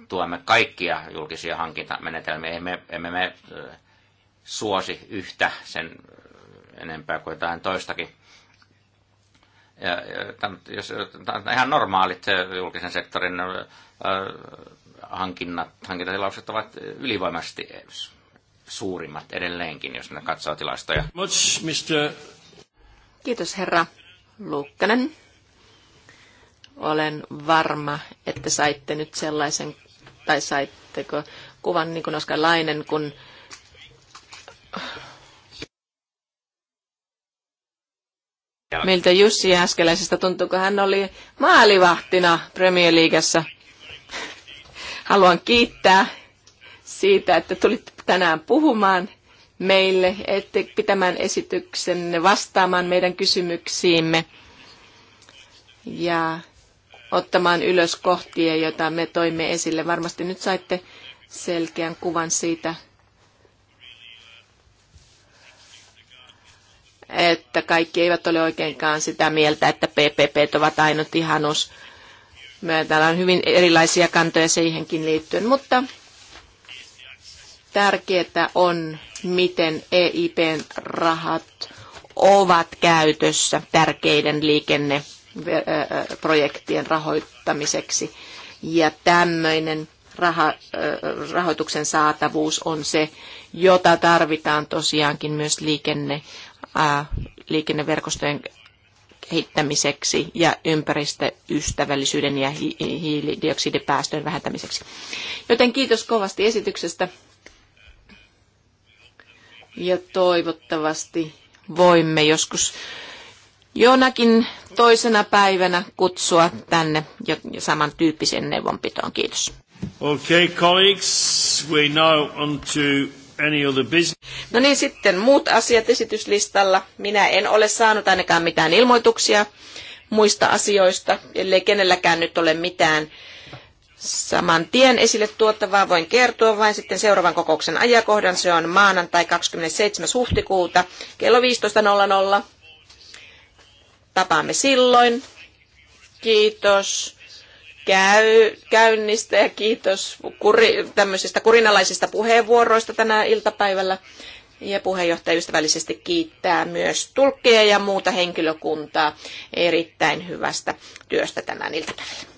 tuemme kaikkia julkisia hankintamenetelmiä. Emme, emme me suosi yhtä sen enempää kuin jotain toistakin. Ja, jos, ihan normaalit julkisen sektorin hankinnat, hankintatilaukset ovat ylivoimaisesti suurimmat edelleenkin, jos ne katsoo tilastoja. Much, Mr. Kiitos herra Luukkanen. Olen varma, että saitte nyt sellaisen, tai saitteko kuvan niin kuin Oskar Lainen, kun Miltä Jussi äskeläisestä tuntuu, kun hän oli maalivahtina Premier Leagueassa. Haluan kiittää siitä, että tulitte tänään puhumaan meille, ette pitämään esityksen vastaamaan meidän kysymyksiimme ja ottamaan ylös kohtia, joita me toimme esille. Varmasti nyt saitte selkeän kuvan siitä, että kaikki eivät ole oikeinkaan sitä mieltä, että PPP ovat ainut ihanus. Meillä on hyvin erilaisia kantoja siihenkin liittyen, mutta tärkeää on, miten EIPn rahat ovat käytössä tärkeiden liikenneprojektien rahoittamiseksi. Ja tämmöinen raha, rahoituksen saatavuus on se, jota tarvitaan tosiaankin myös liikenne, ää, liikenneverkostojen kehittämiseksi ja ympäristöystävällisyyden ja hiilidioksidipäästöjen vähentämiseksi. Joten kiitos kovasti esityksestä. Ja toivottavasti voimme joskus jonakin toisena päivänä kutsua tänne ja samantyyppisen neuvonpitoon. Kiitos. Okay, colleagues, we now on to any other business. No niin, sitten muut asiat esityslistalla. Minä en ole saanut ainakaan mitään ilmoituksia muista asioista, ellei kenelläkään nyt ole mitään saman tien esille tuottavaa voin kertoa vain sitten seuraavan kokouksen ajankohdan. Se on maanantai 27. huhtikuuta kello 15.00. Tapaamme silloin. Kiitos käy, käynnistä ja kiitos kuri, tämmöisistä kurinalaisista puheenvuoroista tänä iltapäivällä. Ja puheenjohtaja ystävällisesti kiittää myös tulkkeja ja muuta henkilökuntaa erittäin hyvästä työstä tänään iltapäivällä.